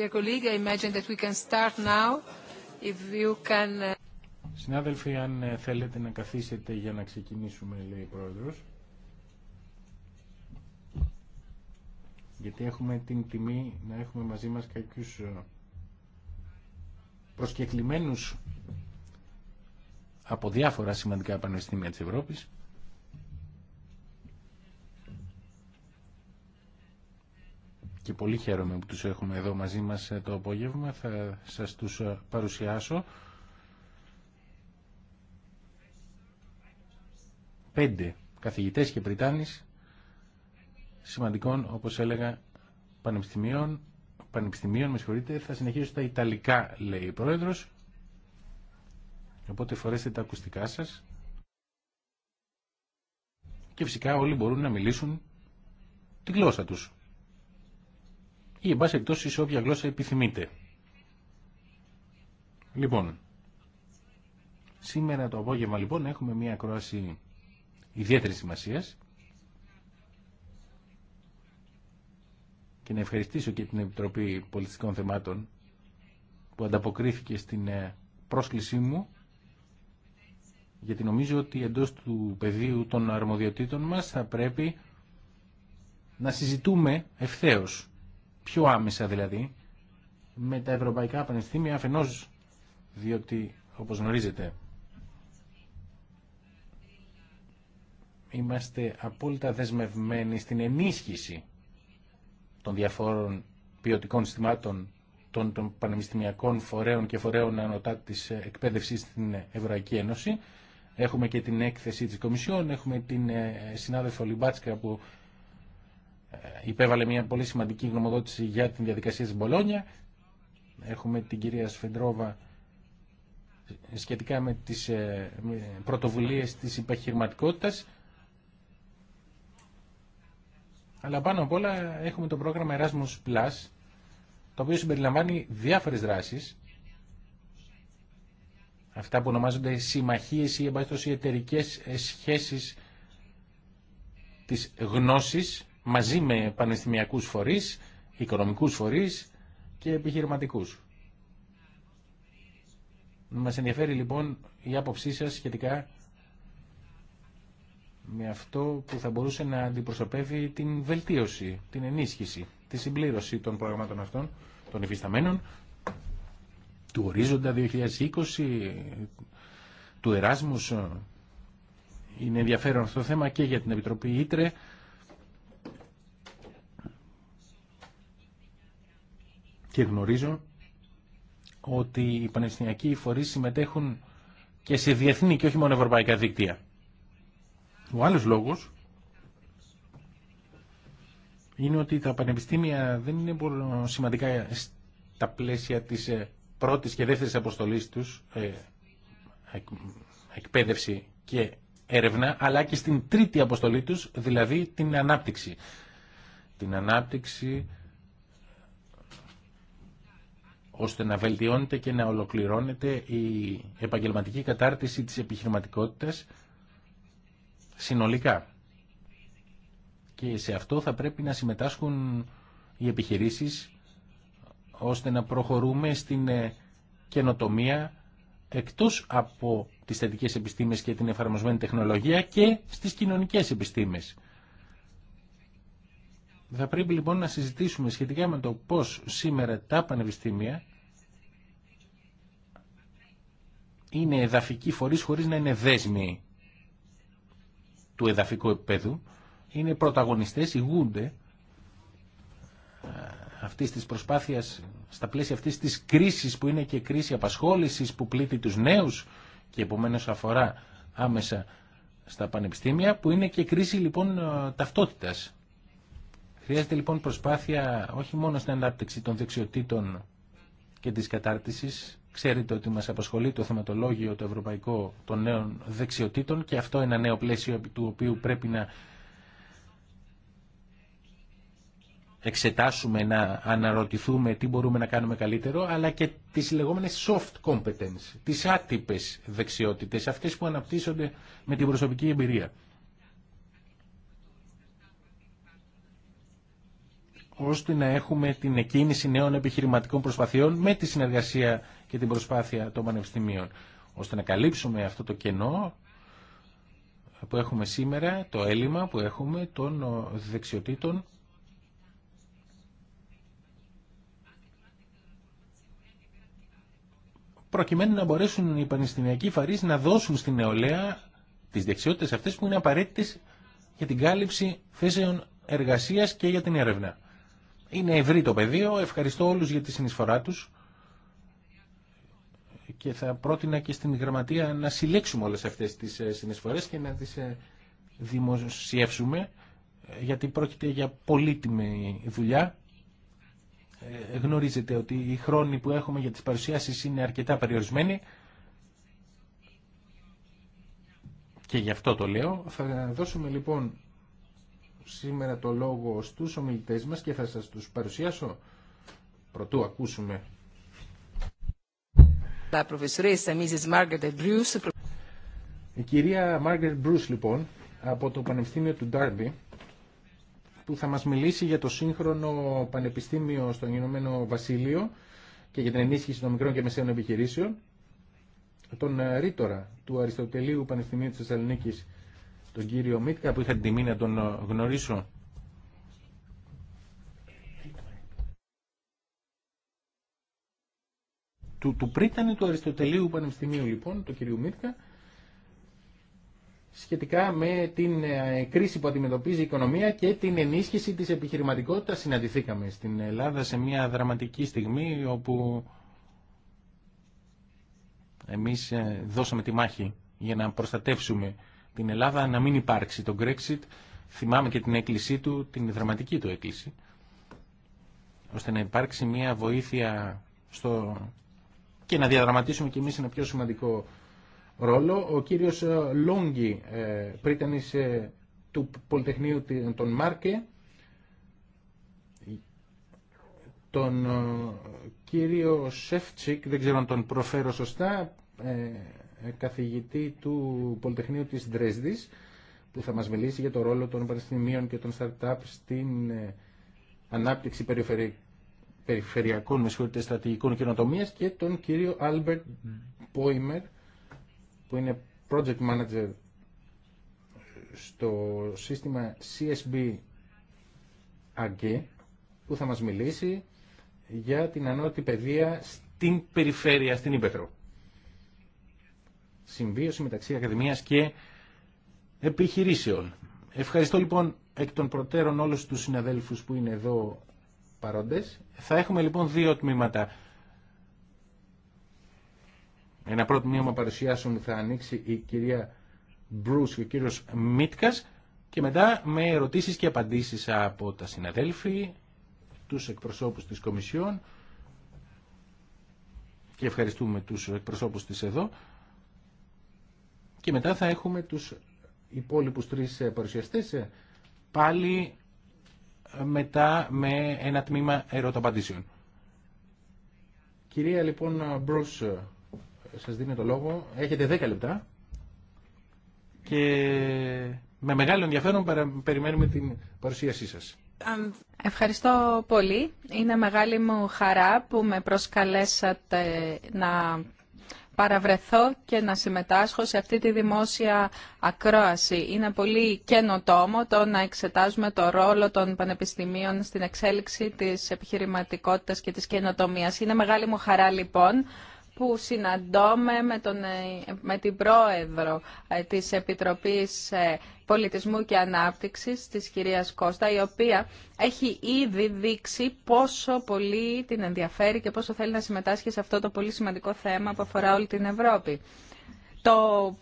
Dear colleague, imagine that we can start now. If you can... Uh, Συνάδελφοι, αν ε, θέλετε να καθίσετε για να ξεκινήσουμε, λέει ο Πρόεδρος. Γιατί έχουμε την τιμή να έχουμε μαζί μας κάποιους ε, προσκεκλημένους από διάφορα σημαντικά πανεπιστήμια της Ευρώπης. και πολύ χαίρομαι που τους έχουμε εδώ μαζί μας ε, το απόγευμα. Θα σας τους ε, παρουσιάσω. Πέντε καθηγητές και Πριτάνης σημαντικών, όπως έλεγα, πανεπιστημίων. Πανεπιστημίων, με συγχωρείτε, θα συνεχίσω στα Ιταλικά, λέει ο Πρόεδρος. Οπότε φορέστε τα ακουστικά σας. Και φυσικά όλοι μπορούν να μιλήσουν τη γλώσσα τους ή εν πάση εκτός σε όποια γλώσσα επιθυμείτε. Λοιπόν, σήμερα το απόγευμα λοιπόν έχουμε μια ακρόαση ιδιαίτερη σημασία. και να ευχαριστήσω και την Επιτροπή Πολιτιστικών Θεμάτων που ανταποκρίθηκε στην ε, πρόσκλησή μου γιατί νομίζω ότι εντός του πεδίου των αρμοδιοτήτων μας θα πρέπει να συζητούμε ευθέως πιο άμεσα δηλαδή, με τα ευρωπαϊκά πανεπιστήμια αφενός, διότι όπως γνωρίζετε είμαστε απόλυτα δεσμευμένοι στην ενίσχυση των διαφόρων ποιοτικών συστημάτων των, των πανεπιστημιακών φορέων και φορέων ανωτά της εκπαίδευσης στην Ευρωπαϊκή Ένωση. Έχουμε και την έκθεση της Κομισιόν, έχουμε την ε, συνάδελφο Λιμπάτσκα που ε, υπέβαλε μια πολύ σημαντική γνωμοδότηση για την διαδικασία της Μπολόνια. Έχουμε την κυρία Σφεντρόβα ε, σχετικά με τις ε, πρωτοβουλίες της υπαχειρηματικότητας. Αλλά πάνω απ' όλα έχουμε το πρόγραμμα Erasmus Plus, το οποίο συμπεριλαμβάνει διάφορες δράσεις, αυτά που ονομάζονται συμμαχίες ή εμπάσχετος εταιρικές σχέσεις της γνώσης μαζί με πανεπιστημιακούς φορείς, οικονομικούς φορείς και επιχειρηματικούς. Μας ενδιαφέρει λοιπόν η άποψή σας σχετικά με αυτό που θα μπορούσε να αντιπροσωπεύει την βελτίωση, την ενίσχυση, τη συμπλήρωση των προγραμμάτων αυτών, των υφισταμένων, του ορίζοντα 2020, του Εράσμους. Είναι ενδιαφέρον αυτό το θέμα και για την Επιτροπή Ήτρε και γνωρίζω ότι οι πανεπιστημιακοί φορείς συμμετέχουν και σε διεθνή και όχι μόνο ευρωπαϊκά δίκτυα. Ο άλλος λόγος είναι ότι τα πανεπιστήμια δεν είναι σημαντικά στα πλαίσια της ε, πρώτης και δεύτερης αποστολής τους ε, εκπαίδευση και έρευνα, αλλά και στην τρίτη αποστολή τους, δηλαδή την ανάπτυξη. Την ανάπτυξη ώστε να βελτιώνεται και να ολοκληρώνεται η επαγγελματική κατάρτιση της επιχειρηματικότητας συνολικά. Και σε αυτό θα πρέπει να συμμετάσχουν οι επιχειρήσεις ώστε να προχωρούμε στην ε, καινοτομία εκτός από τις θετικές επιστήμες και την εφαρμοσμένη τεχνολογία και στις κοινωνικές επιστήμες. Θα πρέπει λοιπόν να συζητήσουμε σχετικά με το πώς σήμερα τα πανεπιστήμια είναι εδαφικοί φορείς χωρίς να είναι δέσμοι του εδαφικού επίπεδου. Είναι πρωταγωνιστές, ηγούνται ε, αυτής της προσπάθειας στα πλαίσια αυτής της κρίσης που είναι και κρίση απασχόλησης που πλήττει τους νέους και επομένως αφορά άμεσα στα πανεπιστήμια που είναι και κρίση λοιπόν ε, ταυτότητας Χρειάζεται λοιπόν προσπάθεια όχι μόνο στην ανάπτυξη των δεξιοτήτων και της κατάρτισης. Ξέρετε ότι μας απασχολεί το θεματολόγιο το ευρωπαϊκό των νέων δεξιοτήτων και αυτό είναι ένα νέο πλαίσιο του οποίου πρέπει να εξετάσουμε, να αναρωτηθούμε τι μπορούμε να κάνουμε καλύτερο, αλλά και τις λεγόμενες soft competence, τις άτυπες δεξιότητες, αυτές που αναπτύσσονται με την προσωπική εμπειρία. ώστε να έχουμε την εκκίνηση νέων επιχειρηματικών προσπαθειών με τη συνεργασία και την προσπάθεια των πανεπιστημίων. Ώστε να καλύψουμε αυτό το κενό που έχουμε σήμερα, το έλλειμμα που έχουμε των ε, δεξιοτήτων προκειμένου να μπορέσουν οι πανεπιστημιακοί φαρείς να δώσουν στην νεολαία τις δεξιότητες αυτές που είναι απαραίτητες για την κάλυψη θέσεων εργασίας και για την έρευνα. Είναι ευρύ το πεδίο. Ευχαριστώ όλους για τη συνεισφορά τους και θα πρότεινα και στην γραμματεία να συλλέξουμε όλες αυτές τις ε, συνεισφορές και να τις ε, δημοσιεύσουμε ε, γιατί πρόκειται για πολύτιμη δουλειά. Γνωρίζετε ότι οι χρόνοι που έχουμε για τις παρουσιάσεις είναι αρκετά περιορισμένοι και γι' αυτό το λέω. Θα δώσουμε λοιπόν σήμερα το λόγο στους ομιλητές μας και θα σας τους παρουσιάσω πρωτού ακούσουμε. Η κυρία Μάργκερ Μπρούς λοιπόν από το Πανεπιστήμιο του Ντάρμπι που θα μας μιλήσει για το σύγχρονο πανεπιστήμιο στον Ηνωμένο Βασίλειο και για την ενίσχυση των μικρών και μεσαίων επιχειρήσεων τον ε, ρήτορα του Αριστοτελείου Πανεπιστημίου της Θεσσαλονίκης τον κύριο Μίτκα που είχα την τιμή να τον γνωρίσω. Του, του πρίτανε του Αριστοτελείου Πανεπιστημίου λοιπόν, του κύριο Μίτκα, σχετικά με την ε, κρίση που αντιμετωπίζει η οικονομία και την ενίσχυση της επιχειρηματικότητας συναντηθήκαμε στην Ελλάδα σε μια δραματική στιγμή όπου εμείς ε, δώσαμε τη μάχη για να προστατεύσουμε την Ελλάδα να μην υπάρξει. Το Brexit, θυμάμαι και την έκκλησή του, την δραματική του έκκληση, ώστε να υπάρξει μια βοήθεια στο... και να διαδραματίσουμε κι εμείς ένα πιο σημαντικό ρόλο. Ο κύριος ε, Λόγγι, ε, πρίτανης ε, του Πολυτεχνείου των Μάρκε, τον κύριο Σεφτσικ, δεν ξέρω αν τον προφέρω σωστά, ε, καθηγητή του Πολυτεχνείου της Δρέσδης που θα μας μιλήσει για το ρόλο των πανεπιστημίων και των startup στην ε, ανάπτυξη περιφερειακών με στρατηγικών καινοτομία και τον κύριο Albert Πόιμερ που είναι project manager στο σύστημα CSB AG που θα μας μιλήσει για την ανώτη παιδεία στην περιφέρεια, στην Ήπεθρο συμβίωση μεταξύ Ακαδημίας και επιχειρήσεων. Ευχαριστώ λοιπόν εκ των προτέρων όλους τους συναδέλφους που είναι εδώ παρόντες. Θα έχουμε λοιπόν δύο τμήματα. Ένα πρώτο τμήμα παρουσιάσεων θα ανοίξει η κυρία Μπρούς και ο κύριος Μίτκας και μετά με ερωτήσεις και απαντήσεις από τα συναδέλφη, τους εκπροσώπους της Κομισιόν και ευχαριστούμε τους εκπροσώπους της εδώ και μετά θα έχουμε τους υπόλοιπους τρεις ε, παρουσιαστές ε, πάλι ε, μετά με ένα τμήμα Κυρία λοιπόν Μπρούς, σας δίνω το λόγο. Έχετε 10 λεπτά και με μεγάλο ενδιαφέρον περιμένουμε την παρουσίασή σας. Ευχαριστώ πολύ. Είναι μεγάλη μου χαρά που με προσκαλέσατε να παραβρεθώ και να συμμετάσχω σε αυτή τη δημόσια ακρόαση. Είναι πολύ καινοτόμο το να εξετάζουμε το ρόλο των πανεπιστημίων στην εξέλιξη της επιχειρηματικότητας και της καινοτομίας. Είναι μεγάλη μου χαρά λοιπόν που συναντώμε με, τον, ε, με την πρόεδρο ε, της Επιτροπής ε, Πολιτισμού και Ανάπτυξης, της κυρίας Κώστα, η οποία έχει ήδη δείξει πόσο πολύ την ενδιαφέρει και πόσο θέλει να συμμετάσχει σε αυτό το πολύ σημαντικό θέμα που αφορά όλη την Ευρώπη. Το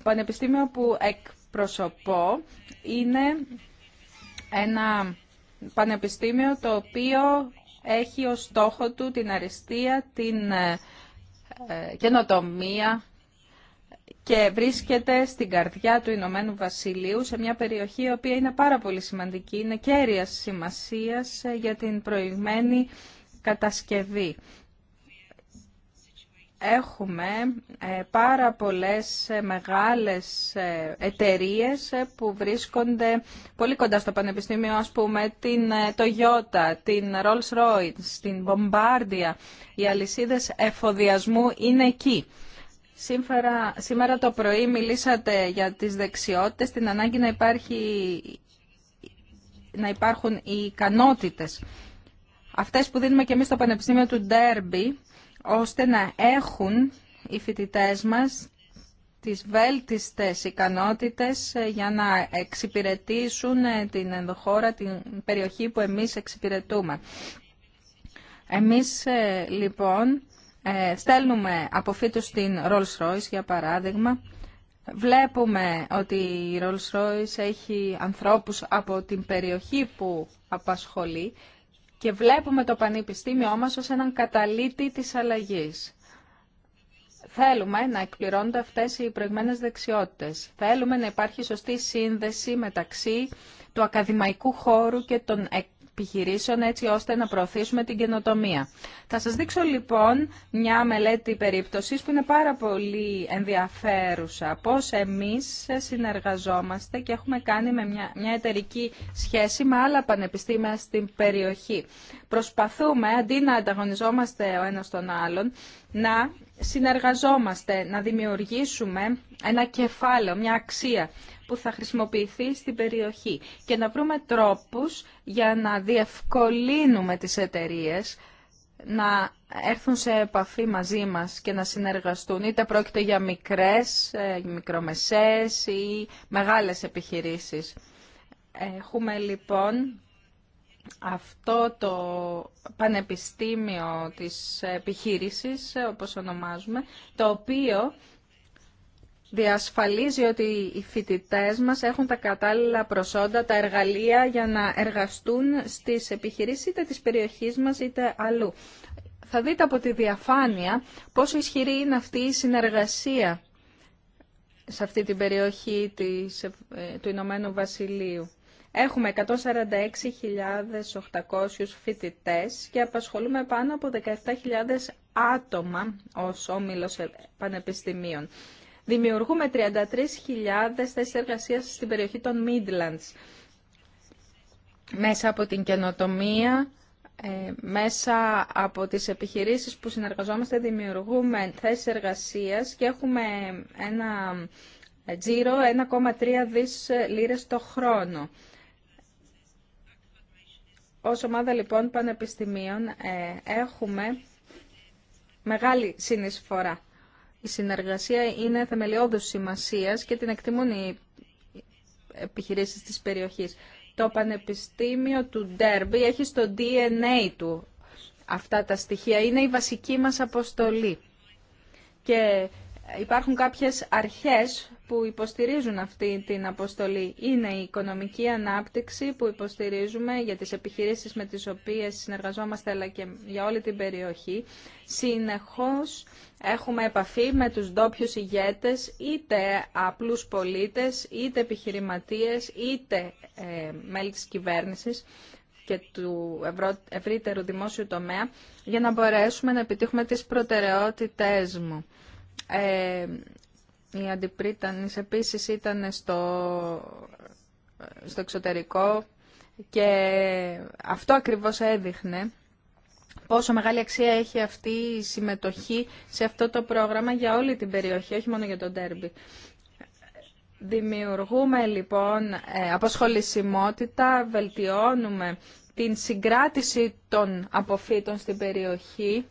πανεπιστήμιο που εκπροσωπώ είναι ένα πανεπιστήμιο το οποίο έχει ως στόχο του την αριστεία, την ε, καινοτομία και βρίσκεται στην καρδιά του Ηνωμένου Βασιλείου σε μια περιοχή η οποία είναι πάρα πολύ σημαντική, είναι κέρια σημασίας ε, για την προηγμένη κατασκευή έχουμε ε, πάρα πολλές ε, μεγάλες ε, εταιρίες που βρίσκονται πολύ κοντά στο πανεπιστήμιο, ας πούμε την Toyota, την Rolls-Royce, την Bombardia. Οι αλυσίδες εφοδιασμού είναι εκεί. Σήμερα, σήμερα το πρωί μιλήσατε για τις δεξιότητες, την ανάγκη να, υπάρχει, να υπάρχουν οι ικανότητες. Αυτές που δίνουμε και εμείς στο Πανεπιστήμιο του Ντέρμπι, ώστε να έχουν οι φοιτητέ μας τις βέλτιστες ικανότητες ε, για να εξυπηρετήσουν ε, την ενδοχώρα, την περιοχή που εμείς εξυπηρετούμε. Εμείς ε, λοιπόν στέλνουμε από φύτους στην Rolls Royce για παράδειγμα. Βλέπουμε ότι η Rolls Royce έχει ανθρώπους από την περιοχή που απασχολεί και βλέπουμε το πανεπιστήμιό μας ως έναν καταλήτη της αλλαγής. Θέλουμε να εκπληρώνονται αυτές οι προηγμένες δεξιότητες. Θέλουμε να υπάρχει σωστή σύνδεση μεταξύ του ακαδημαϊκού χώρου και των επιχειρήσεων έτσι ώστε να προωθήσουμε την καινοτομία. Θα σας δείξω λοιπόν μια μελέτη περίπτωσης που είναι πάρα πολύ ενδιαφέρουσα. Πώς εμείς συνεργαζόμαστε και έχουμε κάνει με μια, μια εταιρική σχέση με άλλα πανεπιστήμια στην περιοχή. Προσπαθούμε αντί να ανταγωνιζόμαστε ο ένας τον άλλον να συνεργαζόμαστε, να δημιουργήσουμε ένα κεφάλαιο, μια αξία που θα χρησιμοποιηθεί στην περιοχή και να βρούμε τρόπους για να διευκολύνουμε τις εταιρείες να έρθουν σε επαφή μαζί μας και να συνεργαστούν, είτε πρόκειται για μικρές, ε, μικρομεσές ή μεγάλες επιχειρήσεις. Έχουμε λοιπόν αυτό το πανεπιστήμιο της επιχείρησης, όπως ονομάζουμε, το οποίο διασφαλίζει ότι οι φοιτητέ μας έχουν τα κατάλληλα προσόντα, τα εργαλεία για να εργαστούν στις επιχειρήσεις είτε της περιοχής μας είτε αλλού. Θα δείτε από τη διαφάνεια πόσο ισχυρή είναι αυτή η συνεργασία σε αυτή την περιοχή ε, του Ηνωμένου Βασιλείου. Έχουμε 146.800 φοιτητές και απασχολούμε πάνω από 17.000 άτομα ως όμιλος πανεπιστημίων δημιουργούμε 33.000 θέσει εργασία στην περιοχή των Midlands. Μέσα από την καινοτομία, ε, μέσα από τις επιχειρήσεις που συνεργαζόμαστε δημιουργούμε θέσεις εργασίας και έχουμε ένα ε, τζίρο 1,3 δις ε, λίρες το χρόνο. Ως ομάδα λοιπόν πανεπιστημίων έχουμε μεγάλη συνεισφορά. Η συνεργασία είναι θεμελιώδους σημασίας και την εκτιμούν οι επιχειρήσεις της περιοχής. Το Πανεπιστήμιο του Ντέρμπι έχει στο DNA του αυτά τα στοιχεία. Είναι η βασική μας αποστολή. Και υπάρχουν κάποιες αρχές που υποστηρίζουν αυτή την αποστολή. Είναι η οικονομική ανάπτυξη που υποστηρίζουμε για τις επιχειρήσεις με τις οποίες συνεργαζόμαστε αλλά και για όλη την περιοχή. Συνεχώς έχουμε επαφή με τους ντόπιου ηγέτες, είτε απλούς πολίτες, είτε επιχειρηματίες, είτε ε, μέλη της κυβέρνησης και του ευρύτερου δημόσιου τομέα για να μπορέσουμε να επιτύχουμε τις προτεραιότητές μου ε, η Αντιπρίτανης επίσης ήταν στο, στο εξωτερικό και αυτό ακριβώς έδειχνε πόσο μεγάλη αξία έχει αυτή η συμμετοχή σε αυτό το πρόγραμμα για όλη την περιοχή, όχι μόνο για τον Τέρμπι. Δημιουργούμε λοιπόν ε, αποσχολησιμότητα, βελτιώνουμε την συγκράτηση των αποφύτων στην περιοχή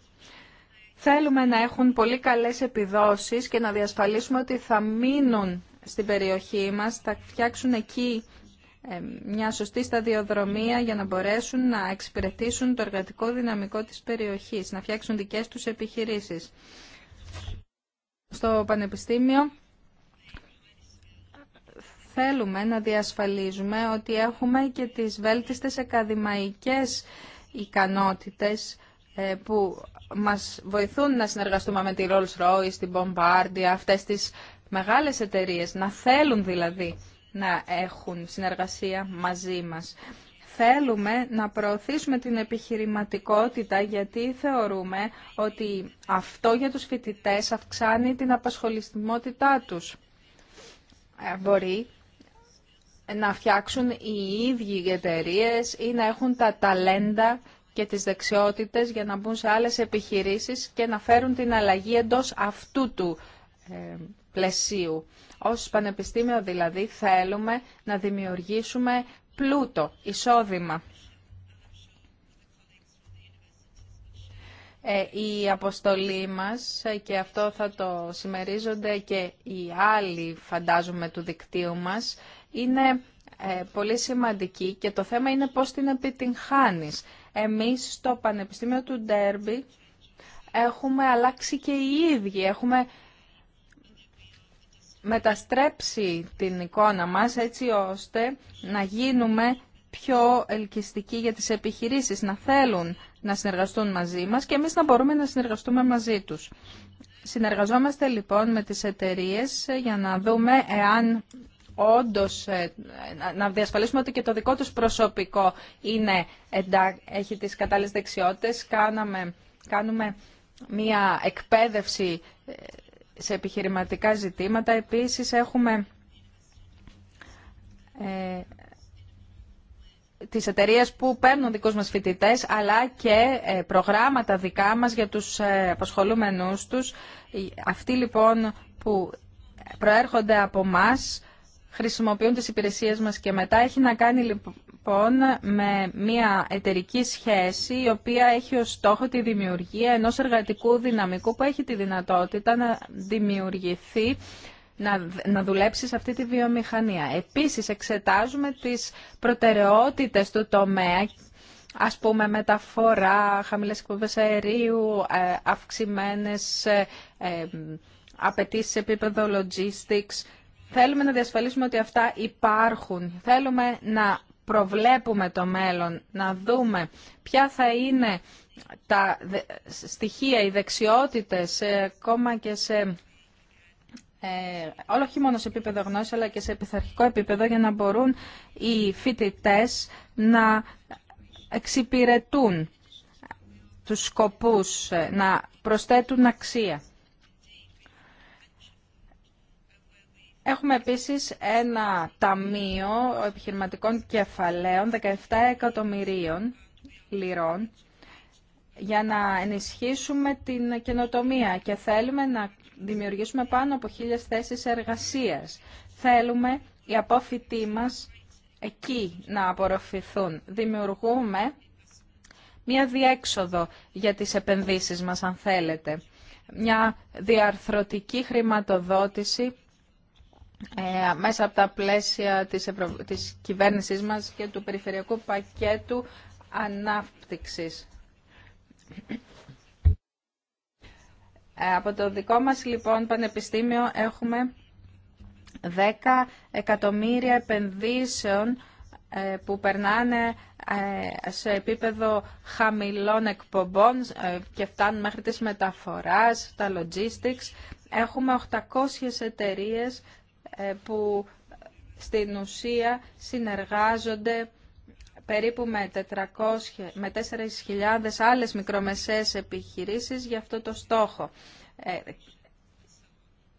Θέλουμε να έχουν πολύ καλές επιδόσεις και να διασφαλίσουμε ότι θα μείνουν στην περιοχή μας, θα φτιάξουν εκεί ε, μια σωστή σταδιοδρομία για να μπορέσουν να εξυπηρετήσουν το εργατικό δυναμικό της περιοχής, να φτιάξουν δικές τους επιχειρήσεις. Στο Πανεπιστήμιο θέλουμε να διασφαλίζουμε ότι έχουμε και τις βέλτιστες ακαδημαϊκές ικανότητες ε, που μας βοηθούν να συνεργαστούμε με τη Rolls Royce, την Bombardier, αυτές τις μεγάλες εταιρείες, να θέλουν δηλαδή να έχουν συνεργασία μαζί μας. Θέλουμε να προωθήσουμε την επιχειρηματικότητα γιατί θεωρούμε ότι αυτό για τους φοιτητές αυξάνει την απασχολησιμότητά τους. Ε, μπορεί να φτιάξουν οι ίδιοι εταιρείε ή να έχουν τα ταλέντα και τις δεξιότητες για να μπουν σε άλλες επιχειρήσεις και να φέρουν την αλλαγή εντός αυτού του ε, πλαισίου. Ως πανεπιστήμιο δηλαδή θέλουμε να δημιουργήσουμε πλούτο, εισόδημα. Ε, η αποστολή μας ε, και αυτό θα το συμμερίζονται και οι άλλοι φαντάζομαι του δικτύου μας είναι πολύ σημαντική και το θέμα είναι πώς την επιτυγχάνεις. Εμείς στο Πανεπιστήμιο του Ντέρμπι έχουμε αλλάξει και οι ίδιοι. Έχουμε μεταστρέψει την εικόνα μας έτσι ώστε να γίνουμε πιο ελκυστικοί για τις επιχειρήσεις, να θέλουν να συνεργαστούν μαζί μας και εμείς να μπορούμε να συνεργαστούμε μαζί τους. Συνεργαζόμαστε λοιπόν με τις εταιρείες για να δούμε εάν όντως ε, να διασφαλίσουμε ότι και το δικό τους προσωπικό είναι, έχει τις κατάλληλες δεξιότητες. κάνουμε μία εκπαίδευση ε, σε επιχειρηματικά ζητήματα. Επίσης έχουμε ε, τις εταιρείες που παίρνουν δικούς μας φοιτητές αλλά και ε, προγράμματα δικά μας για τους απασχολούμενους τους. Αυτοί λοιπόν που προέρχονται από μας χρησιμοποιούν τις υπηρεσίες μας και μετά έχει να κάνει λοιπόν με μια εταιρική σχέση η οποία έχει ως στόχο τη δημιουργία ενός εργατικού δυναμικού που έχει τη δυνατότητα να δημιουργηθεί να, δουλέψει σε αυτή τη βιομηχανία. Επίσης εξετάζουμε τις προτεραιότητες του τομέα, ας πούμε μεταφορά, χαμηλές εκπομπές αερίου, ε, αυξημένες ε, ε, απαιτήσει σε επίπεδο logistics. Θέλουμε να διασφαλίσουμε ότι αυτά υπάρχουν. Θέλουμε να προβλέπουμε το μέλλον, να δούμε ποια θα είναι τα στοιχεία, οι δεξιότητες, ε, ακόμα και σε... Ε, όλο όχι μόνο σε επίπεδο γνώσης αλλά και σε επιθαρχικό επίπεδο για να μπορούν οι φοιτητέ να εξυπηρετούν τους σκοπούς, ε, να προσθέτουν αξία. Έχουμε επίσης ένα ταμείο επιχειρηματικών κεφαλαίων 17 εκατομμυρίων λιρών για να ενισχύσουμε την καινοτομία και θέλουμε να δημιουργήσουμε πάνω από χίλιες θέσεις εργασίας. Θέλουμε οι απόφοιτοί μας εκεί να απορροφηθούν. Δημιουργούμε μια διέξοδο για τις επενδύσεις μας, αν θέλετε. Μια διαρθρωτική χρηματοδότηση ε, μέσα από τα πλαίσια της, της κυβέρνησής μας και του περιφερειακού πακέτου ανάπτυξης. Ε, από το δικό μας λοιπόν πανεπιστήμιο έχουμε 10 εκατομμύρια επενδύσεων ε, που περνάνε σε επίπεδο χαμηλών εκπομπών και φτάνουν μέχρι τις μεταφοράς, τα logistics. Έχουμε 800 εταιρείες ε, που στην ουσία συνεργάζονται περίπου με, 400, με 4.000 άλλες μικρομεσαίες επιχειρήσεις για αυτό το στόχο. Ε,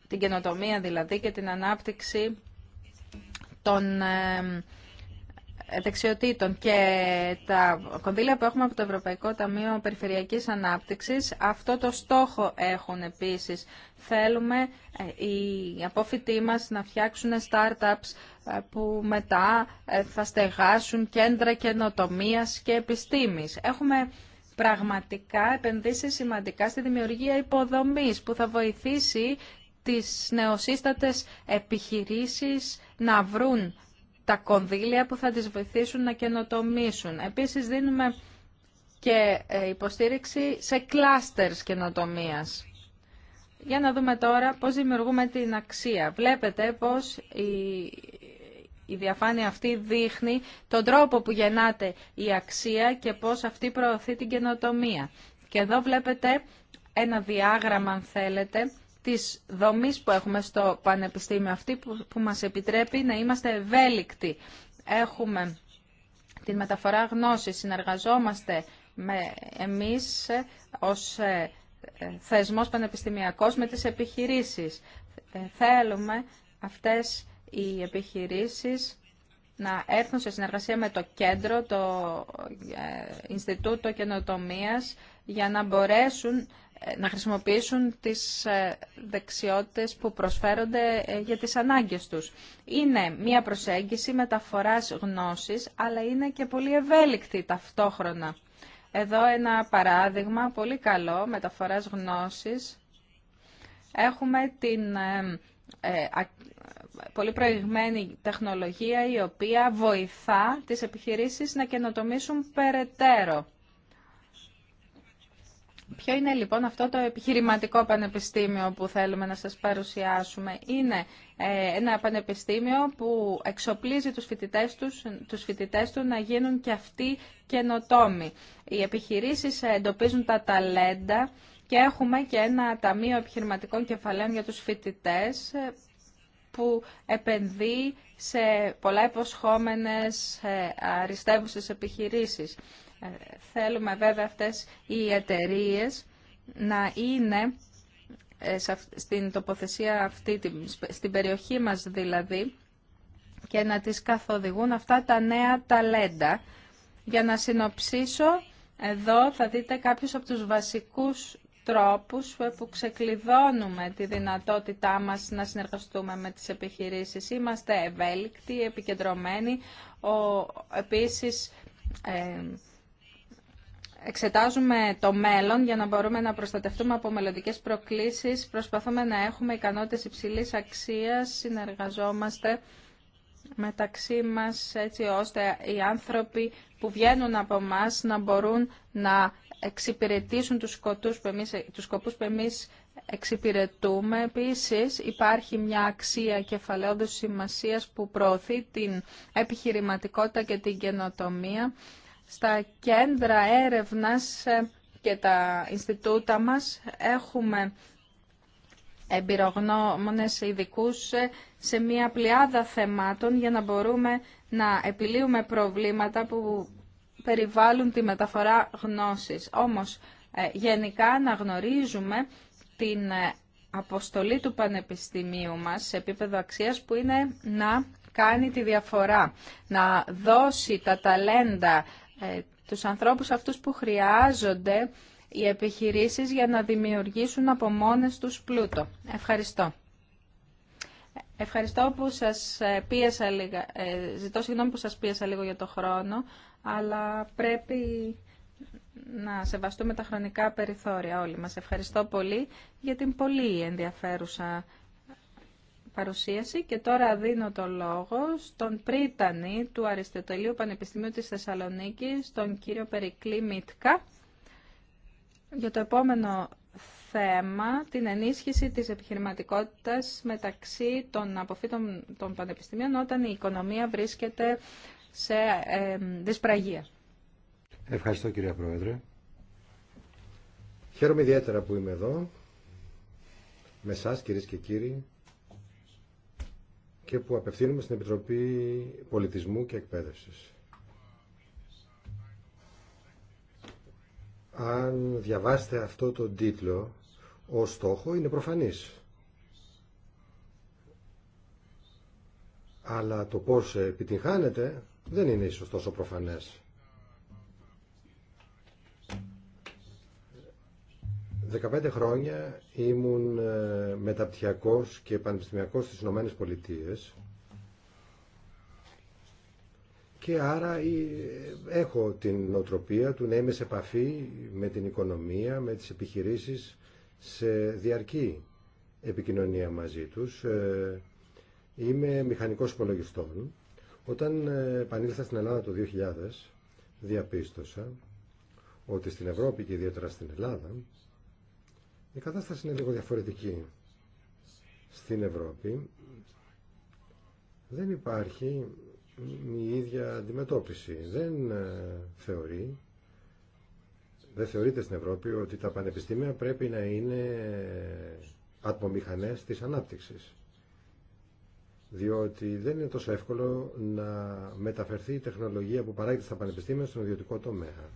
την καινοτομία δηλαδή και την ανάπτυξη των ε, δεξιοτήτων και τα κονδύλια που έχουμε από το Ευρωπαϊκό Ταμείο Περιφερειακής Ανάπτυξης, αυτό το στόχο έχουν επίσης. Θέλουμε ε, οι απόφοιτοί μας να φτιάξουν startups ε, που μετά ε, θα στεγάσουν κέντρα καινοτομία και επιστήμης. Έχουμε πραγματικά επενδύσει σημαντικά στη δημιουργία υποδομής που θα βοηθήσει τις νεοσύστατες επιχειρήσεις να βρουν τα κονδύλια που θα τις βοηθήσουν να καινοτομήσουν. Επίσης δίνουμε και ε, υποστήριξη σε κλάστερς καινοτομίας. Για να δούμε τώρα πώς δημιουργούμε την αξία. Βλέπετε πώς η, η διαφάνεια αυτή δείχνει τον τρόπο που γεννάται η αξία και πώς αυτή προωθεί την καινοτομία. Και εδώ βλέπετε ένα διάγραμμα, αν θέλετε, της δομής που έχουμε στο Πανεπιστήμιο αυτή που, μας επιτρέπει να είμαστε ευέλικτοι. Έχουμε την μεταφορά γνώσης, συνεργαζόμαστε με εμείς ε, ως ε, ε, θεσμός πανεπιστημιακός με τις επιχειρήσεις. Θέλουμε αυτές οι επιχειρήσεις να έρθουν σε συνεργασία με το κέντρο, το Ινστιτούτο Καινοτομίας, για να μπορέσουν να χρησιμοποιήσουν τις ε, δεξιότητες που προσφέρονται ε, για τις ανάγκες τους. Είναι μία προσέγγιση μεταφοράς γνώσης, αλλά είναι και πολύ ευέλικτη ταυτόχρονα. Εδώ ένα παράδειγμα πολύ καλό μεταφοράς γνώσης. Έχουμε την ε, πολύ προηγμένη τεχνολογία η οποία βοηθά τις επιχειρήσεις να καινοτομήσουν περαιτέρω. Ποιο είναι λοιπόν αυτό το επιχειρηματικό πανεπιστήμιο που θέλουμε να σας παρουσιάσουμε. Είναι ε, ένα πανεπιστήμιο που εξοπλίζει τους φοιτητές, τους, τους φοιτητές του να γίνουν και αυτοί καινοτόμοι. Οι επιχειρήσεις εντοπίζουν τα ταλέντα και έχουμε και ένα ταμείο επιχειρηματικών κεφαλαίων για τους φοιτητές ε, που επενδύει σε πολλά υποσχόμενες ε, αριστεύουσες επιχειρήσεις. Θέλουμε βέβαια αυτές οι εταιρείε να είναι ε, στην τοποθεσία αυτή, στην περιοχή μας δηλαδή, και να τις καθοδηγούν αυτά τα νέα ταλέντα. Για να συνοψίσω, εδώ θα δείτε κάποιους από τους βασικούς τρόπους που ξεκλειδώνουμε τη δυνατότητά μας να συνεργαστούμε με τις επιχειρήσεις. Είμαστε ευέλικτοι, επικεντρωμένοι, ο, επίσης ε, εξετάζουμε το μέλλον για να μπορούμε να προστατευτούμε από μελλοντικέ προκλήσεις. Προσπαθούμε να έχουμε ικανότητε υψηλή αξία. συνεργαζόμαστε μεταξύ μα έτσι ώστε οι άνθρωποι που βγαίνουν από εμά να μπορούν να εξυπηρετήσουν τους, σκοπούς που εμείς, σκοπούς εξυπηρετούμε. Επίσης υπάρχει μια αξία κεφαλαίου σημασίας που προωθεί την επιχειρηματικότητα και την καινοτομία. Στα κέντρα έρευνας ε, και τα Ινστιτούτα μας έχουμε εμπειρογνώμονες ειδικού ε, σε μια πλειάδα θεμάτων για να μπορούμε να επιλύουμε προβλήματα που περιβάλλουν τη μεταφορά γνώσης. Όμως, ε, γενικά να γνωρίζουμε την αποστολή του Πανεπιστημίου μας σε επίπεδο αξίας που είναι να κάνει τη διαφορά, να δώσει τα ταλέντα ε, τους ανθρώπους αυτούς που χρειάζονται οι επιχειρήσεις για να δημιουργήσουν από μόνες τους πλούτο. Ευχαριστώ. Ευχαριστώ που σας ε, πίεσα ε, Ζητώ συγγνώμη που σας πίεσα λίγο για το χρόνο, αλλά πρέπει να σεβαστούμε τα χρονικά περιθώρια όλοι μας. Ευχαριστώ πολύ για την πολύ ενδιαφέρουσα παρουσίαση και τώρα δίνω το λόγο στον πρίτανη του Αριστοτελείου Πανεπιστημίου της Θεσσαλονίκης, τον κύριο Περικλή Μίτκα, για το επόμενο θέμα, την ενίσχυση της επιχειρηματικότητας μεταξύ των αποφύτων των πανεπιστημίων όταν η οικονομία βρίσκεται σε ε, δυσπραγία. Ευχαριστώ κυρία Πρόεδρε. Χαίρομαι ιδιαίτερα που είμαι εδώ, με εσάς κυρίες και κύριοι, και που απευθύνουμε στην Επιτροπή Πολιτισμού και Εκπαίδευσης. Αν διαβάσετε αυτό το τίτλο, ο στόχο είναι προφανής. Αλλά το πώς επιτυγχάνεται δεν είναι ίσως τόσο προφανές. 15 χρόνια ήμουν ε, μεταπτυχιακός και πανεπιστημιακός στις Ηνωμένες Πολιτείες και άρα ε, έχω την νοοτροπία του να είμαι σε επαφή με την οικονομία, με τις επιχειρήσεις σε διαρκή επικοινωνία μαζί τους. Ε, είμαι μηχανικός υπολογιστών. Όταν επανήλθα στην Ελλάδα το 2000 διαπίστωσα ότι στην Ευρώπη και ιδιαίτερα στην Ελλάδα η κατάσταση είναι λίγο διαφορετική. Στην Ευρώπη δεν υπάρχει η ίδια αντιμετώπιση. Δεν ε, θεωρεί, δεν θεωρείται στην Ευρώπη ότι τα πανεπιστήμια πρέπει να είναι ατμομηχανές της ανάπτυξης. Διότι δεν είναι τόσο εύκολο να μεταφερθεί η τεχνολογία που παράγεται στα πανεπιστήμια στον ιδιωτικό τομέα.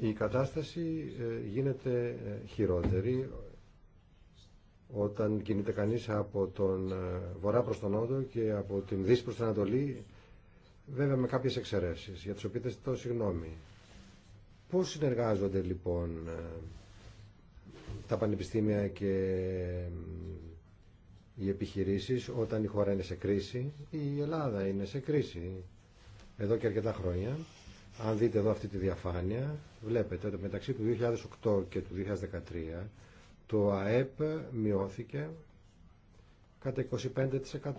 η κατάσταση ε, γίνεται ε, χειρότερη όταν κινείται κανείς από τον ε, βορρά προς τον νότο και από την δύση προς την ανατολή βέβαια με κάποιες εξαιρέσεις για τις οποίες το συγγνώμη. Πώς συνεργάζονται λοιπόν τα πανεπιστήμια και οι επιχειρήσεις όταν η χώρα είναι σε κρίση η Ελλάδα είναι σε κρίση εδώ και αρκετά χρόνια αν δείτε εδώ αυτή τη διαφάνεια, βλέπετε ότι μεταξύ του 2008 και του 2013 το ΑΕΠ μειώθηκε κατά 25%.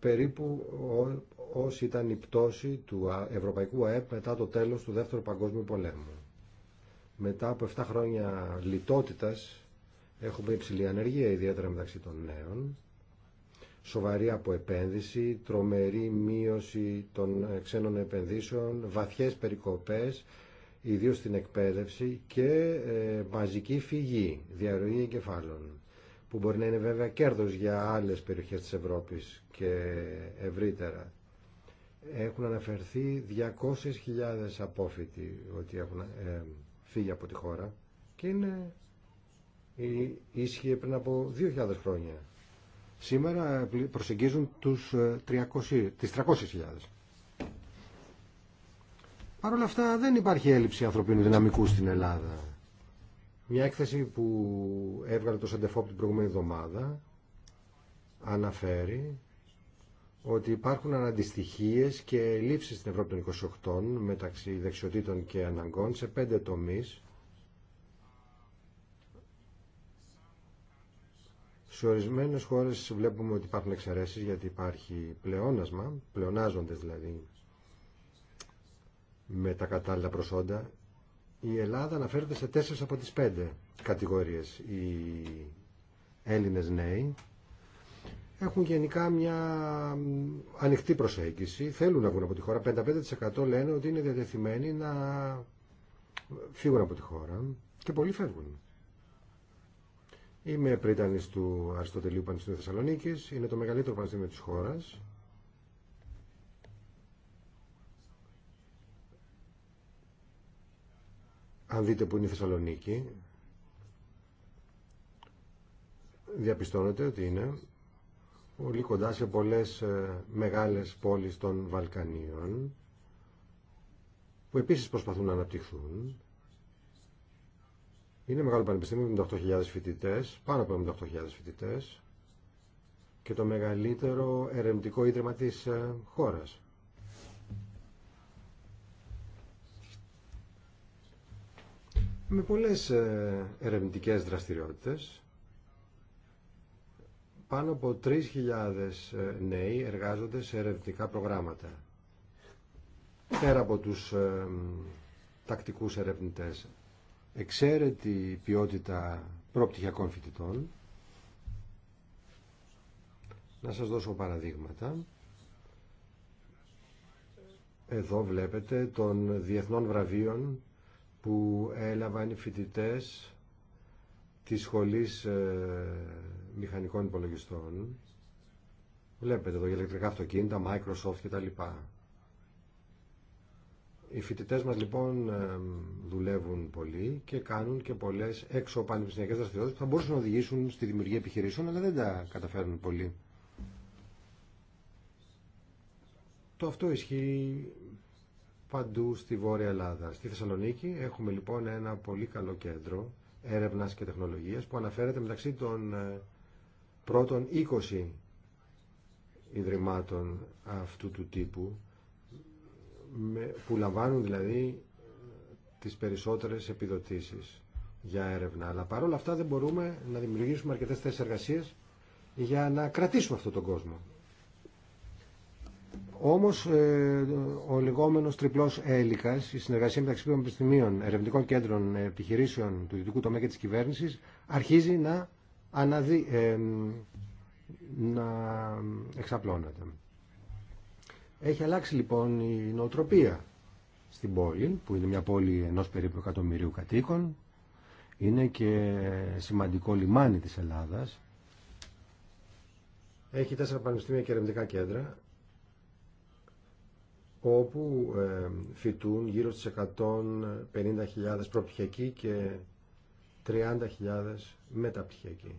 Περίπου όσοι ήταν η πτώση του Ευρωπαϊκού ΑΕΠ μετά το τέλος του Δεύτερου Παγκόσμιου Πολέμου. Μετά από 7 χρόνια λιτότητας έχουμε υψηλή ανεργία, ιδιαίτερα μεταξύ των νέων σοβαρή αποεπένδυση, τρομερή μείωση των ξένων επενδύσεων, βαθιές περικοπές, ιδίως στην εκπαίδευση και ε, μαζική φυγή, διαρροή εγκεφάλων, που μπορεί να είναι βέβαια κέρδος για άλλες περιοχές της Ευρώπης και ευρύτερα. Έχουν αναφερθεί 200.000 απόφοιτοι ότι έχουν ε, φύγει από τη χώρα και είναι ε, ίσχυε πριν από 2.000 χρόνια. Σήμερα προσεγγίζουν τους 300, ε, τις 300.000. Παρ' όλα αυτά δεν υπάρχει έλλειψη ανθρωπίνου δυναμικού στην Ελλάδα. Μια έκθεση που έβγαλε το Σαντεφόπ την προηγούμενη εβδομάδα αναφέρει ότι υπάρχουν αναντιστοιχίες και λήψεις στην Ευρώπη των 28 μεταξύ δεξιοτήτων και αναγκών σε πέντε τομείς Σε ορισμένε χώρε βλέπουμε ότι υπάρχουν εξαιρέσει γιατί υπάρχει πλεόνασμα, πλεονάζονται δηλαδή με τα κατάλληλα προσόντα. Η Ελλάδα αναφέρεται σε τέσσερι από τι πέντε κατηγορίε. Οι Έλληνε νέοι έχουν γενικά μια ανοιχτή προσέγγιση. Θέλουν να βγουν από τη χώρα. 55% λένε ότι είναι διατεθειμένοι να φύγουν από τη χώρα και πολλοί φεύγουν. Είμαι πρίτανη του Αριστοτελείου Πανεπιστημίου Θεσσαλονίκη, Είναι το μεγαλύτερο πανεπιστήμιο τη χώρας. Αν δείτε που είναι η Θεσσαλονίκη, διαπιστώνετε ότι είναι πολύ κοντά σε πολλές ε, μεγάλες πόλεις των Βαλκανίων που επίσης προσπαθούν να αναπτυχθούν είναι μεγάλο πανεπιστήμιο, 78.000 φοιτητέ, πάνω από 78.000 φοιτητέ και το μεγαλύτερο ερευνητικό ίδρυμα τη ε, χώρας. Με πολλές ε, ερευνητικές δραστηριότητες, πάνω από 3.000 ε, νέοι εργάζονται σε ερευνητικά προγράμματα. Πέρα από τους τακτικούς ερευνητές εξαίρετη ποιότητα προπτυχιακών φοιτητών. Να σας δώσω παραδείγματα. Εδώ βλέπετε των διεθνών βραβείων που έλαβαν οι φοιτητές της Σχολής ε, Μηχανικών Υπολογιστών. Βλέπετε εδώ για ηλεκτρικά αυτοκίνητα, Microsoft κτλ. Οι φοιτητέ μας λοιπόν ε, δουλεύουν πολύ και κάνουν και πολλές έξω πανεπιστημιακέ δραστηριότητες που θα μπορούσαν να οδηγήσουν στη δημιουργία επιχειρήσεων αλλά δεν τα καταφέρνουν πολύ. Το αυτό ισχύει παντού στη Βόρεια Ελλάδα. Στη Θεσσαλονίκη έχουμε λοιπόν ένα πολύ καλό κέντρο έρευνας και τεχνολογίας που αναφέρεται μεταξύ των ε, πρώτων 20 ιδρυμάτων αυτού του τύπου που λαμβάνουν δηλαδή τις περισσότερες επιδοτήσεις για έρευνα. Αλλά παρόλα αυτά δεν μπορούμε να δημιουργήσουμε αρκετές θέσεις εργασίας για να κρατήσουμε αυτόν τον κόσμο. Όμως ε, ο λεγόμενος τριπλός έλικας, η συνεργασία μεταξύ των επιστημίων, ερευνητικών κέντρων, επιχειρήσεων του δυτικού τομέα και της κυβέρνησης, αρχίζει να, ε, να εξαπλώνεται. Έχει αλλάξει λοιπόν η νοοτροπία στην πόλη, που είναι μια πόλη ενός περίπου εκατομμυρίου κατοίκων, είναι και σημαντικό λιμάνι της Ελλάδας. Έχει τέσσερα πανεπιστήμια και ερευνητικά κέντρα, όπου ε, φοιτούν γύρω στις 150.000 προπτυχιακοί και 30.000 μεταπτυχιακοί.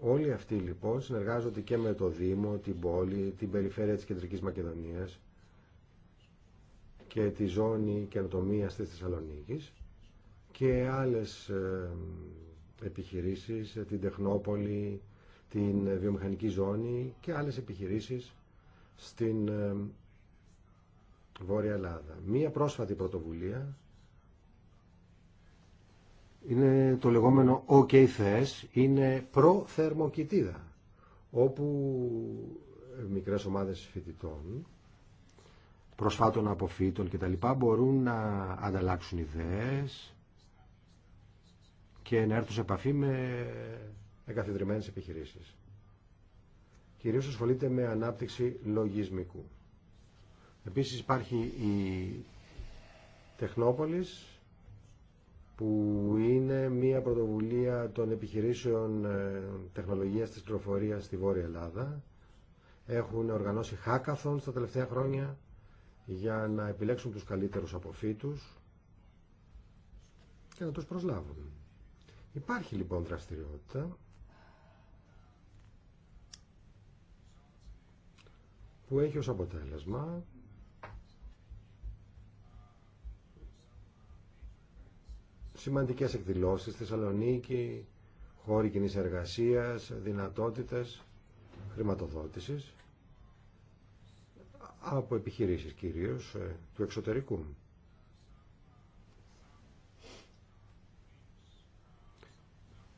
Όλοι αυτοί λοιπόν συνεργάζονται και με το Δήμο, την πόλη, την περιφέρεια της Κεντρικής Μακεδονίας και τη ζώνη καινοτομία της Θεσσαλονίκη και άλλες ε, επιχειρήσεις, ε, την Τεχνόπολη, την ε, βιομηχανική ζώνη και άλλες επιχειρήσεις στην Βόρεια Ελλάδα. Μία πρόσφατη πρωτοβουλία είναι το λεγόμενο OK θες, είναι προθερμοκοιτίδα, όπου μικρές ομάδες φοιτητών, προσφάτων από τα κτλ. μπορούν να ανταλλάξουν ιδέες και να έρθουν σε επαφή με εγκαθιδρυμένες επιχειρήσεις. Κυρίως ασχολείται με ανάπτυξη λογισμικού. Επίσης υπάρχει η Τεχνόπολης, που είναι μια πρωτοβουλία των επιχειρήσεων ε, τεχνολογίας της πληροφορία στη Βόρεια Ελλάδα. Έχουν οργανώσει hackathon στα τελευταία χρόνια για να επιλέξουν τους καλύτερους αποφύτους και να τους προσλάβουν. Υπάρχει λοιπόν δραστηριότητα που έχει ως αποτέλεσμα σημαντικές εκδηλώσεις, Θεσσαλονίκη, χώροι κοινή εργασίας, δυνατότητες χρηματοδότησης από επιχειρήσεις κυρίως ε, του εξωτερικού.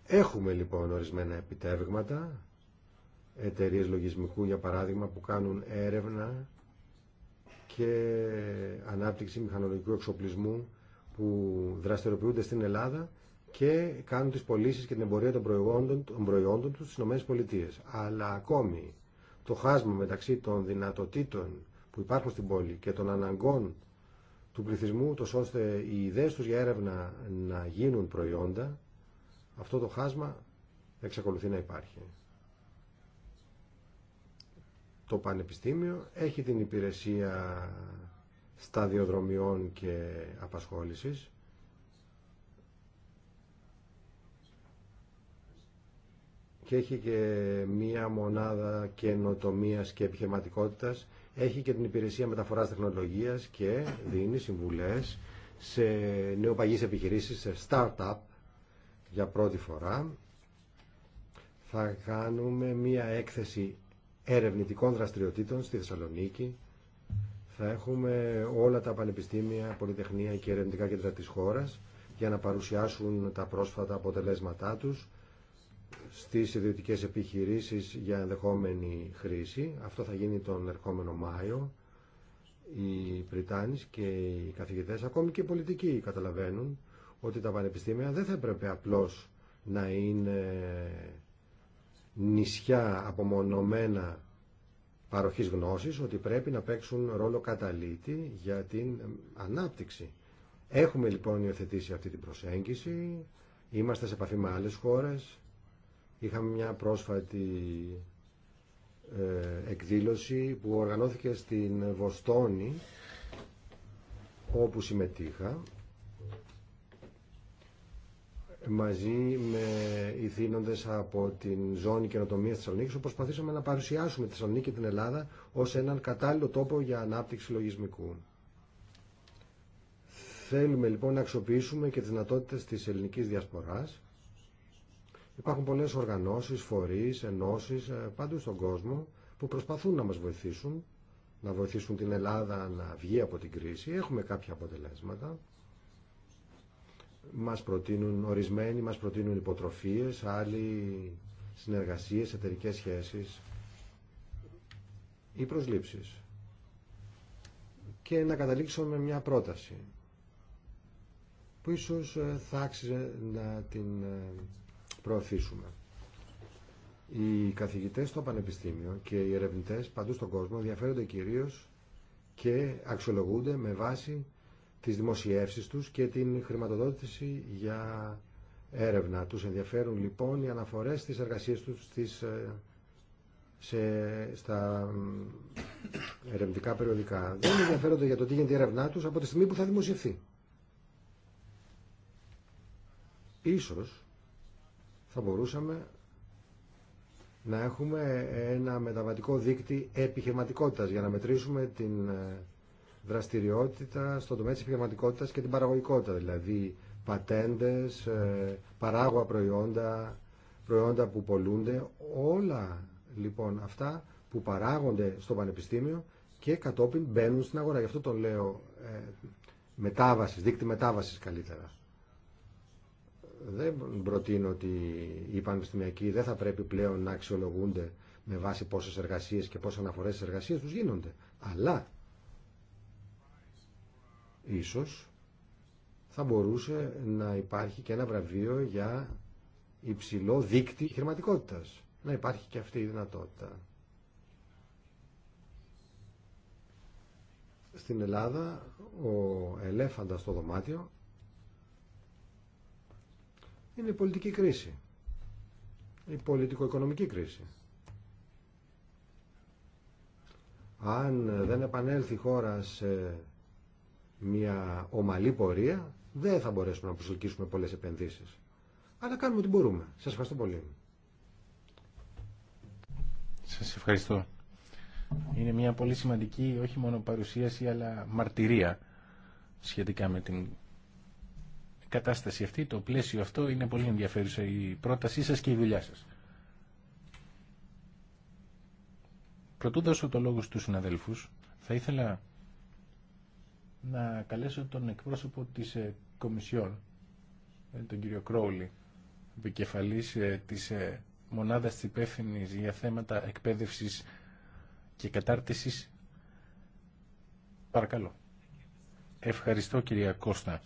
Έχουμε λοιπόν ορισμένα επιτεύγματα, εταιρείε λογισμικού για παράδειγμα που κάνουν έρευνα και ανάπτυξη μηχανολογικού εξοπλισμού που δραστηριοποιούνται στην Ελλάδα και κάνουν τις πωλήσει και την εμπορία των προϊόντων, των προϊόντων τους στις ΗΠΑ. Αλλά ακόμη το χάσμα μεταξύ των δυνατοτήτων που υπάρχουν στην πόλη και των αναγκών του πληθυσμού, τόσο ώστε οι ιδέες τους για έρευνα να γίνουν προϊόντα, αυτό το χάσμα εξακολουθεί να υπάρχει. Το Πανεπιστήμιο έχει την υπηρεσία σταδιοδρομιών και απασχόλησης. Και έχει και μία μονάδα καινοτομία και επιχειρηματικότητα. Έχει και την υπηρεσία μεταφοράς τεχνολογία και δίνει συμβουλές σε νεοπαγεί επιχειρήσει, σε startup για πρώτη φορά. Θα κάνουμε μία έκθεση ερευνητικών δραστηριοτήτων στη Θεσσαλονίκη θα έχουμε όλα τα πανεπιστήμια, πολυτεχνία και ερευνητικά κέντρα της χώρας για να παρουσιάσουν τα πρόσφατα αποτελέσματά τους στις ιδιωτικές επιχειρήσεις για ενδεχόμενη χρήση. Αυτό θα γίνει τον ερχόμενο Μάιο. Οι Πριτάνης και οι καθηγητές, ακόμη και οι πολιτικοί καταλαβαίνουν ότι τα πανεπιστήμια δεν θα έπρεπε απλώς να είναι νησιά απομονωμένα παροχής γνώσης ότι πρέπει να παίξουν ρόλο καταλήτη για την ανάπτυξη. Έχουμε λοιπόν υιοθετήσει αυτή την προσέγγιση, είμαστε σε επαφή με άλλες χώρες, είχαμε μια πρόσφατη ε, εκδήλωση που οργανώθηκε στην Βοστόνη όπου συμμετείχα μαζί με ηθήνοντες από την ζώνη καινοτομία της Θεσσαλονίκης προσπαθήσαμε να παρουσιάσουμε τη Θεσσαλονίκη και την Ελλάδα ως έναν κατάλληλο τόπο για ανάπτυξη λογισμικού. Θέλουμε λοιπόν να αξιοποιήσουμε και τις δυνατότητες της ελληνικής διασποράς. Υπάρχουν πολλές οργανώσεις, φορείς, ενώσεις ε, παντού στον κόσμο που προσπαθούν να μας βοηθήσουν, να βοηθήσουν την Ελλάδα να βγει από την κρίση. Έχουμε κάποια αποτελέσματα. Μας προτείνουν ορισμένοι, μας προτείνουν υποτροφίες, άλλοι συνεργασίες, εταιρικέ σχέσεις ή προσλήψεις. Και να καταλήξω με μια πρόταση που ίσως ε, θα άξιζε να την ε, προωθήσουμε. Οι καθηγητές στο Πανεπιστήμιο και οι ερευνητές παντού στον κόσμο διαφέρονται κυρίως και αξιολογούνται με βάση τις δημοσιεύσεις τους και την χρηματοδότηση για έρευνα. Τους ενδιαφέρουν λοιπόν οι αναφορές στις εργασίες τους στις, ε, σε, στα ερευνητικά περιοδικά. Δεν ενδιαφέρονται για το τι γίνεται η έρευνά τους από τη στιγμή που θα δημοσιευθεί. Ίσως θα μπορούσαμε να έχουμε ένα μεταβατικό δίκτυ επιχειρηματικότητας για να μετρήσουμε την ε, δραστηριότητα στον τομέα της επιχειρηματικότητας και την παραγωγικότητα, δηλαδή πατέντες, ε, παράγωγα προϊόντα, προϊόντα που πολλούνται, όλα λοιπόν αυτά που παράγονται στο πανεπιστήμιο και κατόπιν μπαίνουν στην αγορά. Γι' αυτό το λέω ε, μετάβασης, δίκτυ μετάβασης καλύτερα. Δεν προτείνω ότι οι πανεπιστημιακοί δεν θα πρέπει πλέον να αξιολογούνται με βάση πόσες εργασίες και πόσε αναφορές εργασίες εργασίε γίνονται. Αλλά Ίσως θα μπορούσε να υπάρχει και ένα βραβείο για υψηλό δίκτυ χρηματικότητας. Να υπάρχει και αυτή η δυνατότητα. Στην Ελλάδα ο ελέφαντας στο δωμάτιο είναι η πολιτική κρίση. Η πολιτικο-οικονομική κρίση. Αν δεν επανέλθει η χώρα σε μια ομαλή πορεία, δεν θα μπορέσουμε να προσελκύσουμε πολλές επενδύσεις. Αλλά κάνουμε ό,τι μπορούμε. Σας ευχαριστώ πολύ. Σας ευχαριστώ. Είναι μια πολύ σημαντική όχι μόνο παρουσίαση αλλά μαρτυρία σχετικά με την κατάσταση αυτή, το πλαίσιο αυτό είναι πολύ ενδιαφέρουσα η πρότασή σας και η δουλειά σας. Προτού δώσω το λόγο στους συναδέλφους, θα ήθελα να καλέσω τον εκπρόσωπο της ε, Κομισιόν, ε, τον κύριο Κρόουλη, επικεφαλής ε, της μονάδας της υπεύθυνη για θέματα εκπαίδευσης και κατάρτισης. Παρακαλώ. Ευχαριστώ κυρία Κώστα.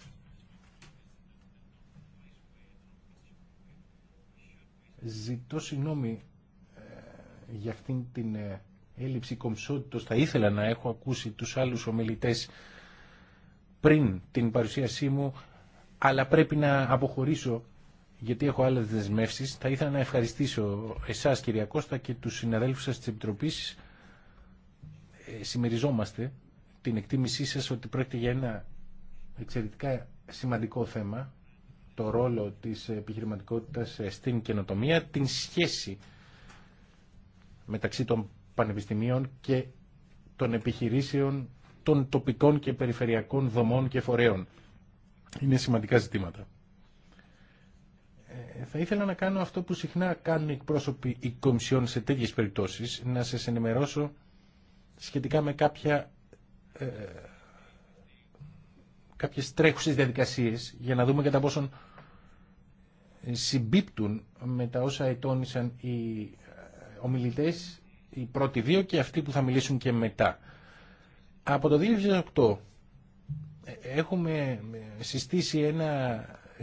Ζητώ συγγνώμη για αυτήν την έλλειψη κομψότητος. Θα ήθελα να έχω ακούσει τους άλλους ομιλητές πριν την παρουσίασή μου, αλλά πρέπει να αποχωρήσω γιατί έχω άλλες δεσμεύσεις. Θα ήθελα να ευχαριστήσω εσάς κυρία Κώστα και τους συναδέλφους σας της Επιτροπής. Ε, συμμεριζόμαστε την εκτίμησή σας ότι πρόκειται για ένα εξαιρετικά σημαντικό θέμα, το ρόλο της επιχειρηματικότητας στην καινοτομία, την σχέση μεταξύ των πανεπιστημίων και των επιχειρήσεων των τοπικών και περιφερειακών δομών και φορέων. Είναι σημαντικά ζητήματα. Ε, θα ήθελα να κάνω αυτό που συχνά κάνουν οι εκπρόσωποι οι κομισιόν σε τέτοιες περιπτώσεις, να σας ενημερώσω σχετικά με κάποια, ε, κάποιες τρέχουσες διαδικασίες για να δούμε κατά πόσον συμπίπτουν με τα όσα ετώνησαν οι ε, ομιλητές, οι πρώτοι δύο και αυτοί που θα μιλήσουν και μετά. Από το 2008 ε, έχουμε ε, συστήσει ένα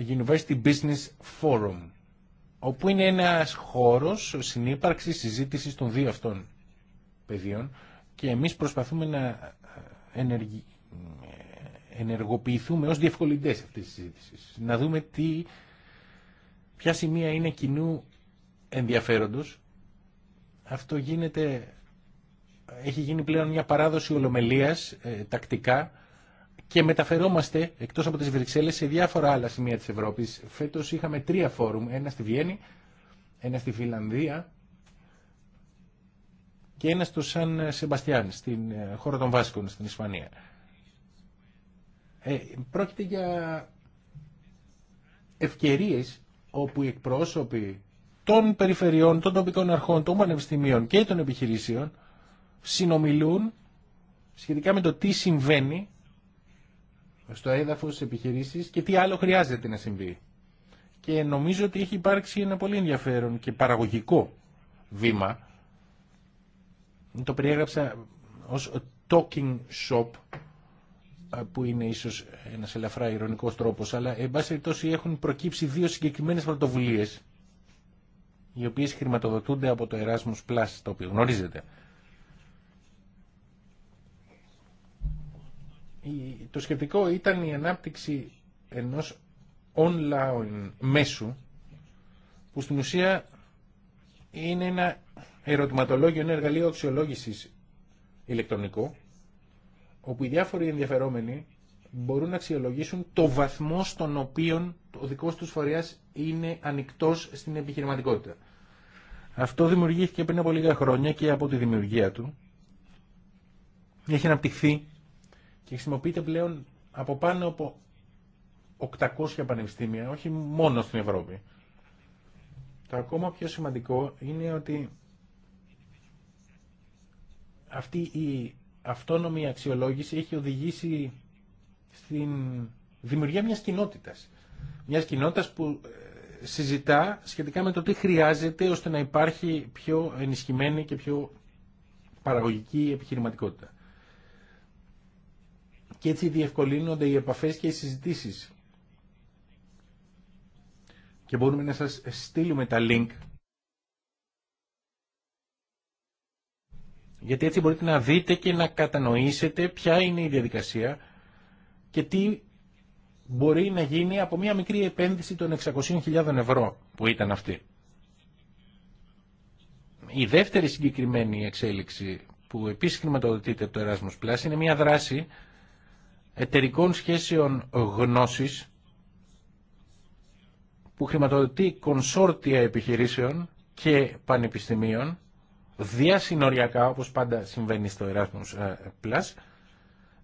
University Business Forum όπου είναι ένας χώρος συνύπαρξης συζήτησης των δύο αυτών πεδίων και εμείς προσπαθούμε να ε, ενεργοποιηθούμε ως διευκολυντές αυτής της συζήτησης. Να δούμε τι... ποια σημεία είναι κοινού ενδιαφέροντος. Αυτό γίνεται έχει γίνει πλέον μια παράδοση ολομελίας ε, τακτικά και μεταφερόμαστε εκτός από τις Βρυξέλλες σε διάφορα άλλα σημεία της Ευρώπης. Φέτος είχαμε τρία φόρουμ, ένα στη Βιέννη, ένα στη Φιλανδία και ένα στο Σαν Σεμπαστιάν, στην ε, χώρα των Βάσκων, στην Ισπανία. Ε, πρόκειται για ευκαιρίες όπου οι εκπρόσωποι των περιφερειών, των τοπικών αρχών, των πανεπιστημίων και των επιχειρήσεων συνομιλούν σχετικά με το τι συμβαίνει στο έδαφος της επιχειρήσης και τι άλλο χρειάζεται να συμβεί. Και νομίζω ότι έχει υπάρξει ένα πολύ ενδιαφέρον και παραγωγικό βήμα. Το περιέγραψα ως talking shop που είναι ίσως ένας ελαφρά ηρωνικός τρόπος, αλλά εν πάση περιπτώσει έχουν προκύψει δύο συγκεκριμένες πρωτοβουλίες οι οποίες χρηματοδοτούνται από το Erasmus Plus, το οποίο γνωρίζετε. το σκεπτικό ήταν η ανάπτυξη ενός online μέσου που στην ουσία είναι ένα ερωτηματολόγιο, ένα εργαλείο αξιολόγησης ηλεκτρονικό όπου οι διάφοροι ενδιαφερόμενοι μπορούν να αξιολογήσουν το βαθμό στον οποίο ο δικός τους φορέας είναι ανοιχτός στην επιχειρηματικότητα. Αυτό δημιουργήθηκε πριν από λίγα χρόνια και από τη δημιουργία του έχει αναπτυχθεί και χρησιμοποιείται πλέον από πάνω από 800 πανεπιστήμια, όχι μόνο στην Ευρώπη. Το ακόμα πιο σημαντικό είναι ότι αυτή η αυτόνομη αξιολόγηση έχει οδηγήσει στην δημιουργία μιας κοινότητας. Μιας κοινότητας που ε, συζητά σχετικά με το τι χρειάζεται ώστε να υπάρχει πιο ενισχυμένη και πιο παραγωγική επιχειρηματικότητα και έτσι διευκολύνονται οι επαφές και οι συζητήσεις. Και μπορούμε να σας στείλουμε τα link γιατί έτσι μπορείτε να δείτε και να κατανοήσετε ποια είναι η διαδικασία και τι μπορεί να γίνει από μια μικρή επένδυση των 600.000 ευρώ που ήταν αυτή. Η δεύτερη συγκεκριμένη εξέλιξη που επίσης χρηματοδοτείται από το Erasmus Plus είναι μια δράση εταιρικών σχέσεων γνώσης που χρηματοδοτεί κονσόρτια επιχειρήσεων και πανεπιστημίων διασυνοριακά όπως πάντα συμβαίνει στο Erasmus ε, Plus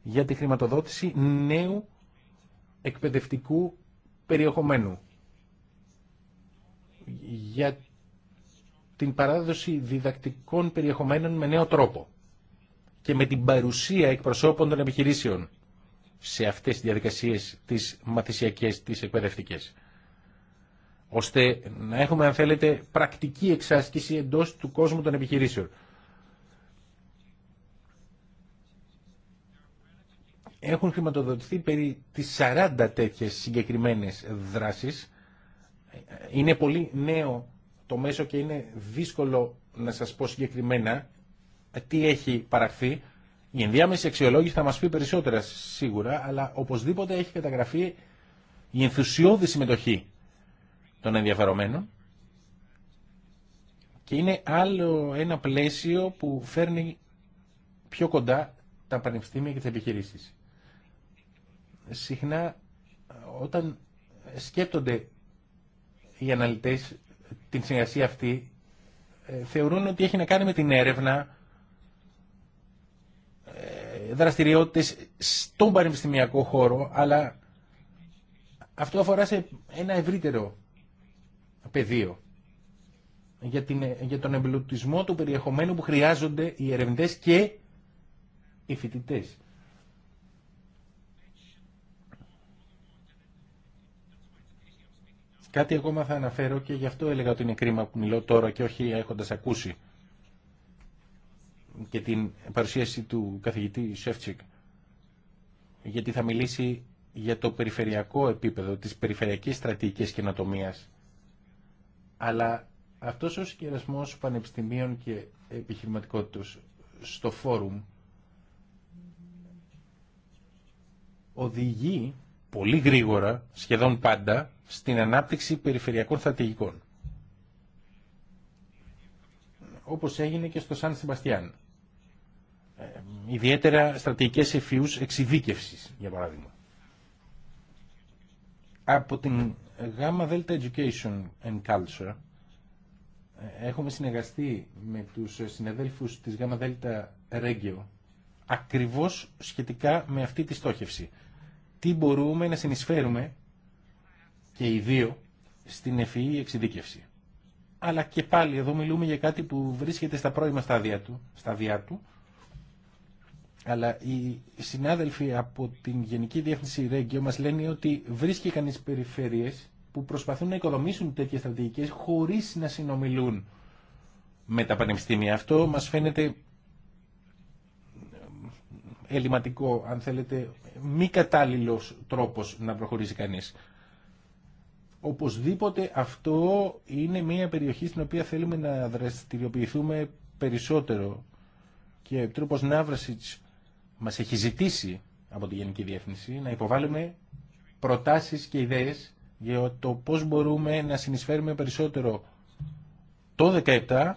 για τη χρηματοδότηση νέου εκπαιδευτικού περιεχομένου για την παράδοση διδακτικών περιεχομένων με νέο τρόπο και με την παρουσία εκπροσώπων των επιχειρήσεων σε αυτές τις διαδικασίες τις μαθησιακές, τις εκπαιδευτικές. Ώστε να έχουμε, αν θέλετε, πρακτική εξάσκηση εντός του κόσμου των επιχειρήσεων. Έχουν χρηματοδοτηθεί περί τις 40 τέτοιες συγκεκριμένες δράσεις. Είναι πολύ νέο το μέσο και είναι δύσκολο να σας πω συγκεκριμένα τι έχει παραχθεί η ενδιάμεση αξιολόγηση θα μα πει περισσότερα σίγουρα, αλλά οπωσδήποτε έχει καταγραφεί η ενθουσιώδη συμμετοχή των ενδιαφερομένων και είναι άλλο ένα πλαίσιο που φέρνει πιο κοντά τα πανεπιστήμια και τις επιχειρήσεις. Συχνά όταν σκέπτονται οι αναλυτές την συνεργασία αυτή ε, θεωρούν ότι έχει να κάνει με την έρευνα δραστηριότητες στον πανεπιστημιακό χώρο, αλλά αυτό αφορά σε ένα ευρύτερο πεδίο για, την, για τον εμπλουτισμό του περιεχομένου που χρειάζονται οι ερευνητές και οι φοιτητέ. Κάτι ακόμα θα αναφέρω και γι' αυτό έλεγα ότι είναι κρίμα που μιλώ τώρα και όχι έχοντας ακούσει και την παρουσίαση του καθηγητή Σεφτσικ γιατί θα μιλήσει για το περιφερειακό επίπεδο της περιφερειακής στρατηγικής καινοτομίας αλλά αυτός ο συγκερασμός πανεπιστημίων και επιχειρηματικότητας στο φόρουμ οδηγεί πολύ γρήγορα, σχεδόν πάντα, στην ανάπτυξη περιφερειακών στρατηγικών. Όπως έγινε και στο Σαν Σεμπαστιάν. Ε, ιδιαίτερα στρατηγικές ευφυούς εξειδίκευσης, για παράδειγμα. Από την γάμα Delta Education and Culture ε, έχουμε συνεργαστεί με τους συνεδέλφους της γάμα Delta Regio ακριβώς σχετικά με αυτή τη στόχευση. Τι μπορούμε να συνεισφέρουμε και οι δύο στην ευφυή εξειδίκευση. Αλλά και πάλι εδώ μιλούμε για κάτι που βρίσκεται στα πρώιμα στάδια του, στάδια του αλλά οι συνάδελφοι από την Γενική Διεύθυνση Ρέγκιο μας λένε ότι βρίσκει κανείς περιφέρειες που προσπαθούν να οικοδομήσουν τέτοιες στρατηγικές χωρίς να συνομιλούν με τα πανεπιστήμια. Αυτό μας φαίνεται ε, ελληματικό, αν θέλετε, μη κατάλληλος τρόπος να προχωρήσει κανείς. Οπωσδήποτε αυτό είναι μια περιοχή στην οποία θέλουμε να δραστηριοποιηθούμε περισσότερο και τρόπος ναύρασης Μα έχει ζητήσει από τη Γενική Διεύθυνση να υποβάλουμε προτάσεις και ιδέες για το πώς μπορούμε να συνεισφέρουμε περισσότερο το 2017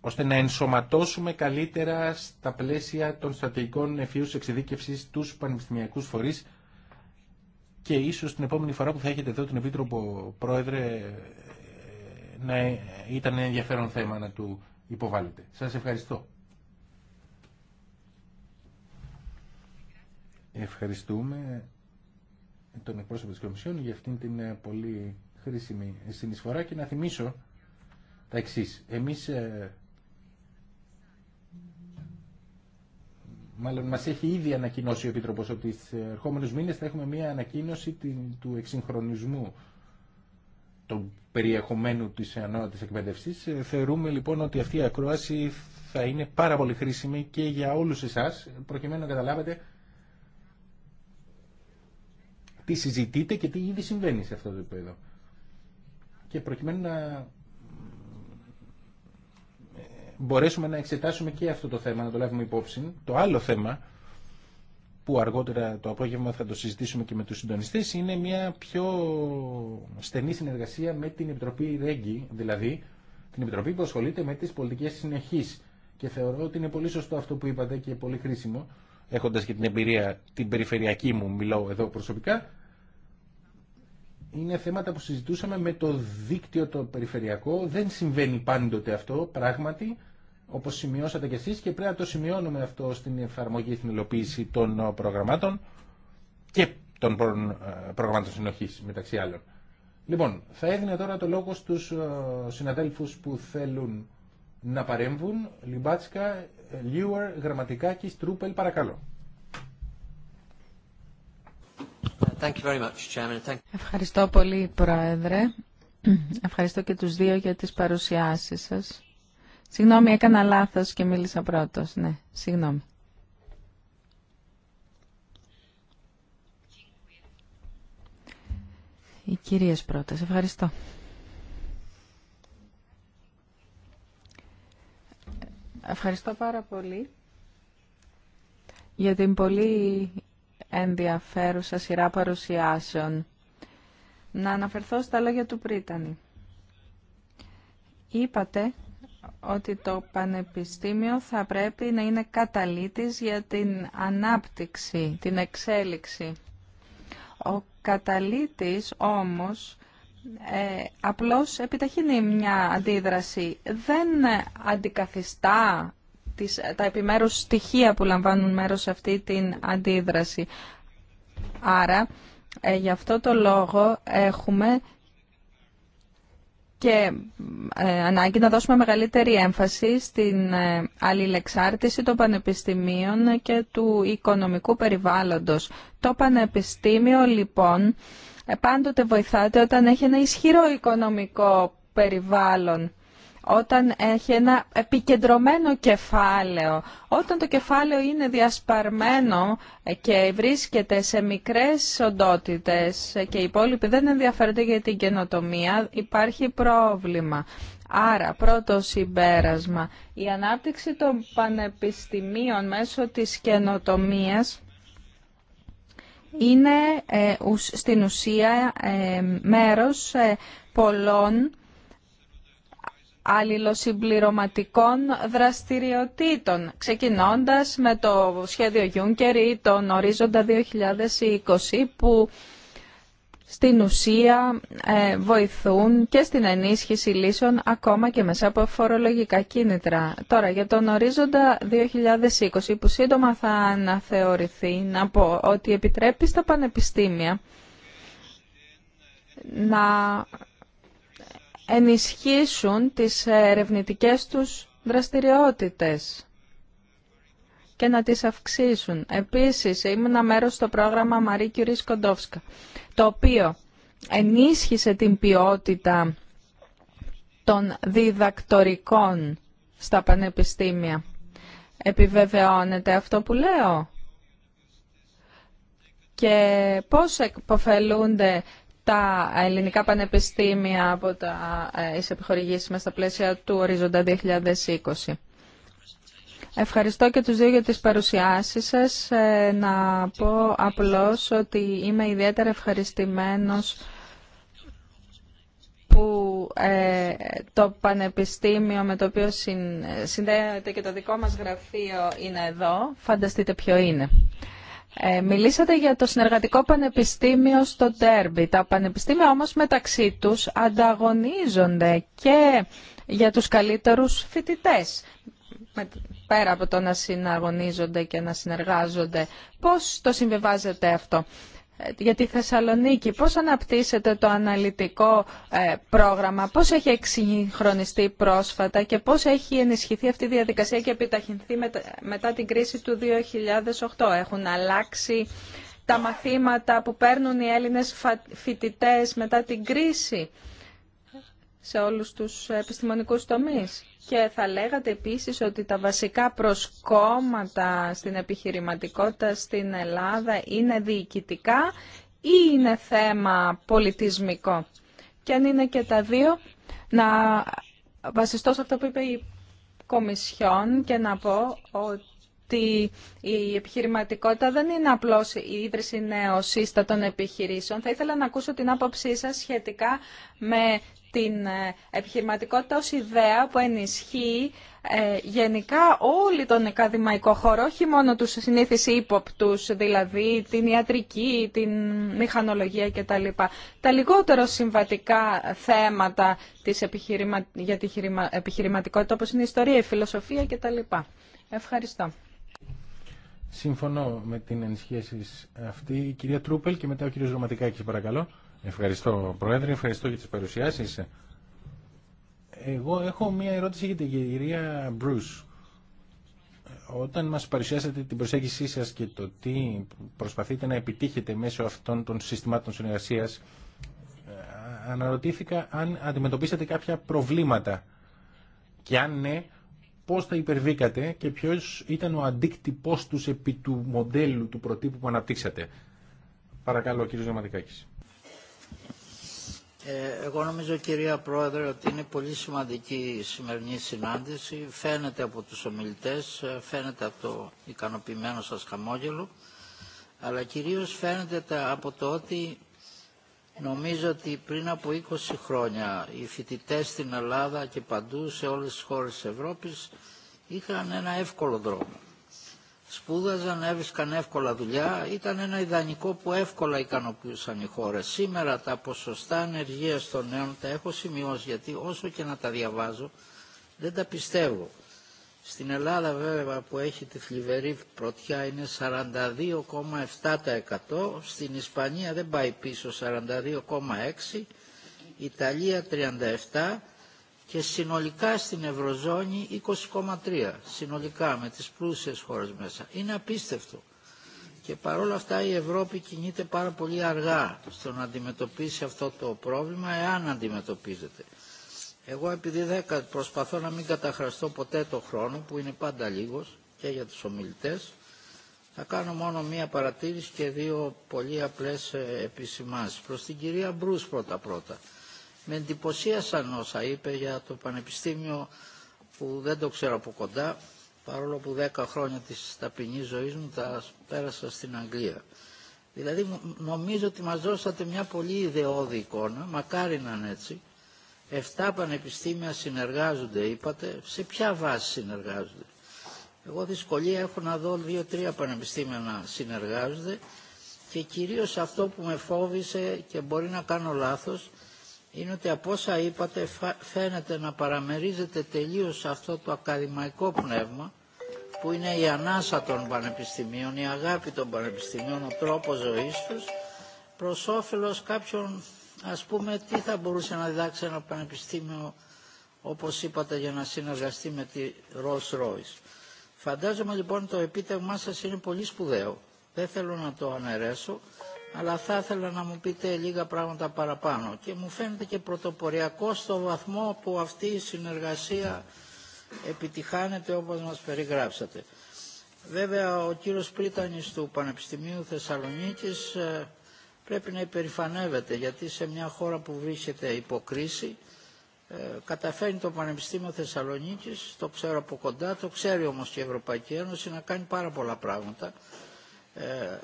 ώστε να ενσωματώσουμε καλύτερα στα πλαίσια των στρατηγικών εφίους εξειδίκευσης τους πανεπιστημιακούς φορείς και ίσως την επόμενη φορά που θα έχετε εδώ τον Επίτροπο Πρόεδρε ε, να ήταν ενδιαφέρον θέμα να του υποβάλλετε. Σας ευχαριστώ. Ευχαριστούμε τον εκπρόσωπο της Κομισιόν για αυτήν την ε, πολύ χρήσιμη συνεισφορά και να θυμίσω τα εξή. Εμείς ε, μάλλον μας έχει ήδη ανακοινώσει ο Επίτροπος ότι στις ερχόμενους μήνες θα έχουμε μια ανακοίνωση του εξυγχρονισμού του περιεχομένου της ε, ανώτατης εκπαίδευσης. Θεωρούμε λοιπόν ότι αυτή η ακρόαση θα είναι πάρα πολύ χρήσιμη και για όλους εσάς προκειμένου να καταλάβετε τι συζητείτε και τι ήδη συμβαίνει σε αυτό το επίπεδο. Και προκειμένου να ε, μπορέσουμε να εξετάσουμε και αυτό το θέμα, να το λάβουμε υπόψη. Το άλλο θέμα, που αργότερα το απόγευμα θα το συζητήσουμε και με τους συντονιστές, είναι μια πιο στενή συνεργασία με την Επιτροπή Ρέγγι, δηλαδή την Επιτροπή που ασχολείται με τις πολιτικές συνεχείς. Και θεωρώ ότι είναι πολύ σωστό αυτό που είπατε και πολύ χρήσιμο, έχοντας και την εμπειρία την περιφερειακή μου, μιλάω εδώ προσωπικά, είναι θέματα που συζητούσαμε με το δίκτυο το περιφερειακό. Δεν συμβαίνει πάντοτε αυτό, πράγματι, όπως σημειώσατε κι εσείς, και πρέπει να το σημειώνουμε αυτό στην εφαρμογή, στην υλοποίηση των προγραμμάτων και των προγραμμάτων συνοχής, μεταξύ άλλων. Λοιπόν, θα έδινε τώρα το λόγο στους ε, συναδέλφους που θέλουν να παρέμβουν. Λιμπάτσκα, Λιούαρ, Γραμματικάκης, Τρούπελ, παρακαλώ. Ευχαριστώ πολύ, Πρόεδρε. Ευχαριστώ και τους δύο για τις παρουσιάσεις σας. Συγγνώμη, έκανα λάθος και μίλησα πρώτος. Ναι, συγγνώμη. Οι κυρίες πρώτες. Ευχαριστώ. Ευχαριστώ πάρα πολύ για την πολύ ενδιαφέρουσα σειρά παρουσιάσεων. Να αναφερθώ στα λόγια του Πρίτανη. Είπατε ότι το Πανεπιστήμιο θα πρέπει να είναι καταλήτης για την ανάπτυξη, την εξέλιξη. Ο καταλήτης όμως ε, απλώς επιταχύνει μια αντίδραση. Δεν αντικαθιστά τις, τα επιμέρους στοιχεία που λαμβάνουν μέρος σε αυτή την αντίδραση. Άρα, ε, γι' αυτό το λόγο έχουμε και ε, ανάγκη να δώσουμε μεγαλύτερη έμφαση στην ε, αλληλεξάρτηση των πανεπιστημίων και του οικονομικού περιβάλλοντος. Το πανεπιστήμιο, λοιπόν, πάντοτε βοηθάτε όταν έχει ένα ισχυρό οικονομικό περιβάλλον, όταν έχει ένα επικεντρωμένο κεφάλαιο. Όταν το κεφάλαιο είναι διασπαρμένο και βρίσκεται σε μικρές οντότητες και οι υπόλοιποι δεν ενδιαφέρονται για την καινοτομία, υπάρχει πρόβλημα. Άρα, πρώτο συμπέρασμα, η ανάπτυξη των πανεπιστημίων μέσω της καινοτομίας είναι ε, στην ουσία ε, μέρος ε, πολλών αλληλοσυμπληρωματικών δραστηριοτήτων, ξεκινώντας με το σχέδιο Juncker ή τον ορίζοντα 2020 που στην ουσία ε, βοηθούν και στην ενίσχυση λύσεων ακόμα και μέσα από φορολογικά κίνητρα. Τώρα για τον ορίζοντα 2020 που σύντομα θα αναθεωρηθεί να πω ότι επιτρέπει στα πανεπιστήμια να ενισχύσουν τις ερευνητικές τους δραστηριότητες και να τις αυξήσουν. Επίσης, ήμουν μέρος στο πρόγραμμα Marie Curie κοντόφσκα, το οποίο ενίσχυσε την ποιότητα των διδακτορικών στα πανεπιστήμια. Επιβεβαιώνεται αυτό που λέω. Και πώς εκποφελούνται τα ελληνικά πανεπιστήμια από τα, ε, τις επιχορηγήσεις μας στα πλαίσια του Οριζοντα 2020. Ευχαριστώ και τους δύο για τις παρουσιάσεις σας. Ε, να πω απλώς ότι είμαι ιδιαίτερα ευχαριστημένος που ε, το πανεπιστήμιο με το οποίο συνδέεται και το δικό μας γραφείο είναι εδώ. Φανταστείτε ποιο είναι. Ε, μιλήσατε για το συνεργατικό πανεπιστήμιο στο Τέρμπι. Τα πανεπιστήμια όμως μεταξύ τους ανταγωνίζονται και για τους καλύτερους φοιτητές πέρα από το να συναγωνίζονται και να συνεργάζονται. Πώς το συμβιβάζετε αυτό ε, για τη Θεσσαλονίκη, πώς αναπτύσσεται το αναλυτικό ε, πρόγραμμα, πώς έχει εξυγχρονιστεί πρόσφατα και πώς έχει ενισχυθεί αυτή η διαδικασία και επιταχυνθεί μετά την κρίση του 2008. Έχουν αλλάξει τα μαθήματα που παίρνουν οι Έλληνες φοιτητέ μετά την κρίση σε όλους τους επιστημονικούς τομείς. Και θα λέγατε επίσης ότι τα βασικά προσκόμματα στην επιχειρηματικότητα στην Ελλάδα είναι διοικητικά ή είναι θέμα πολιτισμικό. Και αν είναι και τα δύο, να βασιστώ σε αυτό που είπε η Κομισιόν και να πω ότι η επιχειρηματικότητα δεν είναι απλώς η ίδρυση νέων σύστατων επιχειρήσεων. Θα ήθελα να ακούσω την άποψή σας σχετικά με την ε, επιχειρηματικότητα ως ιδέα που ενισχύει ε, γενικά όλη τον ακαδημαϊκό χώρο, όχι μόνο τους συνήθεις ύποπτους, δηλαδή την ιατρική, την μηχανολογία κτλ. Τα λιγότερο συμβατικά θέματα της επιχειρημα... για την επιχειρηματικότητα, όπως είναι η ιστορία, η φιλοσοφία κτλ. Ευχαριστώ. Συμφωνώ με την ενισχύση αυτή. Η κυρία Τρούπελ και μετά ο κύριος Ρωματικάκης, παρακαλώ. Ευχαριστώ Πρόεδρε, ευχαριστώ για τις παρουσιάσεις. Εγώ έχω μία ερώτηση για την κυρία Μπρούς. Όταν μας παρουσιάσατε την προσέγγισή σας και το τι προσπαθείτε να επιτύχετε μέσω αυτών των συστημάτων συνεργασίας, αναρωτήθηκα αν αντιμετωπίσατε κάποια προβλήματα και αν ναι, πώς τα υπερβήκατε και ποιος ήταν ο αντίκτυπός τους επί του μοντέλου, του προτύπου που αναπτύξατε. Παρακαλώ, κύριος Δηματικάκης. Ε, εγώ νομίζω κυρία Πρόεδρε ότι είναι πολύ σημαντική η σημερινή συνάντηση. Φαίνεται από τους ομιλητές, ε, φαίνεται από το ικανοποιημένο σας χαμόγελο, αλλά κυρίως φαίνεται από το ότι νομίζω ότι πριν από 20 χρόνια οι φοιτητέ στην Ελλάδα και παντού σε όλες τις χώρες της Ευρώπης είχαν ένα εύκολο δρόμο σπούδαζαν, έβρισκαν εύκολα δουλειά. Ήταν ένα ιδανικό που εύκολα ικανοποιούσαν οι χώρες. Σήμερα τα ποσοστά ενεργείας των νέων τα έχω σημειώσει γιατί όσο και να τα διαβάζω δεν τα πιστεύω. Στην Ελλάδα βέβαια που έχει τη θλιβερή πρωτιά είναι 42,7%. Στην Ισπανία δεν πάει πίσω 42,6%. Ιταλία 37% και συνολικά στην Ευρωζώνη 20,3 συνολικά με τις πλούσιες χώρες μέσα. Είναι απίστευτο. Και παρόλα αυτά η Ευρώπη κινείται πάρα πολύ αργά στο να αντιμετωπίσει αυτό το πρόβλημα, εάν αντιμετωπίζεται. Εγώ επειδή δεν προσπαθώ να μην καταχραστώ ποτέ το χρόνο, που είναι πάντα λίγος και για τους ομιλητές, θα κάνω μόνο μία παρατήρηση και δύο πολύ απλές ε, επισημάνσεις. Προς την κυρία Μπρούς πρώτα-πρώτα. Με εντυπωσίασαν όσα είπε για το Πανεπιστήμιο που δεν το ξέρω από κοντά, παρόλο που δέκα χρόνια της ταπεινή ζωής μου τα πέρασα στην Αγγλία. Δηλαδή νομίζω ότι μας δώσατε μια πολύ ιδεώδη εικόνα, μακάρι να είναι έτσι. Εφτά πανεπιστήμια συνεργάζονται, είπατε. Σε ποια βάση συνεργάζονται. Εγώ δυσκολία έχω να δω δύο-τρία πανεπιστήμια να συνεργάζονται και κυρίως αυτό που με φόβησε και μπορεί να κάνω λάθος είναι ότι από όσα είπατε φαίνεται να παραμερίζεται τελείως αυτό το ακαδημαϊκό πνεύμα που είναι η ανάσα των πανεπιστημίων, η αγάπη των πανεπιστημίων, ο τρόπος ζωής τους προς όφελος κάποιων ας πούμε τι θα μπορούσε να διδάξει ένα πανεπιστήμιο όπως είπατε για να συνεργαστεί με τη Rolls Royce. Φαντάζομαι λοιπόν το επίτευγμά σας είναι πολύ σπουδαίο. Δεν θέλω να το αναιρέσω αλλά θα ήθελα να μου πείτε λίγα πράγματα παραπάνω. Και μου φαίνεται και πρωτοποριακό στο βαθμό που αυτή η συνεργασία επιτυχάνεται όπως μας περιγράψατε. Βέβαια ο κύριος Πρίτανης του Πανεπιστημίου Θεσσαλονίκης ε, πρέπει να υπερηφανεύεται γιατί σε μια χώρα που βρίσκεται υποκρίση ε, καταφέρνει το Πανεπιστήμιο Θεσσαλονίκης, το ξέρω από κοντά, το ξέρει όμως και η Ευρωπαϊκή Ένωση να κάνει πάρα πολλά πράγματα. Ε,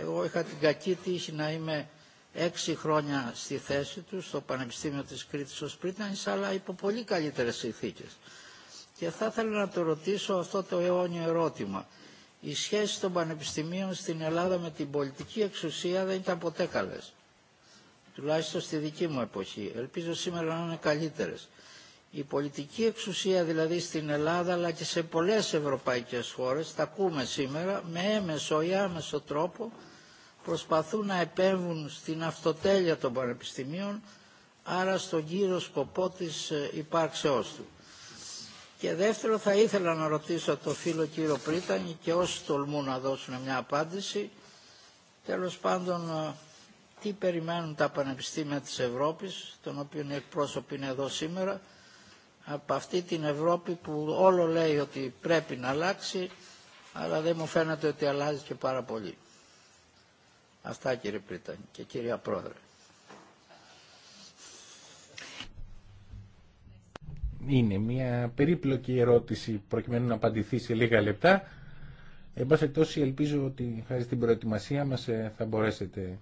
εγώ είχα την κακή τύχη να είμαι έξι χρόνια στη θέση του στο Πανεπιστήμιο της Κρήτης ως Πρίτανης, αλλά υπό πολύ καλύτερες συνθήκες. Και θα ήθελα να το ρωτήσω αυτό το αιώνιο ερώτημα. Η σχέση των πανεπιστημίων στην Ελλάδα με την πολιτική εξουσία δεν ήταν ποτέ καλές. Τουλάχιστον στη δική μου εποχή. Ελπίζω σήμερα να είναι καλύτερες. Η πολιτική εξουσία δηλαδή στην Ελλάδα αλλά και σε πολλές ευρωπαϊκές χώρες, τα ακούμε σήμερα, με έμεσο ή άμεσο τρόπο προσπαθούν να επέμβουν στην αυτοτέλεια των πανεπιστημίων, άρα στον κύριο σκοπό της ε, υπάρξεώς του. Και δεύτερο θα ήθελα να ρωτήσω το φίλο κύριο Πρίτανη και όσοι τολμούν να δώσουν μια απάντηση, τέλος πάντων ε, τι περιμένουν τα πανεπιστήμια της Ευρώπης, των οποίων οι εκπρόσωποι είναι εδώ σήμερα, από αυτή την Ευρώπη που όλο λέει ότι πρέπει να αλλάξει αλλά δεν μου φαίνεται ότι αλλάζει και πάρα πολύ. Αυτά κύριε Πρίτανη και κυρία Πρόεδρε. Είναι μια περίπλοκη ερώτηση προκειμένου να απαντηθεί σε λίγα λεπτά. Εν πάση ελπίζω ότι χάρη στην προετοιμασία μας ε, θα μπορέσετε,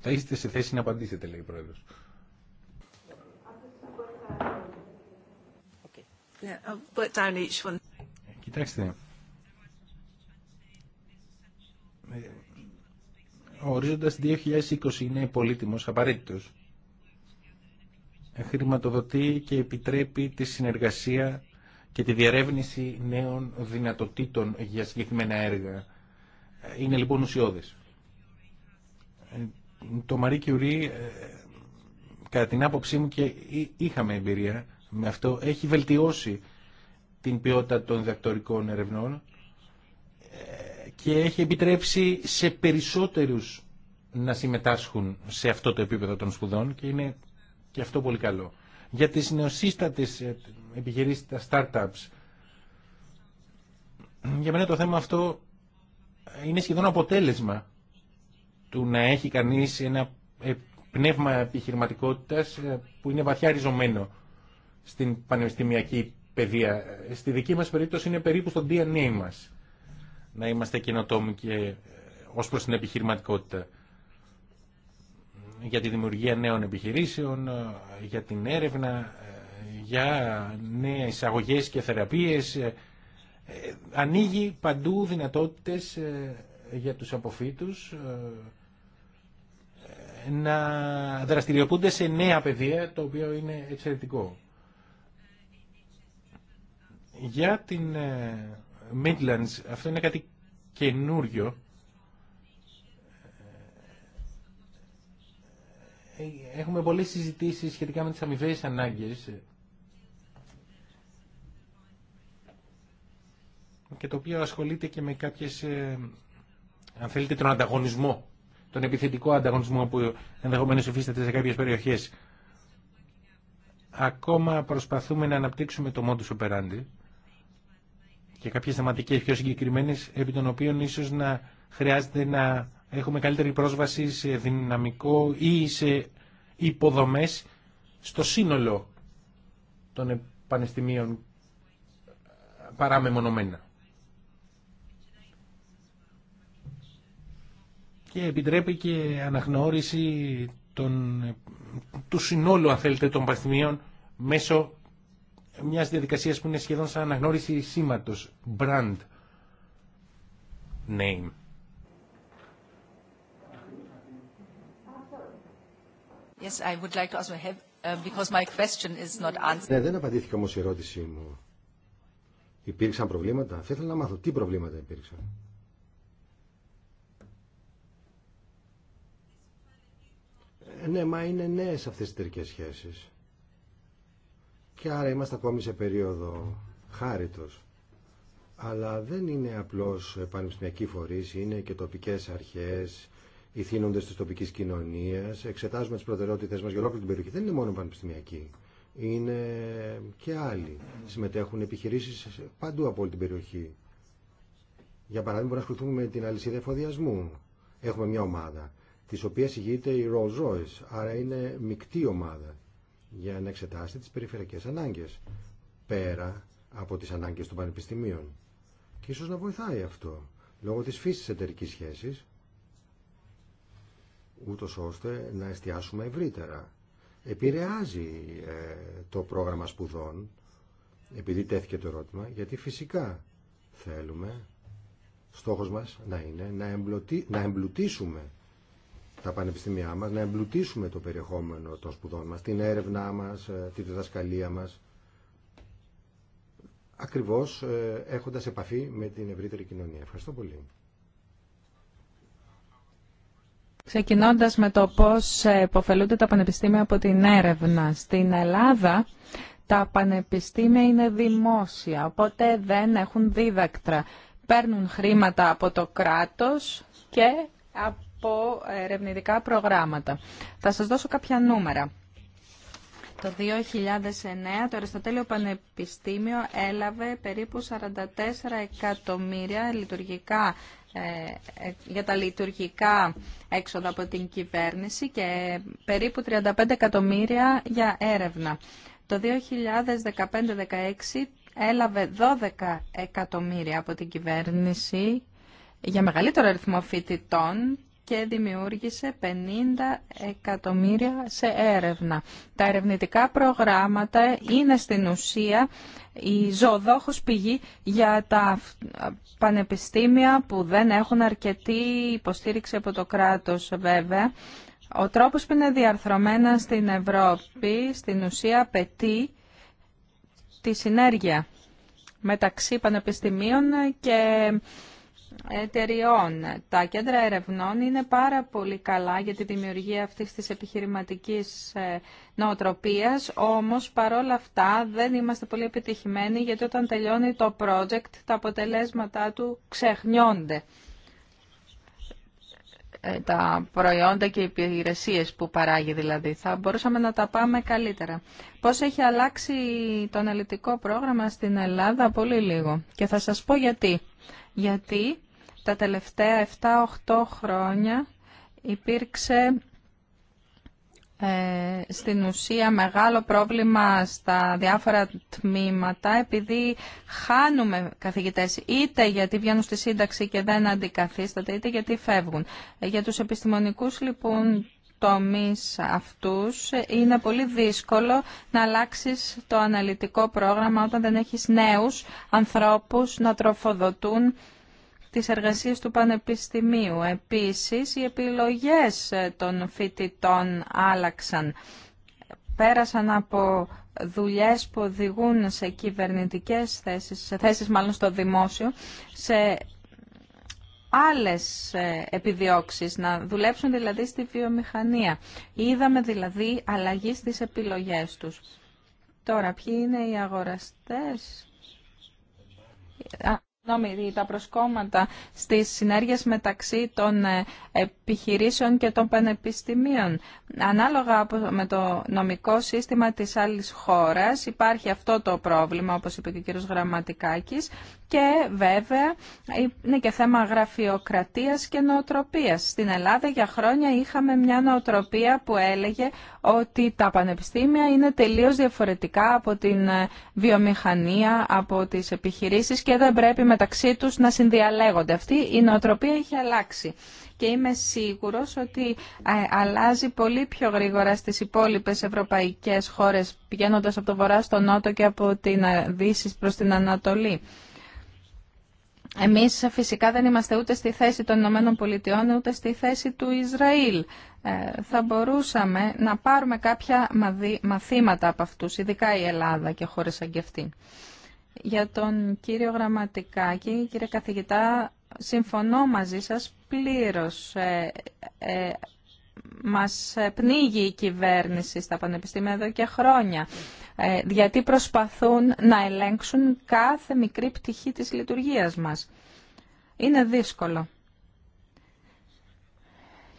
θα είστε σε θέση να απαντήσετε λέει η Πρόεδρος. Κοιτάξτε. Ο ε, ορίζοντας 2020 είναι πολύτιμος, απαραίτητος. Ε, χρηματοδοτεί και επιτρέπει τη συνεργασία και τη διερεύνηση νέων δυνατοτήτων για συγκεκριμένα έργα. Ε, είναι λοιπόν ουσιώδες. Το Μαρί Curie κατά την άποψή μου και είχαμε εμπειρία, με αυτό έχει βελτιώσει την ποιότητα των διδακτορικών ερευνών ε, και έχει επιτρέψει σε περισσότερους να συμμετάσχουν σε αυτό το επίπεδο των σπουδών και είναι και αυτό πολύ καλό. Για τις νεοσύστατες ε, επιχειρήσεις, τα startups, για μένα το θέμα αυτό είναι σχεδόν αποτέλεσμα του να έχει κανείς ένα ε, πνεύμα επιχειρηματικότητας που είναι βαθιά ριζωμένο στην πανεπιστημιακή παιδεία. Στη δική μας περίπτωση είναι περίπου στο DNA μας να είμαστε καινοτόμοι και ε, ως προς την επιχειρηματικότητα για τη δημιουργία νέων επιχειρήσεων, ε, για την έρευνα, ε, για νέες εισαγωγές και θεραπείες. Ανοίγει παντού δυνατότητες για τους αποφύτους να δραστηριοποιούνται σε νέα παιδεία, το οποίο είναι εξαιρετικό. Για την ε, Midlands, αυτό είναι κάτι καινούριο. Ε, έχουμε πολλές συζητήσεις σχετικά με τις αμοιβέ ανάγκες και το οποίο ασχολείται και με κάποιες, ε, αν θέλετε, τον ανταγωνισμό, τον επιθετικό ανταγωνισμό που ενδεχομένως υφίσταται σε κάποιες περιοχές. Ακόμα προσπαθούμε να αναπτύξουμε το modus operandi και κάποιε θεματικέ πιο συγκεκριμένε επί των οποίων ίσως να χρειάζεται να έχουμε καλύτερη πρόσβαση σε δυναμικό ή σε υποδομές στο σύνολο των πανεπιστημίων παρά μεμονωμένα. Και επιτρέπει και αναγνώριση των, του συνόλου, αν θέλετε, των πανεπιστημίων μέσω μια διαδικασία που είναι σχεδόν σαν αναγνώριση σήματος, brand name. Yes, I would like to ask uh, because my question is not answered. Ναι, δεν απαντήθηκε όμω η ερώτησή μου. Υπήρξαν προβλήματα. Θα ήθελα να μάθω τι προβλήματα υπήρξαν. Ε, ναι, μα είναι νέες αυτές οι τερικές σχέσεις. Και άρα είμαστε ακόμη σε περίοδο χάριτος. Αλλά δεν είναι απλώς πανεπιστημιακή φορείς, είναι και τοπικές αρχές, οι θύνοντες της τοπικής κοινωνίας, εξετάζουμε τις προτεραιότητες μας για ολόκληρη την περιοχή. Δεν είναι μόνο πανεπιστημιακοί, είναι και άλλοι. Συμμετέχουν επιχειρήσεις παντού από όλη την περιοχή. Για παράδειγμα, μπορούμε να ασχοληθούμε με την αλυσίδα εφοδιασμού. Έχουμε μια ομάδα, τη οποία ηγείται η Rolls Royce, άρα είναι μεικτή ομάδα για να εξετάσει τις περιφερειακές ανάγκες πέρα από τις ανάγκες των πανεπιστημίων. Και ίσως να βοηθάει αυτό λόγω της φύσης εταιρικής σχέσης ούτω ώστε να εστιάσουμε ευρύτερα. Επηρεάζει ε, το πρόγραμμα σπουδών επειδή τέθηκε το ερώτημα γιατί φυσικά θέλουμε στόχος μας να είναι να, να εμπλουτίσουμε τα πανεπιστήμια μας, να εμπλουτίσουμε το περιεχόμενο των σπουδών μας, την έρευνά μας, ε, τη διδασκαλία μας, ακριβώς ε, έχοντας επαφή με την ευρύτερη κοινωνία. Ευχαριστώ πολύ. Ξεκινώντας με το πώς υποφελούνται τα πανεπιστήμια από την έρευνα. Στην Ελλάδα τα πανεπιστήμια είναι δημόσια, οπότε δεν έχουν δίδακτρα. Παίρνουν χρήματα από το κράτος και από ερευνητικά προγράμματα. Θα σας δώσω κάποια νούμερα. Το 2009 το Αριστοτέλειο Πανεπιστήμιο έλαβε περίπου 44 εκατομμύρια λειτουργικά ε, ε, για τα λειτουργικά έξοδα από την κυβέρνηση και περίπου 35 εκατομμύρια για έρευνα. Το 2015-16 έλαβε 12 εκατομμύρια από την κυβέρνηση για μεγαλύτερο αριθμό φοιτητών και δημιούργησε 50 εκατομμύρια σε έρευνα. Τα ερευνητικά προγράμματα είναι στην ουσία η ζωοδόχος πηγή για τα πανεπιστήμια που δεν έχουν αρκετή υποστήριξη από το κράτος βέβαια. Ο τρόπος που είναι διαρθρωμένα στην Ευρώπη στην ουσία απαιτεί τη συνέργεια μεταξύ πανεπιστημίων και εταιριών. Τα κέντρα ερευνών είναι πάρα πολύ καλά για τη δημιουργία αυτής της επιχειρηματικής ε, νοοτροπίας, όμως παρόλα αυτά δεν είμαστε πολύ επιτυχημένοι γιατί όταν τελειώνει το project τα αποτελέσματά του ξεχνιόνται. Ε, τα προϊόντα και οι υπηρεσίες που παράγει δηλαδή. Θα μπορούσαμε να τα πάμε καλύτερα. Πώς έχει αλλάξει το αναλυτικό πρόγραμμα στην Ελλάδα πολύ λίγο. Και θα σας πω γιατί. Γιατί τα τελευταία 7-8 χρόνια υπήρξε ε, στην ουσία μεγάλο πρόβλημα στα διάφορα τμήματα επειδή χάνουμε καθηγητές είτε γιατί βγαίνουν στη σύνταξη και δεν αντικαθίσταται είτε γιατί φεύγουν. Ε, για τους επιστημονικούς λοιπόν τομείς αυτούς ε, είναι πολύ δύσκολο να αλλάξεις το αναλυτικό πρόγραμμα όταν δεν έχεις νέους ανθρώπους να τροφοδοτούν τις εργασίες του Πανεπιστημίου. Επίσης, οι επιλογές ε, των φοιτητών άλλαξαν. Πέρασαν από δουλειές που οδηγούν σε κυβερνητικές θέσεις, σε θέσεις μάλλον στο δημόσιο, σε άλλες ε, επιδιώξεις, να δουλέψουν δηλαδή στη βιομηχανία. Είδαμε δηλαδή αλλαγή στις επιλογές τους. Τώρα, ποιοι είναι οι αγοραστές τα προσκόμματα στις συνέργειες μεταξύ των ε, επιχειρήσεων και των πανεπιστημίων. Ανάλογα με το νομικό σύστημα της άλλης χώρας υπάρχει αυτό το πρόβλημα, όπως είπε και ο κ. Γραμματικάκης, και βέβαια είναι και θέμα γραφειοκρατίας και νοοτροπίας. Στην Ελλάδα για χρόνια είχαμε μια νοοτροπία που έλεγε ότι τα πανεπιστήμια είναι τελείως διαφορετικά από την ε, βιομηχανία, από τις επιχειρήσεις και δεν πρέπει μεταξύ τους να συνδιαλέγονται. Αυτή η νοοτροπία έχει αλλάξει και είμαι σίγουρος ότι ε, αλλάζει πολύ πιο γρήγορα στις υπόλοιπες ευρωπαϊκές χώρες πηγαίνοντας από το βορρά στο νότο και από την ε, δύση προς την Ανατολή. Εμείς ε, φυσικά δεν είμαστε ούτε στη θέση των Ηνωμένων Πολιτειών, ούτε στη θέση του Ισραήλ. θα μπορούσαμε να πάρουμε κάποια μαθήματα από αυτούς, ειδικά η Ελλάδα και χώρες σαν και αυτή. Για τον κύριο Γραμματικάκη, κύριε καθηγητά, συμφωνώ μαζί σας πλήρως. Ε, ε, μας πνίγει η κυβέρνηση στα πανεπιστήμια εδώ και χρόνια, ε, γιατί προσπαθούν να ελέγξουν κάθε μικρή πτυχή της λειτουργίας μας. Είναι δύσκολο.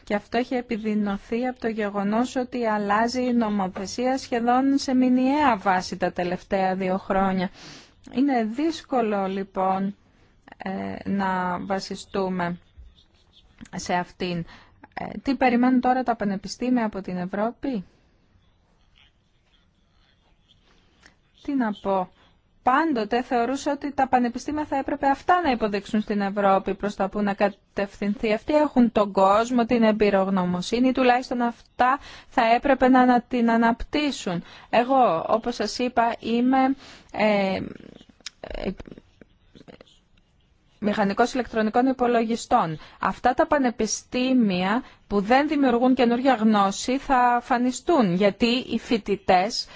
Και αυτό έχει επιδεινωθεί από το γεγονός ότι αλλάζει η νομοθεσία σχεδόν σε μηνιαία βάση τα τελευταία δύο χρόνια. Είναι δύσκολο λοιπόν ε, να βασιστούμε σε αυτήν. Ε, τι περιμένουν τώρα τα πανεπιστήμια από την Ευρώπη. Τι να πω πάντοτε θεωρούσα ότι τα πανεπιστήμια θα έπρεπε αυτά να υποδείξουν στην Ευρώπη προς τα που να κατευθυνθεί. Αυτοί έχουν τον κόσμο, την εμπειρογνωμοσύνη, τουλάχιστον αυτά θα έπρεπε να την αναπτύσσουν. Εγώ, όπως σας είπα, είμαι... Ε, ε, μηχανικός ηλεκτρονικών υπολογιστών. Αυτά τα πανεπιστήμια που δεν δημιουργούν καινούργια γνώση θα φανιστούν. γιατί οι φοιτητές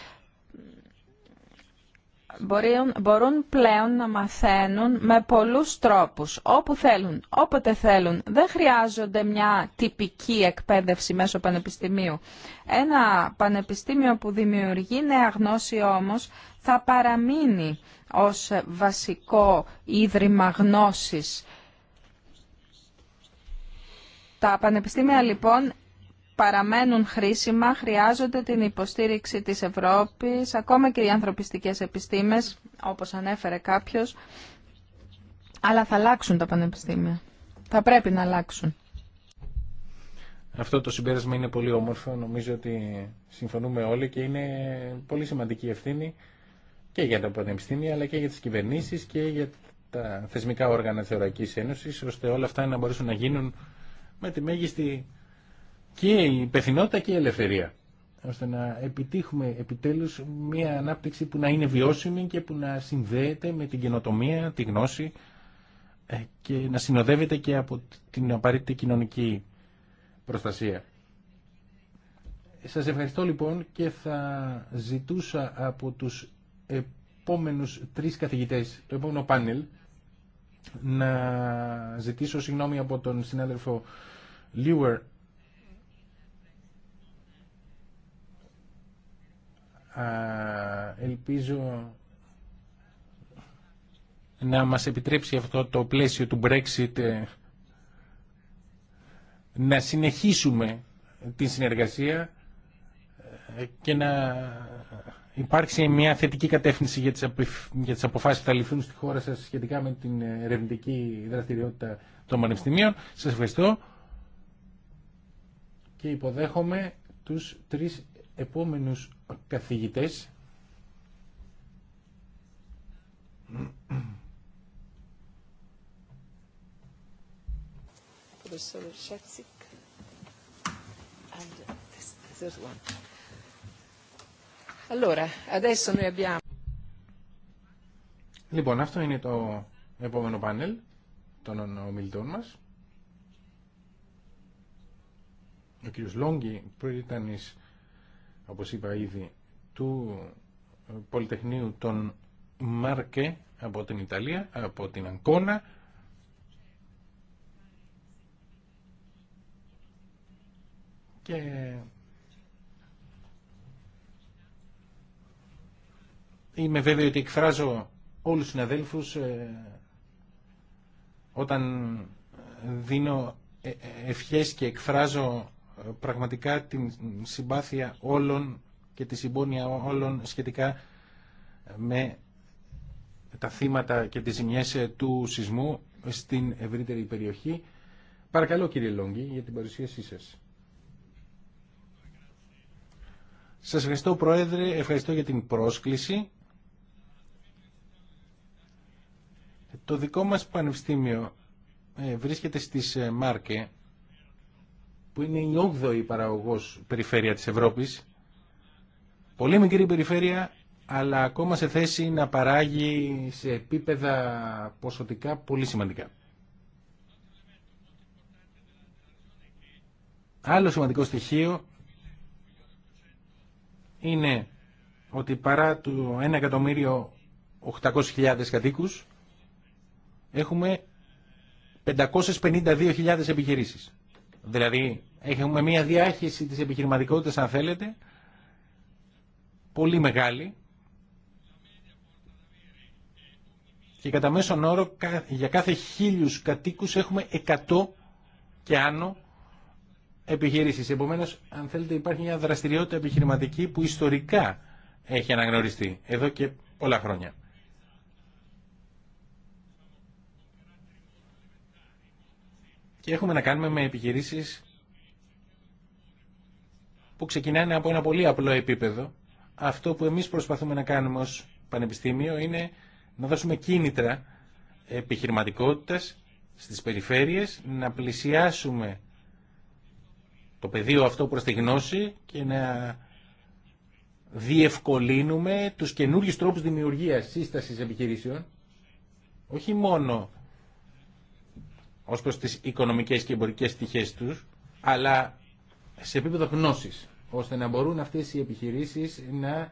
μπορούν, μπορούν πλέον να μαθαίνουν με πολλούς τρόπους, όπου θέλουν, όποτε θέλουν. Δεν χρειάζονται μια τυπική εκπαίδευση μέσω πανεπιστημίου. Ένα πανεπιστήμιο που δημιουργεί νέα γνώση όμως θα παραμείνει ως βασικό ίδρυμα γνώσης. Τα πανεπιστήμια λοιπόν παραμένουν χρήσιμα, χρειάζονται την υποστήριξη της Ευρώπης, ακόμα και οι ανθρωπιστικές επιστήμες, όπως ανέφερε κάποιος, αλλά θα αλλάξουν τα πανεπιστήμια. Θα πρέπει να αλλάξουν. Αυτό το συμπέρασμα είναι πολύ όμορφο, νομίζω ότι συμφωνούμε όλοι και είναι πολύ σημαντική ευθύνη και για τα πανεπιστήμια αλλά και για τις κυβερνήσεις και για τα θεσμικά όργανα της Ευρωπαϊκής Ένωσης ώστε όλα αυτά να μπορέσουν να γίνουν με τη μέγιστη και η υπευθυνότητα και η ελευθερία ώστε να επιτύχουμε επιτέλους μια ανάπτυξη που να είναι βιώσιμη και που να συνδέεται με την καινοτομία, τη γνώση ε, και να συνοδεύεται και από την απαραίτητη κοινωνική προστασία. Σας ευχαριστώ λοιπόν και θα ζητούσα από τους επόμενους τρεις καθηγητές, το επόμενο πάνελ, να ζητήσω συγγνώμη από τον συνάδελφο Λίουερ ελπίζω να μας επιτρέψει αυτό το πλαίσιο του Brexit ε, να συνεχίσουμε τη συνεργασία ε, και να υπάρξει μια θετική κατεύθυνση για τις, για τις αποφάσεις που θα ληφθούν στη χώρα σας σχετικά με την ερευνητική δραστηριότητα των πανεπιστημίων. Σας ευχαριστώ και υποδέχομαι τους τρεις επόμενους καθηγητές Λοιπόν, αυτό είναι το επόμενο πάνελ των ομιλητών μας. Ο κύριος Λόγκη, εις όπως είπα ήδη, του ε, Πολυτεχνείου των Μάρκε από την Ιταλία, από την Αγκώνα. Και είμαι βέβαιο ότι εκφράζω όλους τους συναδέλφους ε, όταν δίνω ε, ευχές και εκφράζω πραγματικά την συμπάθεια όλων και τη συμπόνια όλων σχετικά με τα θύματα και τις ζημιές ε, του σεισμού στην ευρύτερη περιοχή. Παρακαλώ κύριε Λόγγι για την παρουσίασή σας. Σας ευχαριστώ Πρόεδρε, ευχαριστώ για την πρόσκληση. Το δικό μας πανεπιστήμιο ε, βρίσκεται στις ε, Μάρκε, που είναι η 8η παραγωγός περιφέρεια της Ευρώπης. Πολύ μικρή περιφέρεια, αλλά ακόμα σε θέση να παράγει σε επίπεδα ποσοτικά πολύ σημαντικά. Άλλο σημαντικό στοιχείο είναι ότι παρά του 1.800.000 κατοίκους έχουμε 552.000 επιχειρήσεις. Δηλαδή έχουμε μια διάχυση της επιχειρηματικότητας αν θέλετε πολύ μεγάλη και κατά μέσον όρο για κάθε χίλιους κατοίκους έχουμε 100 και άνω επιχειρήσεις. Επομένως, αν θέλετε, υπάρχει μια δραστηριότητα επιχειρηματική που ιστορικά έχει αναγνωριστεί εδώ και πολλά χρόνια. Και έχουμε να κάνουμε με επιχειρήσεις που ξεκινάνε από ένα πολύ απλό επίπεδο. Αυτό που εμείς προσπαθούμε να κάνουμε ως πανεπιστήμιο είναι να δώσουμε κίνητρα επιχειρηματικότητας στις περιφέρειες, να πλησιάσουμε το πεδίο αυτό προς τη γνώση και να διευκολύνουμε τους καινούριου τρόπους δημιουργίας σύστασης επιχειρήσεων, όχι μόνο ως προς τις οικονομικές και εμπορικές στοιχές τους, αλλά σε επίπεδο γνώσης, ώστε να μπορούν αυτές οι επιχειρήσεις να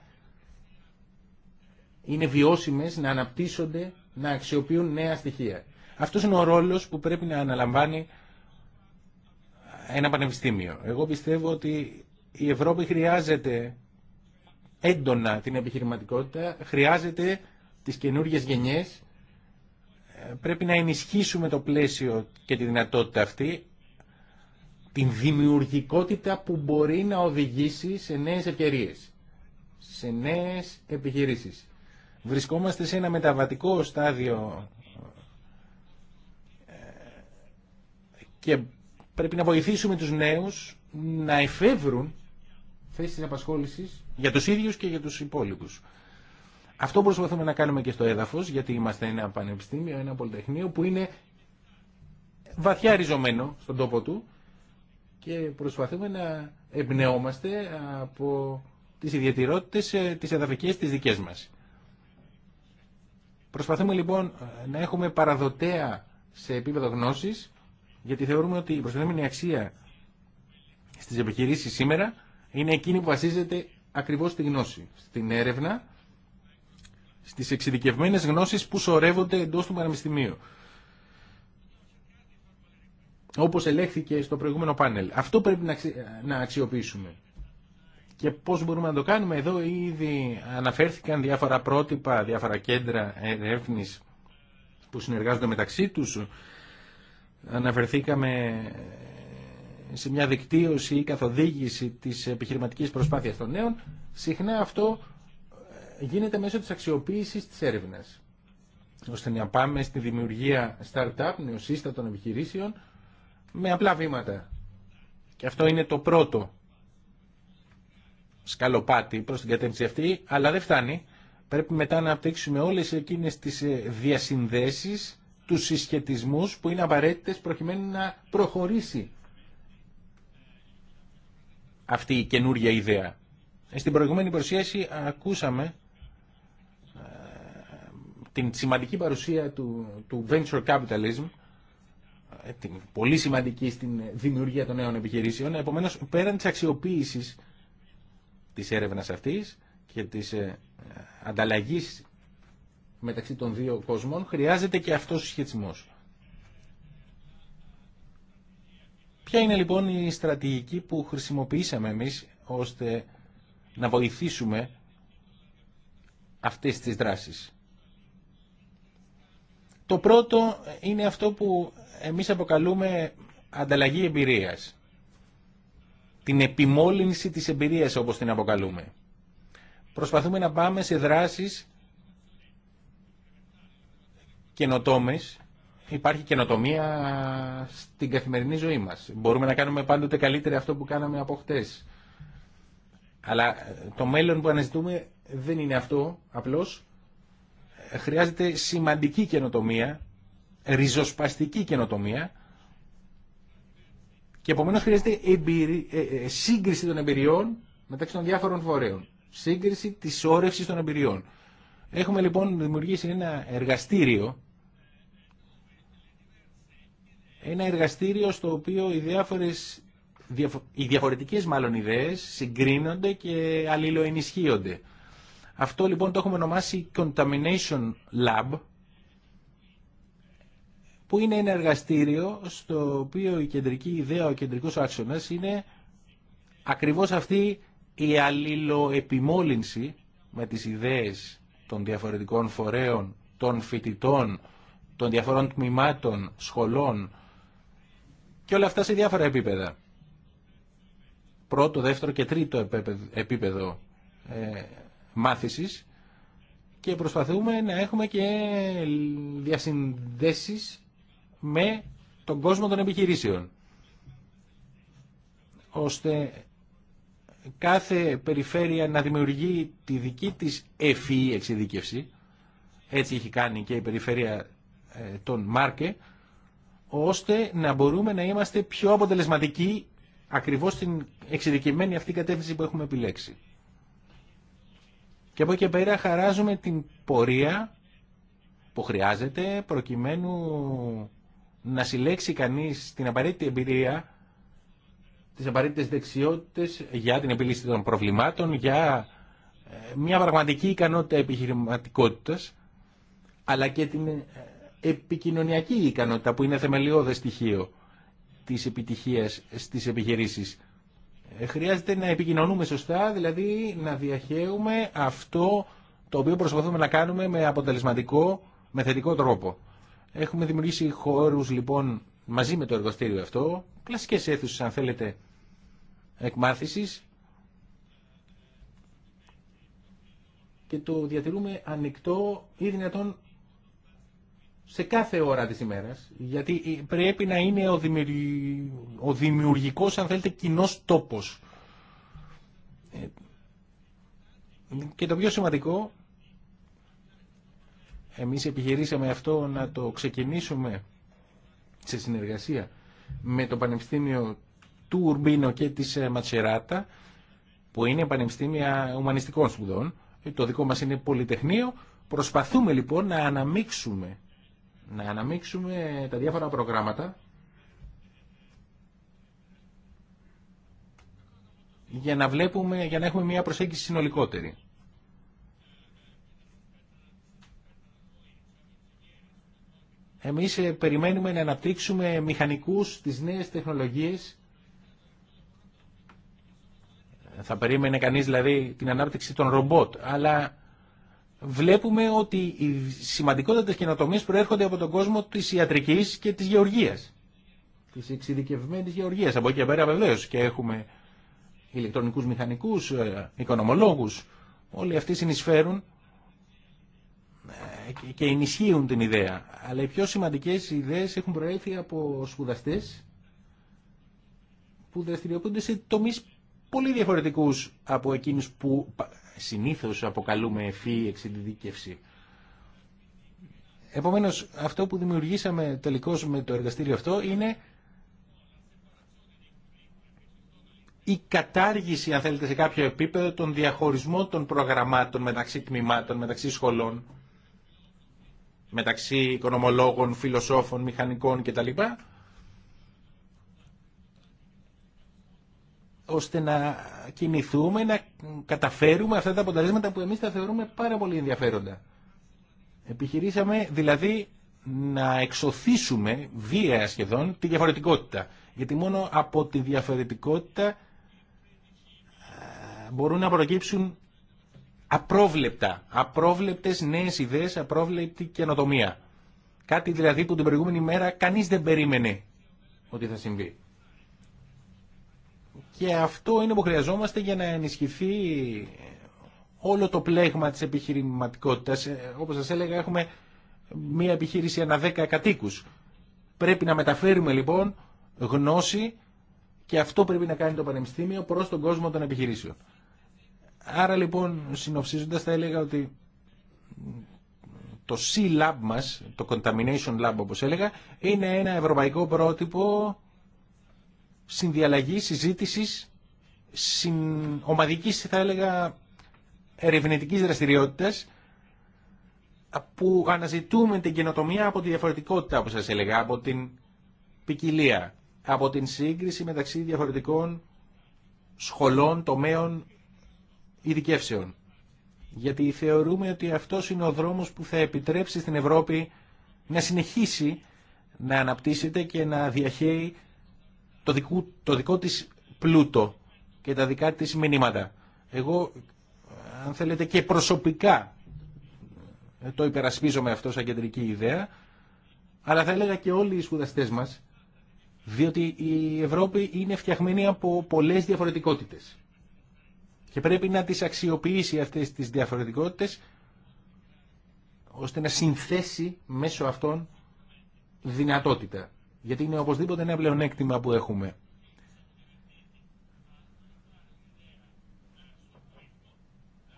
είναι βιώσιμες, να αναπτύσσονται, να αξιοποιούν νέα στοιχεία. Αυτός είναι ο ρόλος που πρέπει να αναλαμβάνει ένα πανεπιστήμιο. Εγώ πιστεύω ότι η Ευρώπη χρειάζεται έντονα την επιχειρηματικότητα, χρειάζεται τις καινούργιες γενιές πρέπει να ενισχύσουμε το πλαίσιο και τη δυνατότητα αυτή, την δημιουργικότητα που μπορεί να οδηγήσει σε νέες ευκαιρίες, σε νέες επιχειρήσεις. Βρισκόμαστε σε ένα μεταβατικό στάδιο ε, και πρέπει να βοηθήσουμε τους νέους να εφεύρουν θέσεις απασχόλησης για τους ίδιους και για τους υπόλοιπους. Αυτό προσπαθούμε να κάνουμε και στο έδαφος, γιατί είμαστε ένα πανεπιστήμιο, ένα πολυτεχνείο που είναι βαθιά ριζωμένο στον τόπο του και προσπαθούμε να εμπνεόμαστε από τις ιδιαιτερότητες ε, τις εδαφικές τις δικές μας. Προσπαθούμε λοιπόν ε, να έχουμε παραδοτέα σε επίπεδο γνώσης, γιατί θεωρούμε ότι η προσθέμενη αξία στις επιχειρήσεις σήμερα είναι εκείνη που βασίζεται ακριβώς στη γνώση, στην έρευνα, στις εξειδικευμένε γνώσεις που σωρεύονται εντό του Πανεπιστημίου. Όπως ελέγχθηκε στο προηγούμενο πάνελ. Αυτό πρέπει να αξιοποιήσουμε. Και πώς μπορούμε να το κάνουμε. Εδώ ήδη αναφέρθηκαν διάφορα πρότυπα, διάφορα κέντρα ερεύνης που συνεργάζονται μεταξύ τους. Αναφερθήκαμε σε μια δικτύωση ή καθοδήγηση της επιχειρηματικής προσπάθειας των νέων. Συχνά αυτό γίνεται μέσω της αξιοποίησης της έρευνας ώστε να πάμε στη δημιουργία startup, νεοσύστατων επιχειρήσεων με απλά βήματα. Και αυτό είναι το πρώτο σκαλοπάτι προς την κατεύθυνση αυτή, αλλά δεν φτάνει. Πρέπει μετά να απτύξουμε όλες εκείνες τις ε, διασυνδέσεις, τους συσχετισμούς που είναι απαραίτητες προκειμένου να προχωρήσει αυτή η καινούργια ιδέα. Ε, στην προηγούμενη προσχέση ακούσαμε την σημαντική παρουσία του, του venture capitalism, ε, την πολύ σημαντική στην δημιουργία των νέων επιχειρήσεων. Επομένως, πέραν της αξιοποίησης της έρευνας αυτής και της ε, ανταλλαγής μεταξύ των δύο κόσμων, χρειάζεται και αυτός ο σχετισμός. Ποια είναι λοιπόν η στρατηγική που χρησιμοποιήσαμε εμείς ώστε να βοηθήσουμε αυτές τις δράσεις. Το πρώτο είναι αυτό που εμείς αποκαλούμε ανταλλαγή εμπειρίας. Την επιμόλυνση της εμπειρίας όπως την αποκαλούμε. Προσπαθούμε να πάμε σε δράσεις καινοτόμες. Υπάρχει καινοτομία στην καθημερινή ζωή μας. Μπορούμε να κάνουμε πάντοτε καλύτερα αυτό που κάναμε από χτες. Αλλά το μέλλον που αναζητούμε δεν είναι αυτό απλώς χρειάζεται σημαντική καινοτομία, ριζοσπαστική καινοτομία και επομένως χρειάζεται εμπειρι... Ε, ε, ε, σύγκριση των εμπειριών μεταξύ των διάφορων φορέων. Σύγκριση της όρευσης των εμπειριών. Έχουμε λοιπόν δημιουργήσει ένα εργαστήριο ένα εργαστήριο στο οποίο οι, διάφορες, οι διαφορετικές μάλλον ιδέες συγκρίνονται και αλληλοενισχύονται. Αυτό λοιπόν το έχουμε ονομάσει Contamination Lab, που είναι ένα εργαστήριο στο οποίο η κεντρική ιδέα, ο κεντρικός άξονας είναι ακριβώς αυτή η αλληλοεπιμόλυνση με τις ιδέες των διαφορετικών φορέων, των φοιτητών, των διαφορών τμήματων, σχολών και όλα αυτά σε διάφορα επίπεδα. Πρώτο, δεύτερο και τρίτο επίπεδο ε, μάθησης και προσπαθούμε να έχουμε και διασυνδέσεις με τον κόσμο των επιχειρήσεων ώστε κάθε περιφέρεια να δημιουργεί τη δική της ευφυή εξειδίκευση έτσι έχει κάνει και η περιφέρεια ε, των Μάρκε ώστε να μπορούμε να είμαστε πιο αποτελεσματικοί ακριβώς στην εξειδικευμένη αυτή κατεύθυνση που έχουμε επιλέξει. Και από εκεί και πέρα χαράζουμε την πορεία που χρειάζεται προκειμένου να συλλέξει κανείς την απαραίτητη εμπειρία, τις απαραίτητες δεξιότητες για την επίλυση των προβλημάτων, για ε, μια πραγματική ικανότητα επιχειρηματικότητας, αλλά και την ε, επικοινωνιακή ικανότητα που είναι θεμελιώδες στοιχείο της επιτυχίας στις επιχειρήσεις. Ε, χρειάζεται να επικοινωνούμε σωστά, δηλαδή να διαχέουμε αυτό το οποίο προσπαθούμε να κάνουμε με αποτελεσματικό, με θετικό τρόπο. Έχουμε δημιουργήσει χώρους λοιπόν μαζί με το εργοστήριο αυτό, κλασικές αίθουσες αν θέλετε εκμάθησης και το διατηρούμε ανοιχτό ή δυνατόν σε κάθε ώρα της ημέρας, γιατί πρέπει να είναι ο, δημιουργικός, ο δημιουργικός αν θέλετε, κοινό τόπος. Ε, και το πιο σημαντικό, εμείς επιχειρήσαμε αυτό να το ξεκινήσουμε σε συνεργασία με το Πανεπιστήμιο του Ουρμπίνο και της ε, Ματσεράτα, που είναι πανεπιστήμια ουμανιστικών σπουδών, ε, το δικό μας είναι πολυτεχνείο, προσπαθούμε λοιπόν να αναμίξουμε να αναμίξουμε τα διάφορα προγράμματα για να βλέπουμε, για να έχουμε μια προσέγγιση συνολικότερη. Εμείς ε, περιμένουμε να αναπτύξουμε μηχανικούς τις νέες τεχνολογίες. Θα περίμενε κανείς δηλαδή την ανάπτυξη των ρομπότ, αλλά βλέπουμε ότι οι σημαντικότερε καινοτομίες προέρχονται από τον κόσμο της ιατρικής και της γεωργίας. τη εξειδικευμένη γεωργίας. Από εκεί και πέρα βεβαίω και έχουμε ηλεκτρονικούς μηχανικούς, ε, οικονομολόγους. Όλοι αυτοί συνεισφέρουν ε, και ενισχύουν την ιδέα. Αλλά οι πιο σημαντικές ιδέες έχουν προέλθει από σπουδαστέ, που δραστηριοποιούνται σε τομεί πολύ διαφορετικού από εκείνου. που συνήθως αποκαλούμε ευφύ εξειδικεύση. Επομένως, αυτό που δημιουργήσαμε τελικώς με το εργαστήριο αυτό είναι η κατάργηση, αν θέλετε, σε κάποιο επίπεδο, των διαχωρισμών των προγραμμάτων μεταξύ τμήματων, μεταξύ σχολών, μεταξύ οικονομολόγων, φιλοσόφων, μηχανικών κτλ. ώστε να κινηθούμε, να καταφέρουμε αυτά τα αποτελέσματα που εμείς τα θεωρούμε πάρα πολύ ενδιαφέροντα. Επιχειρήσαμε δηλαδή να εξωθήσουμε βία σχεδόν τη διαφορετικότητα. Γιατί μόνο από τη διαφορετικότητα ε, μπορούν να προκύψουν απρόβλεπτα, απρόβλεπτες νέες ιδέες, απρόβλεπτη καινοτομία. Κάτι δηλαδή που την προηγούμενη μέρα κανείς δεν περίμενε ότι θα συμβεί. Και αυτό είναι που χρειαζόμαστε για να ενισχυθεί όλο το πλέγμα της επιχειρηματικότητας. Ε, όπως σας έλεγα έχουμε μία επιχείρηση ανά 10 κατοίκους. Πρέπει να μεταφέρουμε λοιπόν γνώση και αυτό πρέπει να κάνει το Πανεπιστήμιο προς τον κόσμο των επιχειρήσεων. Άρα λοιπόν συνοψίζοντας θα έλεγα ότι το C-Lab μας, το Contamination Lab όπως έλεγα, είναι ένα ευρωπαϊκό πρότυπο συνδιαλλαγή συζήτησης συν, ομαδικής θα έλεγα ερευνητικής δραστηριότητας που αναζητούμε την καινοτομία από τη διαφορετικότητα όπως σας έλεγα, από την ποικιλία, από την σύγκριση μεταξύ διαφορετικών σχολών, τομέων, ειδικεύσεων. Γιατί θεωρούμε ότι αυτός είναι ο δρόμος που θα επιτρέψει στην Ευρώπη να συνεχίσει να αναπτύσσεται και να διαχέει το, δικό, το της πλούτο και τα δικά της μηνύματα. Εγώ, αν θέλετε, και προσωπικά ε, το υπερασπίζομαι αυτό σαν κεντρική ιδέα, αλλά θα έλεγα και όλοι οι σπουδαστέ μας, διότι η Ευρώπη είναι φτιαγμένη από πολλές διαφορετικότητες. Και πρέπει να τις αξιοποιήσει αυτές τις διαφορετικότητες, ώστε να συνθέσει μέσω αυτών δυνατότητα γιατί είναι οπωσδήποτε ένα πλεονέκτημα που έχουμε.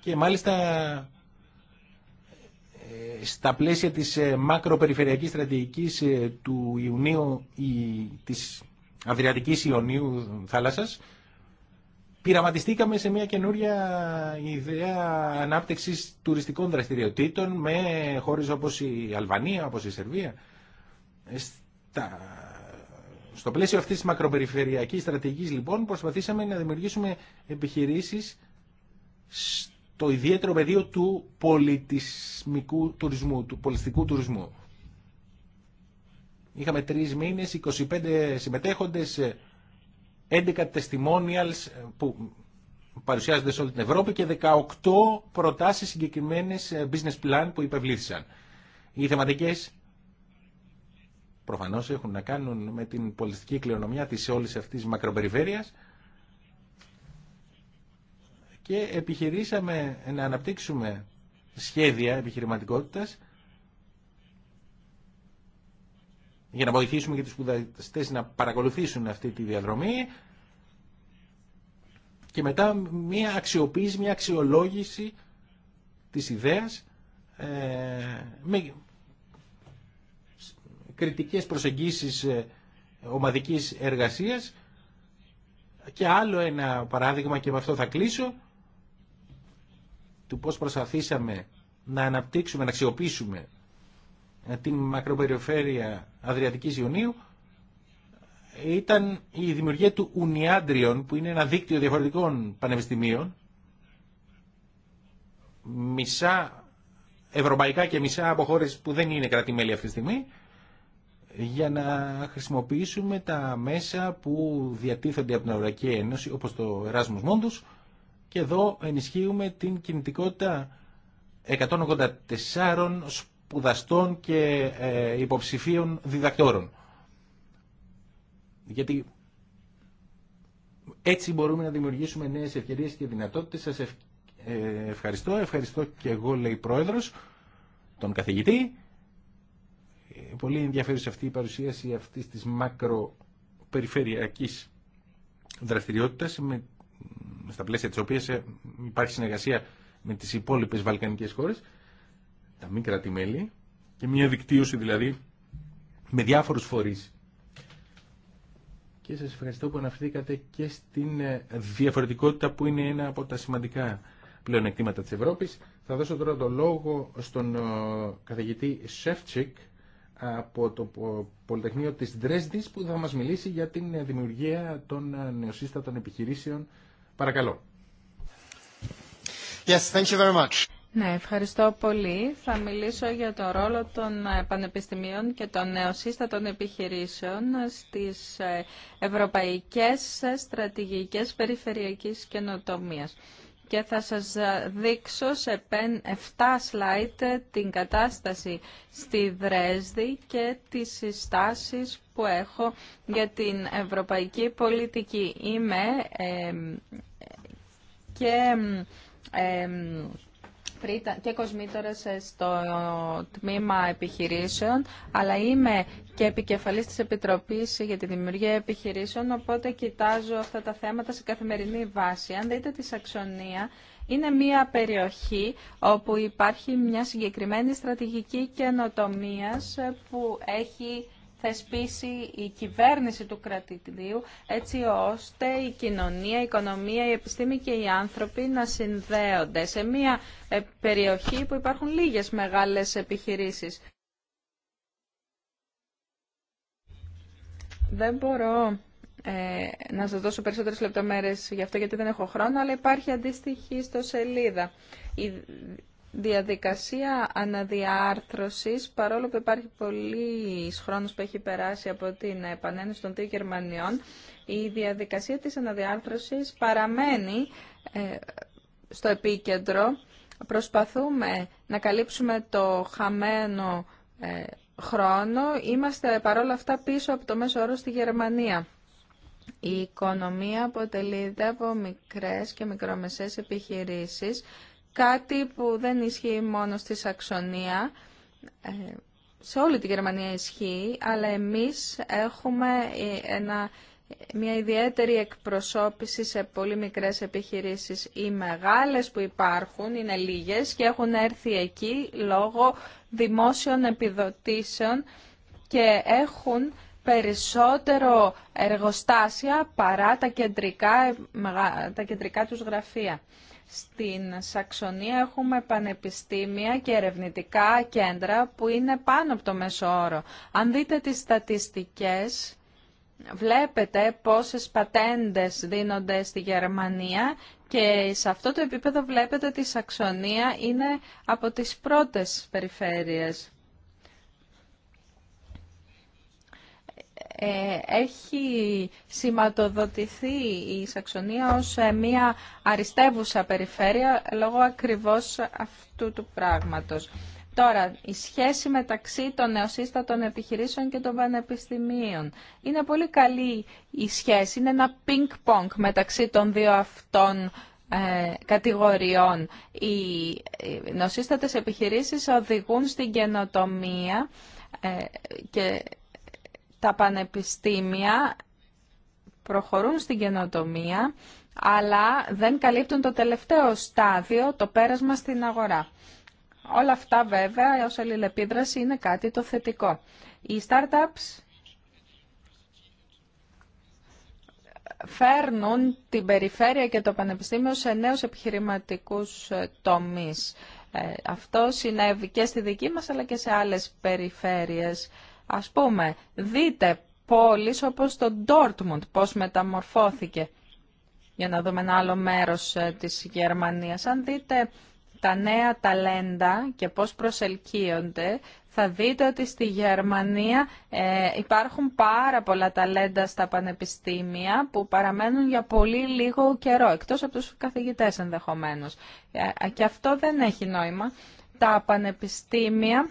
Και μάλιστα ε, στα πλαίσια της ε, μακροπεριφερειακής στρατηγικής ε, του Ιουνίου ή της Αδριατικής Ιωνίου θάλασσας πειραματιστήκαμε σε μια καινούρια ιδέα ανάπτυξης τουριστικών δραστηριοτήτων με χώρες όπως η Αλβανία, όπως η Σερβία στο πλαίσιο αυτής της μακροπεριφερειακής στρατηγικής λοιπόν προσπαθήσαμε να δημιουργήσουμε επιχειρήσεις στο ιδιαίτερο πεδίο του πολιτισμικού τουρισμού, του πολιτιστικού τουρισμού. Είχαμε τρεις μήνες, 25 συμμετέχοντες, 11 testimonials που παρουσιάζονται σε όλη την Ευρώπη και 18 προτάσεις συγκεκριμένες ε, business plan που υπευλήθησαν. Οι θεματικές προφανώς έχουν να κάνουν με την πολιτική κληρονομιά της όλης αυτής μακροπεριφέρειας και επιχειρήσαμε να αναπτύξουμε σχέδια επιχειρηματικότητας για να βοηθήσουμε και τους σπουδαστές να παρακολουθήσουν αυτή τη διαδρομή και μετά μια αξιοποίηση, μια αξιολόγηση της ιδέας ε, με κριτικές προσεγγίσεις ε, ομαδικής εργασίας και άλλο ένα παράδειγμα και με αυτό θα κλείσω του πώς προσπαθήσαμε να αναπτύξουμε, να αξιοποιήσουμε ε, την μακροπεριφέρεια Αδριατικής Ιωνίου ήταν η δημιουργία του Ουνιάντριον που είναι ένα δίκτυο διαφορετικών πανεπιστημίων μισά ευρωπαϊκά και μισά από χώρε που δεν ειναι κρατήμελη αυτή τη στιγμή για να χρησιμοποιήσουμε τα μέσα που διατίθενται από την Ευρωπαϊκή Ένωση όπως το Erasmus Mundus και εδώ ενισχύουμε την κινητικότητα 184 σπουδαστών και ε, υποψηφίων διδακτόρων. Γιατί έτσι μπορούμε να δημιουργήσουμε νέες ευκαιρίες και δυνατότητες. Σας ε, ευχαριστώ. Ευχαριστώ και εγώ, λέει πρόεδρος, τον καθηγητή πολύ ενδιαφέρουσα αυτή η παρουσίαση αυτής της μακροπεριφερειακής δραστηριότητας με, στα πλαίσια της οποίας ε, υπάρχει συνεργασία με τις υπόλοιπες βαλκανικές χώρες τα μη κρατημέλη και μια δικτύωση δηλαδή με διάφορους φορείς και σας ευχαριστώ που αναφερθήκατε και στην ε, διαφορετικότητα που είναι ένα από τα σημαντικά πλέον της Ευρώπης. Θα δώσω τώρα το λόγο στον ε, καθηγητή Σεφτσικ από το Πολυτεχνείο της Δρέσδης που θα μας μιλήσει για την ε, δημιουργία των ε, νεοσύστατων επιχειρήσεων. Παρακαλώ. Yes, thank you very much. Ναι, ευχαριστώ πολύ. Θα μιλήσω για τον ρόλο των ε, πανεπιστημίων και των νεοσύστατων επιχειρήσεων στις ευρωπαϊκές στρατηγικές περιφερειακής καινοτομίας και θα σας δείξω σε 7 slide την κατάσταση στη Δρέσδη και τις συστάσεις που έχω για την ευρωπαϊκή πολιτική. Είμαι και και κοσμήτωρας ε, στο τμήμα επιχειρήσεων, αλλά είμαι και επικεφαλής της Επιτροπής για τη Δημιουργία Επιχειρήσεων, οπότε κοιτάζω αυτά τα θέματα σε καθημερινή βάση. Αν δείτε τη Σαξονία, είναι μια περιοχή όπου υπάρχει μια συγκεκριμένη στρατηγική καινοτομία ε, που έχει θεσπίσει η κυβέρνηση του κρατηδίου έτσι ώστε η κοινωνία, η οικονομία, η επιστήμη και οι άνθρωποι να συνδέονται σε μια ε, περιοχή που υπάρχουν λίγες μεγάλες επιχειρήσεις. Δεν μπορώ ε, να σας δώσω περισσότερες λεπτομέρειες γι' αυτό γιατί δεν έχω χρόνο, αλλά υπάρχει αντίστοιχη στο σελίδα διαδικασία αναδιάρθρωσης, παρόλο που υπάρχει πολύ χρόνος που έχει περάσει από την επανένωση των δύο Γερμανιών, η διαδικασία της αναδιάρθρωσης παραμένει ε, στο επίκεντρο. Προσπαθούμε να καλύψουμε το χαμένο ε, χρόνο. Είμαστε παρόλα αυτά πίσω από το μέσο όρο στη Γερμανία. Η οικονομία αποτελείται από μικρές και μικρομεσαίες επιχειρήσεις κάτι που δεν ισχύει μόνο στη Σαξονία, ε, σε όλη τη Γερμανία ισχύει, αλλά εμείς έχουμε ε, ένα, μια ιδιαίτερη εκπροσώπηση σε πολύ μικρές επιχειρήσεις. Οι μεγάλες που υπάρχουν είναι λίγες και έχουν έρθει εκεί λόγω δημόσιων επιδοτήσεων και έχουν περισσότερο εργοστάσια παρά τα κεντρικά, τα κεντρικά τους γραφεία. Στην Σαξονία έχουμε πανεπιστήμια και ερευνητικά κέντρα που είναι πάνω από το μέσο όρο. Αν δείτε τις στατιστικές, βλέπετε πόσες πατέντες δίνονται στη Γερμανία και σε αυτό το επίπεδο βλέπετε ότι η Σαξονία είναι από τις πρώτες περιφέρειες. Ε, έχει σηματοδοτηθεί η Σαξονία ως ε, μια αριστεύουσα περιφέρεια λόγω ακριβώς αυτού του πράγματος. Τώρα, η σχέση μεταξύ των νεοσύστατων επιχειρήσεων και των πανεπιστημίων. Είναι πολύ καλή η σχέση, είναι ένα πινκ-πονκ μεταξύ των δύο αυτών ε, κατηγοριών. Οι νεοσύστατες επιχειρήσεις οδηγούν στην καινοτομία τα πανεπιστήμια προχωρούν στην καινοτομία, αλλά δεν καλύπτουν το τελευταίο στάδιο, το πέρασμα στην αγορά. Όλα αυτά βέβαια ως αλληλεπίδραση είναι κάτι το θετικό. Οι startups φέρνουν την περιφέρεια και το πανεπιστήμιο σε νέους επιχειρηματικούς ε, τομείς. Ε, αυτό συνέβη και στη δική μας αλλά και σε άλλες περιφέρειες. Ας πούμε, δείτε πόλεις όπως το Dortmund πώς μεταμορφώθηκε. Για να δούμε ένα άλλο μέρος ε, της Γερμανίας. Αν δείτε τα νέα ταλέντα και πώς προσελκύονται, θα δείτε ότι στη Γερμανία ε, υπάρχουν πάρα πολλά ταλέντα στα πανεπιστήμια που παραμένουν για πολύ λίγο καιρό, εκτός από τους καθηγητές ενδεχομένως. Ε, και αυτό δεν έχει νόημα. Τα πανεπιστήμια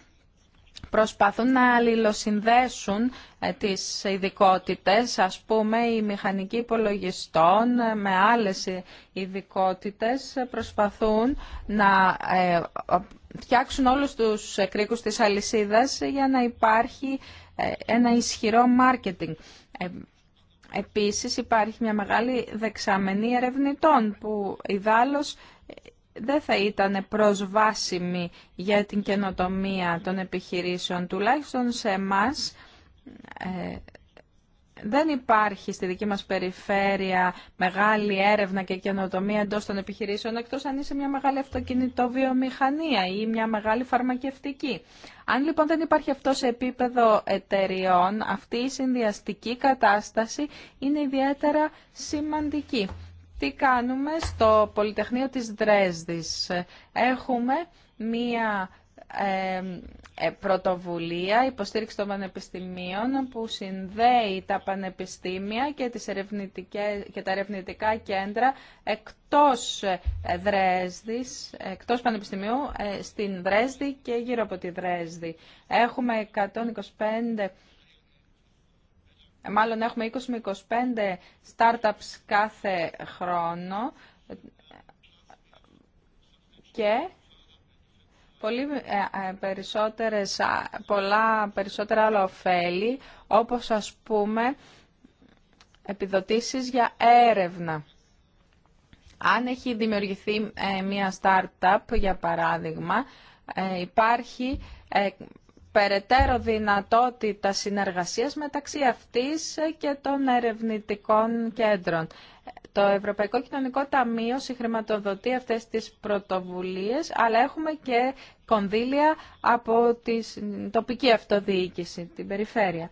προσπαθούν να αλληλοσυνδέσουν ε, τις ειδικότητε, ας πούμε οι μηχανικοί υπολογιστών ε, με άλλες ε, ειδικότητε προσπαθούν να φτιάξουν όλους τους κρίκους της αλυσίδας για να υπάρχει ένα ισχυρό μάρκετινγκ. Επίσης υπάρχει μια μεγάλη δεξαμενή ερευνητών που ιδάλλως δεν θα ήταν προσβάσιμη για την καινοτομία των επιχειρήσεων. Τουλάχιστον σε εμάς ε, δεν υπάρχει στη δική μας περιφέρεια μεγάλη έρευνα και καινοτομία εντός των επιχειρήσεων, εκτός αν είσαι μια μεγάλη αυτοκινητοβιομηχανία ή μια μεγάλη φαρμακευτική. Αν λοιπόν δεν υπάρχει αυτό σε επίπεδο εταιριών, αυτή η συνδυαστική κατάσταση είναι ιδιαίτερα σημαντική τι κάνουμε στο Πολυτεχνείο της Δρέσδης. Έχουμε μία ε, πρωτοβουλία υποστήριξη των πανεπιστημίων που συνδέει τα πανεπιστήμια και, τις και τα ερευνητικά κέντρα εκτός ε, Δρέσδης, εκτός πανεπιστημίου, ε, στην Δρέσδη και γύρω από τη Δρέσδη. Έχουμε 125 μάλλον έχουμε 20 με 25 startups κάθε χρόνο και πολύ ε, ε, περισσότερες, πολλά περισσότερα άλλα ωφέλη, όπως ας πούμε επιδοτήσεις για έρευνα. Αν έχει δημιουργηθεί ε, μία startup, για παράδειγμα, υπάρχει περαιτέρω δυνατότητα συνεργασίας μεταξύ αυτής και των ερευνητικών κέντρων. Το Ευρωπαϊκό Κοινωνικό Ταμείο συγχρηματοδοτεί αυτές τις πρωτοβουλίες, αλλά έχουμε και κονδύλια από την τοπική αυτοδιοίκηση, την περιφέρεια.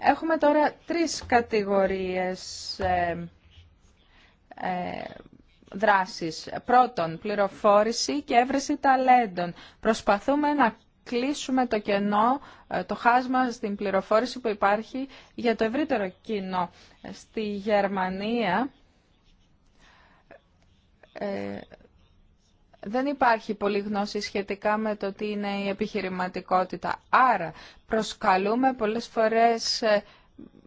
Έχουμε τώρα τρεις κατηγορίες ε, ε, δράσεις. Πρώτον, πληροφόρηση και έβρεση ταλέντων. Προσπαθούμε να κλείσουμε το κενό, ε, το χάσμα στην πληροφόρηση που υπάρχει για το ευρύτερο κοινό. Στη Γερμανία ε, δεν υπάρχει πολλή γνώση σχετικά με το τι είναι η επιχειρηματικότητα. Άρα προσκαλούμε πολλές φορές ε,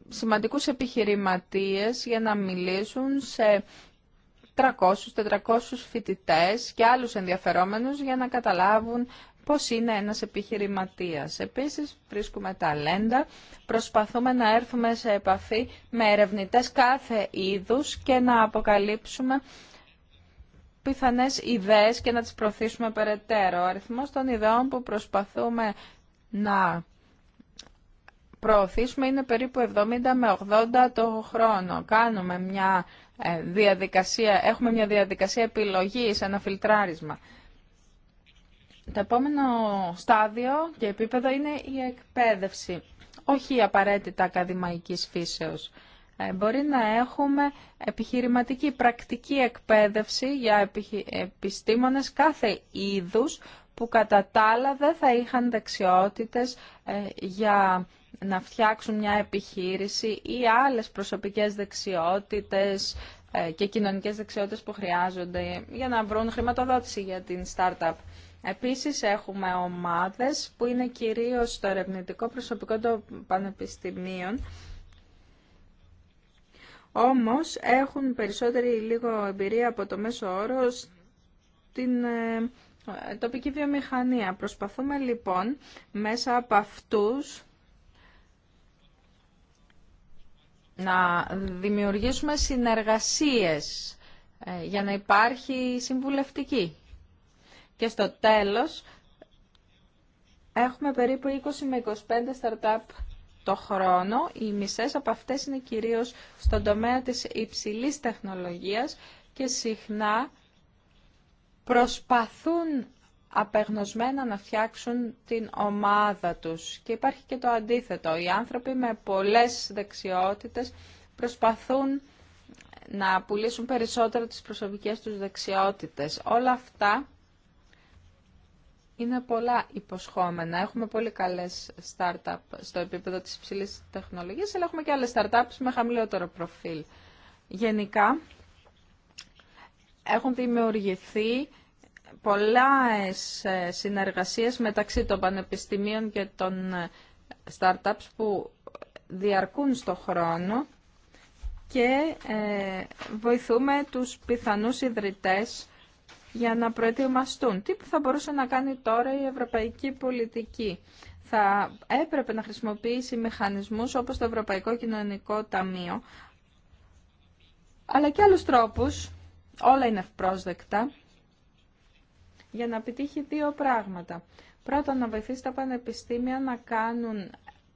σημαντικούς επιχειρηματίες για να μιλήσουν σε 300-400 φοιτητές και άλλους ενδιαφερόμενους για να καταλάβουν πώς είναι ένας επιχειρηματίας. Επίσης βρίσκουμε ταλέντα, προσπαθούμε να έρθουμε σε επαφή με ερευνητές κάθε είδους και να αποκαλύψουμε πιθανές ιδέες και να τις προωθήσουμε περαιτέρω. Ο αριθμός των ιδεών που προσπαθούμε να προωθήσουμε είναι περίπου 70 με 80 το χρόνο. Κάνουμε μια ε, διαδικασία, έχουμε μια διαδικασία επιλογής, ένα φιλτράρισμα. Το επόμενο στάδιο και επίπεδο είναι η εκπαίδευση, όχι απαραίτητα ακαδημαϊκής φύσεως. Ε, μπορεί να έχουμε επιχειρηματική πρακτική εκπαίδευση για επιστήμονες κάθε είδους που κατά τα άλλα δεν θα είχαν δεξιότητες ε, για να φτιάξουν μια επιχείρηση ή άλλες προσωπικές δεξιότητες ε, και κοινωνικές δεξιότητες που χρειάζονται για να βρουν χρηματοδότηση για την startup. Επίσης έχουμε ομάδες που είναι κυρίως το ερευνητικό προσωπικό των πανεπιστημίων όμως έχουν περισσότερη λίγο εμπειρία από το μέσο όρο την ε, τοπική βιομηχανία. Προσπαθούμε λοιπόν μέσα από αυτούς να δημιουργήσουμε συνεργασίες ε, για να υπάρχει συμβουλευτική. Και στο τέλος έχουμε περίπου 20 με 25 startup το χρόνο. Οι μισές από αυτές είναι κυρίως στον τομέα της υψηλής τεχνολογίας και συχνά προσπαθούν απεγνωσμένα να φτιάξουν την ομάδα τους. Και υπάρχει και το αντίθετο. Οι άνθρωποι με πολλές δεξιότητες προσπαθούν να πουλήσουν περισσότερο τις προσωπικές τους δεξιότητες. Όλα αυτά είναι πολλά υποσχόμενα. Έχουμε πολύ καλές startup στο επίπεδο της υψηλής τεχνολογίας, αλλά έχουμε και άλλες startups με χαμηλότερο προφίλ. Γενικά, έχουν δημιουργηθεί Πολλά ε, συνεργασίες μεταξύ των πανεπιστημίων και των ε, startups που διαρκούν στο χρόνο και ε, βοηθούμε τους πιθανούς ιδρυτές για να προετοιμαστούν. Τι θα μπορούσε να κάνει τώρα η ευρωπαϊκή πολιτική. Θα έπρεπε να χρησιμοποιήσει μηχανισμούς όπως το Ευρωπαϊκό Κοινωνικό Ταμείο, αλλά και άλλους τρόπους, όλα είναι ευπρόσδεκτα, για να επιτύχει δύο πράγματα. Πρώτον, να βοηθήσει τα πανεπιστήμια να κάνουν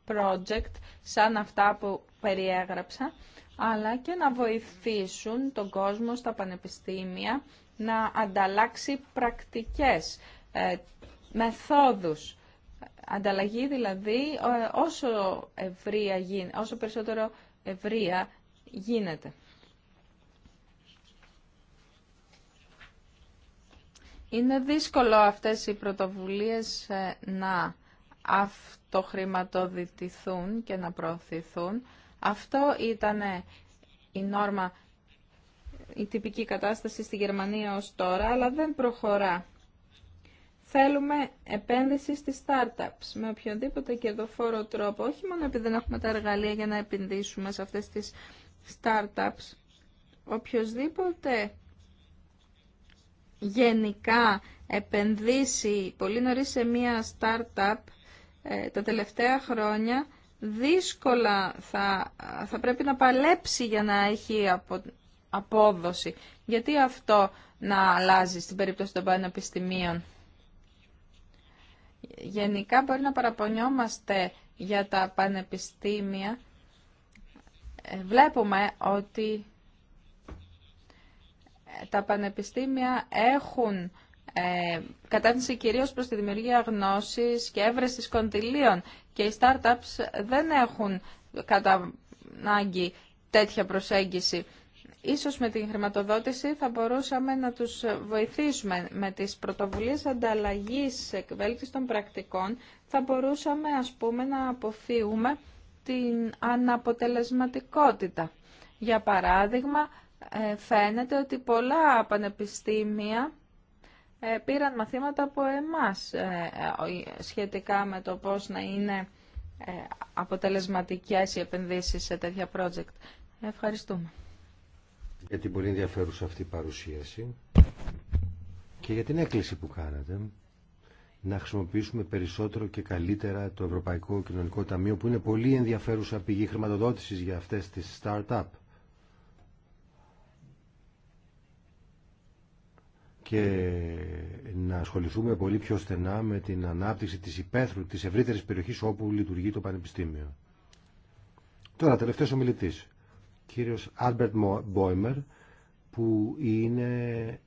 project σαν αυτά που περιέγραψα, αλλά και να βοηθήσουν τον κόσμο στα πανεπιστήμια να ανταλλάξει πρακτικές, ε, μεθόδους. Ανταλλαγή δηλαδή ε, όσο, ευρία, όσο περισσότερο ευρεία γίνεται. Είναι δύσκολο αυτές οι πρωτοβουλίες ε, να αυτοχρηματοδητηθούν και να προωθηθούν. Αυτό ήταν η νόρμα, η τυπική κατάσταση στη Γερμανία ως τώρα, αλλά δεν προχωρά. Θέλουμε επένδυση στις startups με οποιοδήποτε κερδοφόρο τρόπο, όχι μόνο επειδή δεν έχουμε τα εργαλεία για να επενδύσουμε σε αυτές τις startups. Οποιοςδήποτε γενικά επενδύσει πολύ νωρίς σε μία startup ε, τα τελευταία χρόνια δύσκολα θα, θα πρέπει να παλέψει για να έχει απο, απόδοση. Γιατί αυτό να αλλάζει στην περίπτωση των πανεπιστημίων. Γενικά μπορεί να παραπονιόμαστε για τα πανεπιστήμια. Ε, βλέπουμε ότι τα πανεπιστήμια έχουν ε, κατεύθυνση κυρίως προς τη δημιουργία γνώσης και έβρεση κοντιλίων και οι startups δεν έχουν κατά ανάγκη τέτοια προσέγγιση. Ίσως με την χρηματοδότηση θα μπορούσαμε να τους βοηθήσουμε με τις πρωτοβουλίες ανταλλαγής εκβέλτης των πρακτικών θα μπορούσαμε ας πούμε να αποφύγουμε την αναποτελεσματικότητα. Για παράδειγμα, ε, φαίνεται ότι πολλά πανεπιστήμια ε, πήραν μαθήματα από εμάς ε, σχετικά με το πώς να είναι αποτελεσματικές οι επενδύσεις σε τέτοια project. Ευχαριστούμε. Για την πολύ ενδιαφέρουσα αυτή η παρουσίαση και για την έκκληση που κάνατε να χρησιμοποιήσουμε περισσότερο και καλύτερα το Ευρωπαϊκό Κοινωνικό Ταμείο που είναι πολύ ενδιαφέρουσα πηγή χρηματοδότησης για αυτές τις start-up. και να ασχοληθούμε πολύ πιο στενά με την ανάπτυξη της υπαίθρου, της ευρύτερης περιοχής όπου λειτουργεί το Πανεπιστήμιο. Τώρα, τελευταίος ομιλητής, κύριος Άλμπερτ Μπόιμερ, που είναι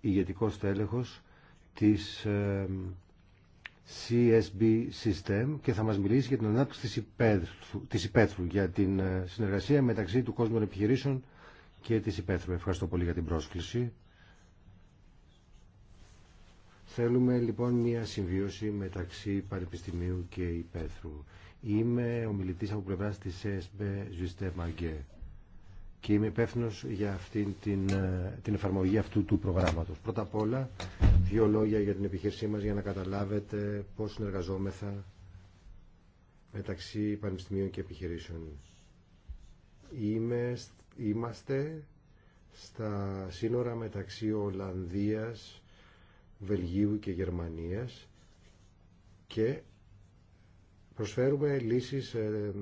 ηγετικός τέλεχος της CSB System και θα μας μιλήσει για την ανάπτυξη της υπαίθρου, της για την ε, συνεργασία μεταξύ του κόσμου επιχειρήσεων και της Υπέθρου. Ευχαριστώ πολύ για την πρόσκληση. Θέλουμε λοιπόν μια συμβίωση μεταξύ Πανεπιστημίου και Υπέθρου. Είμαι ομιλητής από πλευράς της ΕΣΜΕ Ζουστέ Μαγκέ και είμαι υπεύθυνο για αυτήν την, ε, την εφαρμογή αυτού του προγράμματος. Πρώτα απ' όλα, δύο λόγια για την επιχείρησή μας για να καταλάβετε πώς συνεργαζόμεθα μεταξύ πανεπιστημίων και επιχειρήσεων. Είμαι Είμαστε στα σύνορα μεταξύ Ολλανδίας, Βελγίου και Γερμανίας και προσφέρουμε λύσεις ε,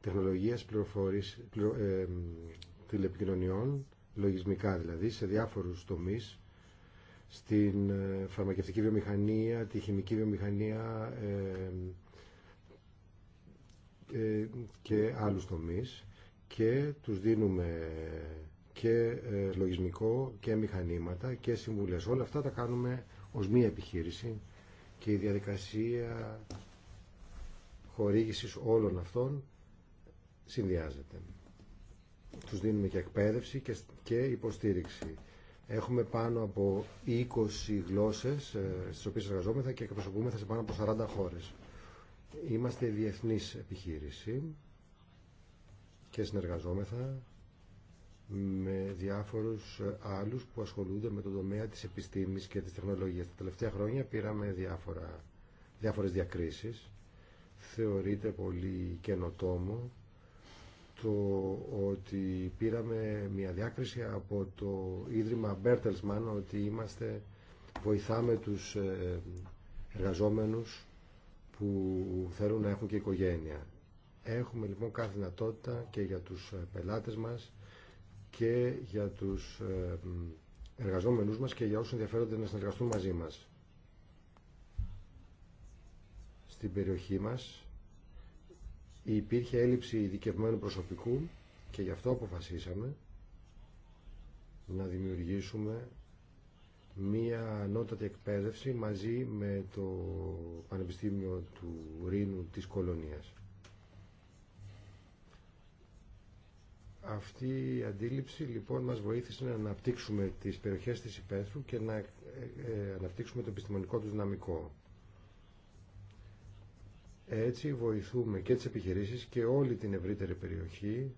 τεχνολογίας πληροφορής, ε, τηλεπικοινωνιών, λογισμικά δηλαδή, σε διάφορους τομείς, στην ε, φαρμακευτική βιομηχανία, τη χημική βιομηχανία και άλλους τομείς και τους δίνουμε και ε, λογισμικό και μηχανήματα και συμβουλές. Όλα αυτά τα κάνουμε ως μία επιχείρηση και η διαδικασία χορήγησης όλων αυτών συνδυάζεται. Τους δίνουμε και εκπαίδευση και υποστήριξη. Έχουμε πάνω από 20 γλώσσες ε, στις οποίες εργαζόμεθα και εκπροσωπούμεθα σε πάνω από 40 χώρες. Είμαστε διεθνής επιχείρηση και συνεργαζόμεθα με διάφορους άλλους που ασχολούνται με το τομέα της επιστήμης και της τεχνολογίας. Τα τελευταία χρόνια πήραμε διάφορα, διάφορες διακρίσεις. Θεωρείται πολύ καινοτόμο το ότι πήραμε μια διάκριση από το Ίδρυμα Bertelsmann ότι είμαστε, βοηθάμε τους ε, εργαζόμενους που θέλουν να έχουν και οικογένεια. Έχουμε λοιπόν κάθε δυνατότητα και για τους ε, πελάτες μας και για τους ε, εργαζόμενους μας και για όσους ενδιαφέρονται να συνεργαστούν μαζί μας. Στην περιοχή μας υπήρχε έλλειψη ειδικευμένου προσωπικού και γι' αυτό αποφασίσαμε να δημιουργήσουμε μία ανώτατη εκπαίδευση μαζί με το Πανεπιστήμιο του Ρήνου της Κολονίας. Αυτή η αντίληψη λοιπόν μας βοήθησε να αναπτύξουμε τις περιοχές της υπαίθρου και να ε, ε, αναπτύξουμε το επιστημονικό του δυναμικό. Έτσι βοηθούμε και τις επιχειρήσεις και όλη την ευρύτερη περιοχή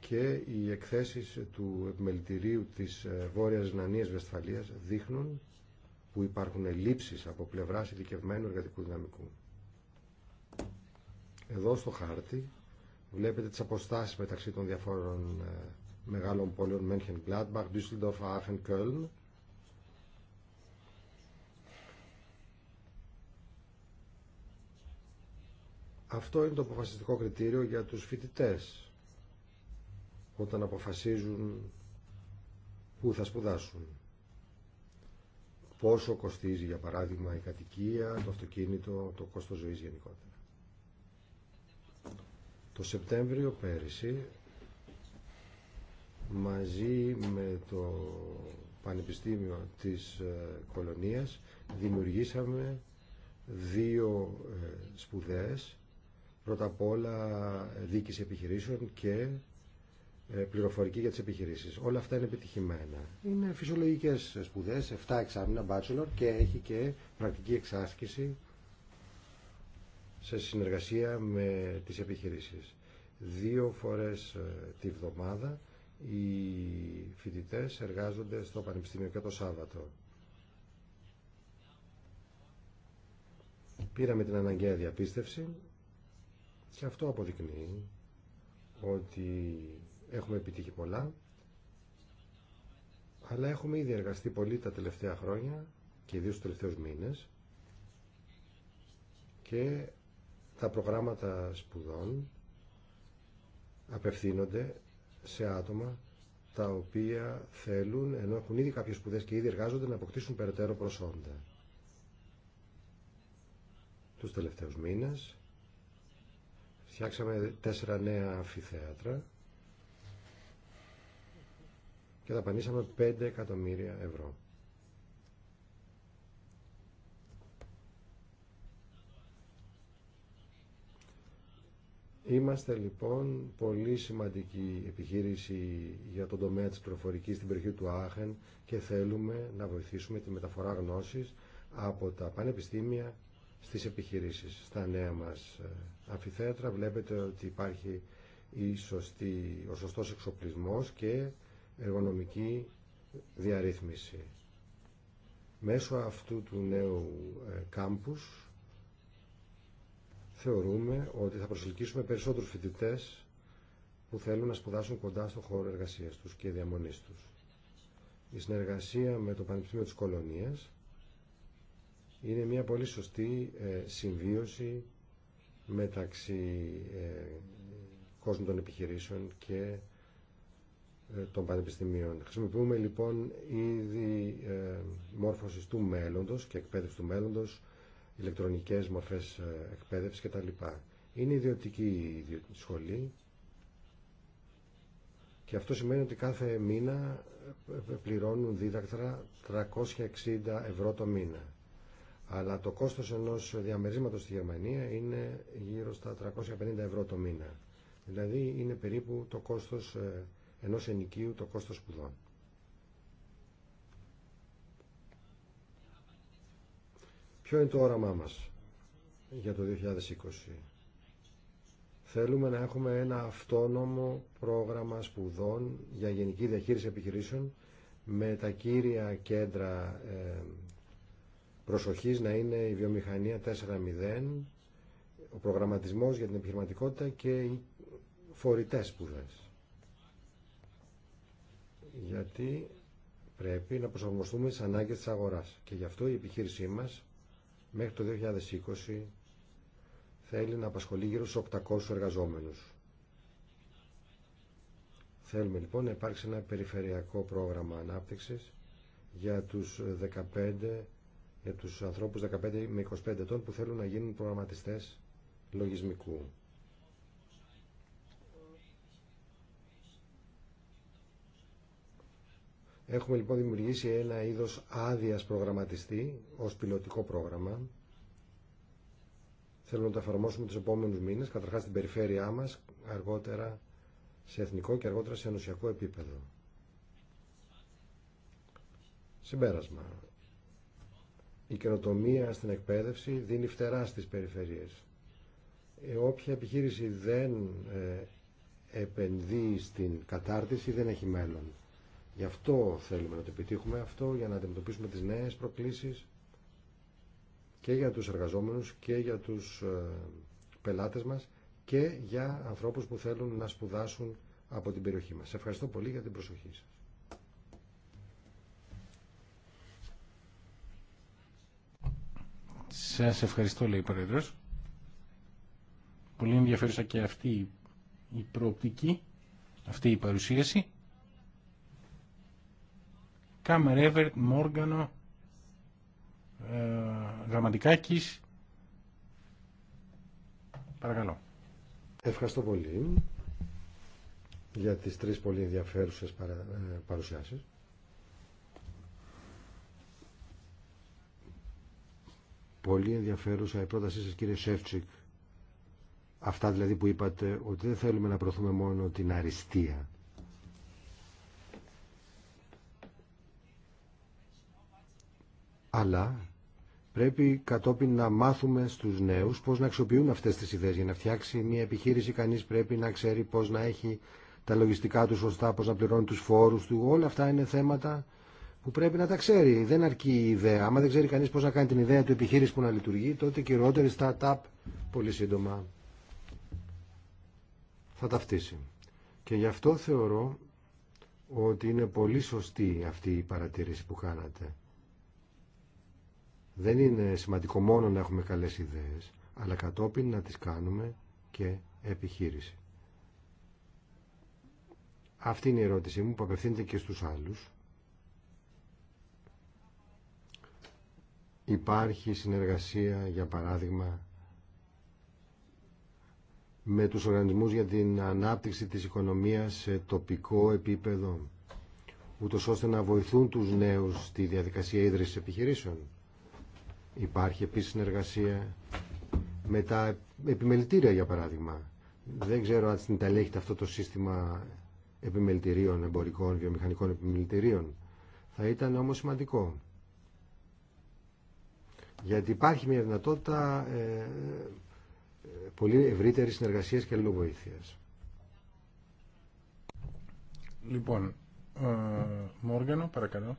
και οι εκθέσεις του επιμελητηρίου της ε, Βόρειας Νανίας Βεσφαλίας δείχνουν που υπάρχουν ελλείψεις από πλευράς ειδικευμένου εργατικού δυναμικού. Εδώ στο χάρτη Βλέπετε τις αποστάσεις μεταξύ των διαφόρων ε, μεγάλων πόλεων Μένχεν Gladbach, Düsseldorf, Aachen, Köln. Αυτό είναι το αποφασιστικό κριτήριο για τους φοιτητές όταν αποφασίζουν πού θα σπουδάσουν. Πόσο κοστίζει, για παράδειγμα, η κατοικία, το αυτοκίνητο, το κόστος ζωής γενικότερα. Το Σεπτέμβριο πέρυσι μαζί με το Πανεπιστήμιο της ε, Κολονίας δημιουργήσαμε δύο ε, σπουδές πρώτα απ' όλα δίκηση επιχειρήσεων και ε, πληροφορική για τις επιχειρήσεις. Όλα αυτά είναι επιτυχημένα. Είναι φυσιολογικές σπουδές, 7 εξάμεινα bachelor και έχει και πρακτική εξάσκηση σε συνεργασία με τις επιχειρήσεις. Δύο φορές ε, τη βδομάδα οι φοιτητές εργάζονται στο Πανεπιστήμιο και το Σάββατο. Πήραμε την αναγκαία διαπίστευση και αυτό αποδεικνύει ότι έχουμε επιτύχει πολλά αλλά έχουμε ήδη εργαστεί πολύ τα τελευταία χρόνια και ιδίως τους τελευταίους μήνες και τα προγράμματα σπουδών απευθύνονται σε άτομα τα οποία θέλουν, ενώ έχουν ήδη κάποιες σπουδές και ήδη εργάζονται, να αποκτήσουν περαιτέρω προσόντα. Τους τελευταίους μήνες φτιάξαμε τέσσερα νέα αμφιθέατρα και δαπανίσαμε 5 εκατομμύρια ευρώ. Είμαστε λοιπόν πολύ σημαντική επιχείρηση για τον τομέα της πληροφορικής στην περιοχή του Άχεν και θέλουμε να βοηθήσουμε τη μεταφορά γνώσης από τα πανεπιστήμια στις επιχειρήσεις. Στα νέα μας ε, αμφιθέατρα βλέπετε ότι υπάρχει η σωστή, ο σωστός εξοπλισμός και εργονομική διαρρύθμιση. Μέσω αυτού του νέου ε, κάμπους θεωρούμε ότι θα προσελκύσουμε περισσότερους φοιτητές που θέλουν να σπουδάσουν κοντά στο χώρο εργασίας τους και διαμονής τους. Η συνεργασία με το Πανεπιστήμιο της Κολονίας είναι μια πολύ σωστή ε, συμβίωση μεταξύ ε, κόσμου των επιχειρήσεων και ε, των πανεπιστημίων. Χρησιμοποιούμε λοιπόν ήδη μόρφωση του μέλλοντος και εκπαίδευση του μέλλοντος ηλεκτρονικές μορφές ε, εκπαίδευσης κτλ. Είναι ιδιωτική η σχολή και αυτό σημαίνει ότι κάθε μήνα ε, ε, πληρώνουν δίδακτρα 360 ευρώ το μήνα. Αλλά το κόστος ενός διαμερίσματος στη Γερμανία είναι γύρω στα 350 ευρώ το μήνα. Δηλαδή είναι περίπου το κόστος ενός ενοικίου, το κόστος σπουδών. Ποιο είναι το όραμά μας για το 2020. Θέλουμε να έχουμε ένα αυτόνομο πρόγραμμα σπουδών για γενική διαχείριση επιχειρήσεων με τα κύρια κέντρα ε, προσοχής να είναι η βιομηχανία 4.0, ο προγραμματισμός για την επιχειρηματικότητα και οι φορητές σπουδές. Γιατί πρέπει να προσαρμοστούμε στις ανάγκες της αγοράς και γι' αυτό η επιχείρησή μας μέχρι το 2020 θέλει να απασχολεί γύρω στους 800 εργαζόμενους. Θέλουμε λοιπόν να υπάρξει ένα περιφερειακό πρόγραμμα ανάπτυξης για τους 15 για τους ανθρώπους 15 με 25 ετών που θέλουν να γίνουν προγραμματιστές λογισμικού. Έχουμε λοιπόν δημιουργήσει ένα είδος άδεια προγραμματιστή ως πιλωτικό πρόγραμμα. Θέλουμε να το εφαρμόσουμε τους επόμενους μήνες, καταρχάς στην περιφέρειά μας, αργότερα σε εθνικό και αργότερα σε ενωσιακό επίπεδο. Συμπέρασμα. Η καινοτομία στην εκπαίδευση δίνει φτερά στις περιφερειές. Ε, όποια επιχείρηση δεν ε, επενδύει στην κατάρτιση δεν έχει μέλλον. Γι' αυτό θέλουμε να το επιτύχουμε αυτό, για να αντιμετωπίσουμε τις νέες προκλήσεις και για τους εργαζόμενους και για τους ε, πελάτες μας και για ανθρώπους που θέλουν να σπουδάσουν από την περιοχή μας. Σε ευχαριστώ πολύ για την προσοχή σας. Σας ευχαριστώ, λέει ο Πρόεδρος. Πολύ ενδιαφέρουσα και αυτή η προοπτική, αυτή η παρουσίαση. Κάμερ Εύερτ, Μόργανο, ε, Γραμματικάκης. Παρακαλώ. Ευχαριστώ πολύ για τις τρεις πολύ ενδιαφέρουσες ε, παρουσιάσεις. Πολύ ενδιαφέρουσα η πρότασή σας κύριε Σεύτσικ. Αυτά δηλαδή που είπατε ότι δεν θέλουμε να προωθούμε μόνο την αριστεία αλλά πρέπει κατόπιν να μάθουμε στους νέους πώς να αξιοποιούν αυτές τις ιδέες. Για να φτιάξει μια επιχείρηση κανείς πρέπει να ξέρει πώς να έχει τα λογιστικά του σωστά, πώς να πληρώνει τους φόρους του. Όλα αυτά είναι θέματα που πρέπει να τα ξέρει. Δεν αρκεί η ιδέα. Άμα δεν ξέρει κανείς πώς να κάνει την ιδέα του επιχείρηση που να λειτουργεί, τότε κυριότερη startup πολύ σύντομα θα ταυτίσει. Και γι' αυτό θεωρώ ότι είναι πολύ σωστή αυτή η παρατήρηση που κάνατε. Δεν είναι σημαντικό μόνο να έχουμε καλές ιδέες, αλλά κατόπιν να τις κάνουμε και επιχείρηση. Αυτή είναι η ερώτησή μου που απευθύνεται και στους άλλους. Υπάρχει συνεργασία, για παράδειγμα, με τους οργανισμούς για την ανάπτυξη της οικονομίας σε τοπικό επίπεδο, ούτως ώστε να βοηθούν τους νέους στη διαδικασία ίδρυσης επιχειρήσεων. Υπάρχει επίσης συνεργασία με τα επιμελητήρια για παράδειγμα. Δεν ξέρω αν στην Ιταλία αυτό το σύστημα επιμελητηρίων, εμπορικών, βιομηχανικών επιμελητηρίων. Θα ήταν όμως σημαντικό. Γιατί υπάρχει μια δυνατότητα ε, ε πολύ ευρύτερη συνεργασίας και αλληλοβοήθειας. Λοιπόν, ε, Μόργανο, παρακαλώ.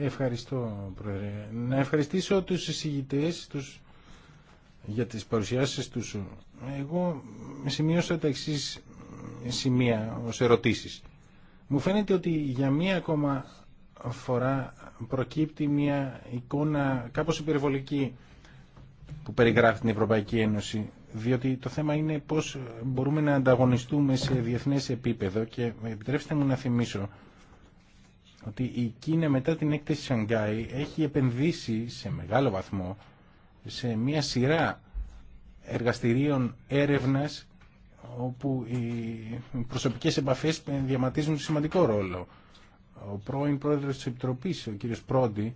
Ευχαριστώ, Πρόεδρε. Να ευχαριστήσω τους εισηγητές τους για τις παρουσιάσεις τους. Εγώ σημείωσα τα εξή σημεία ως ερωτήσεις. Μου φαίνεται ότι για μία ακόμα φορά προκύπτει μια εικόνα κάπως υπερβολική που περιγράφει την Ευρωπαϊκή Ένωση διότι το θέμα είναι πώς μπορούμε να ανταγωνιστούμε σε διεθνές επίπεδο και επιτρέψτε μου να θυμίσω ότι η Κίνα μετά την έκθεση Σανγκάη έχει επενδύσει σε μεγάλο βαθμό σε μια σειρά εργαστηρίων έρευνας όπου οι προσωπικές επαφές διαματίζουν σημαντικό ρόλο. Ο πρώην πρόεδρος της Επιτροπής, ο κύριος Πρόντι,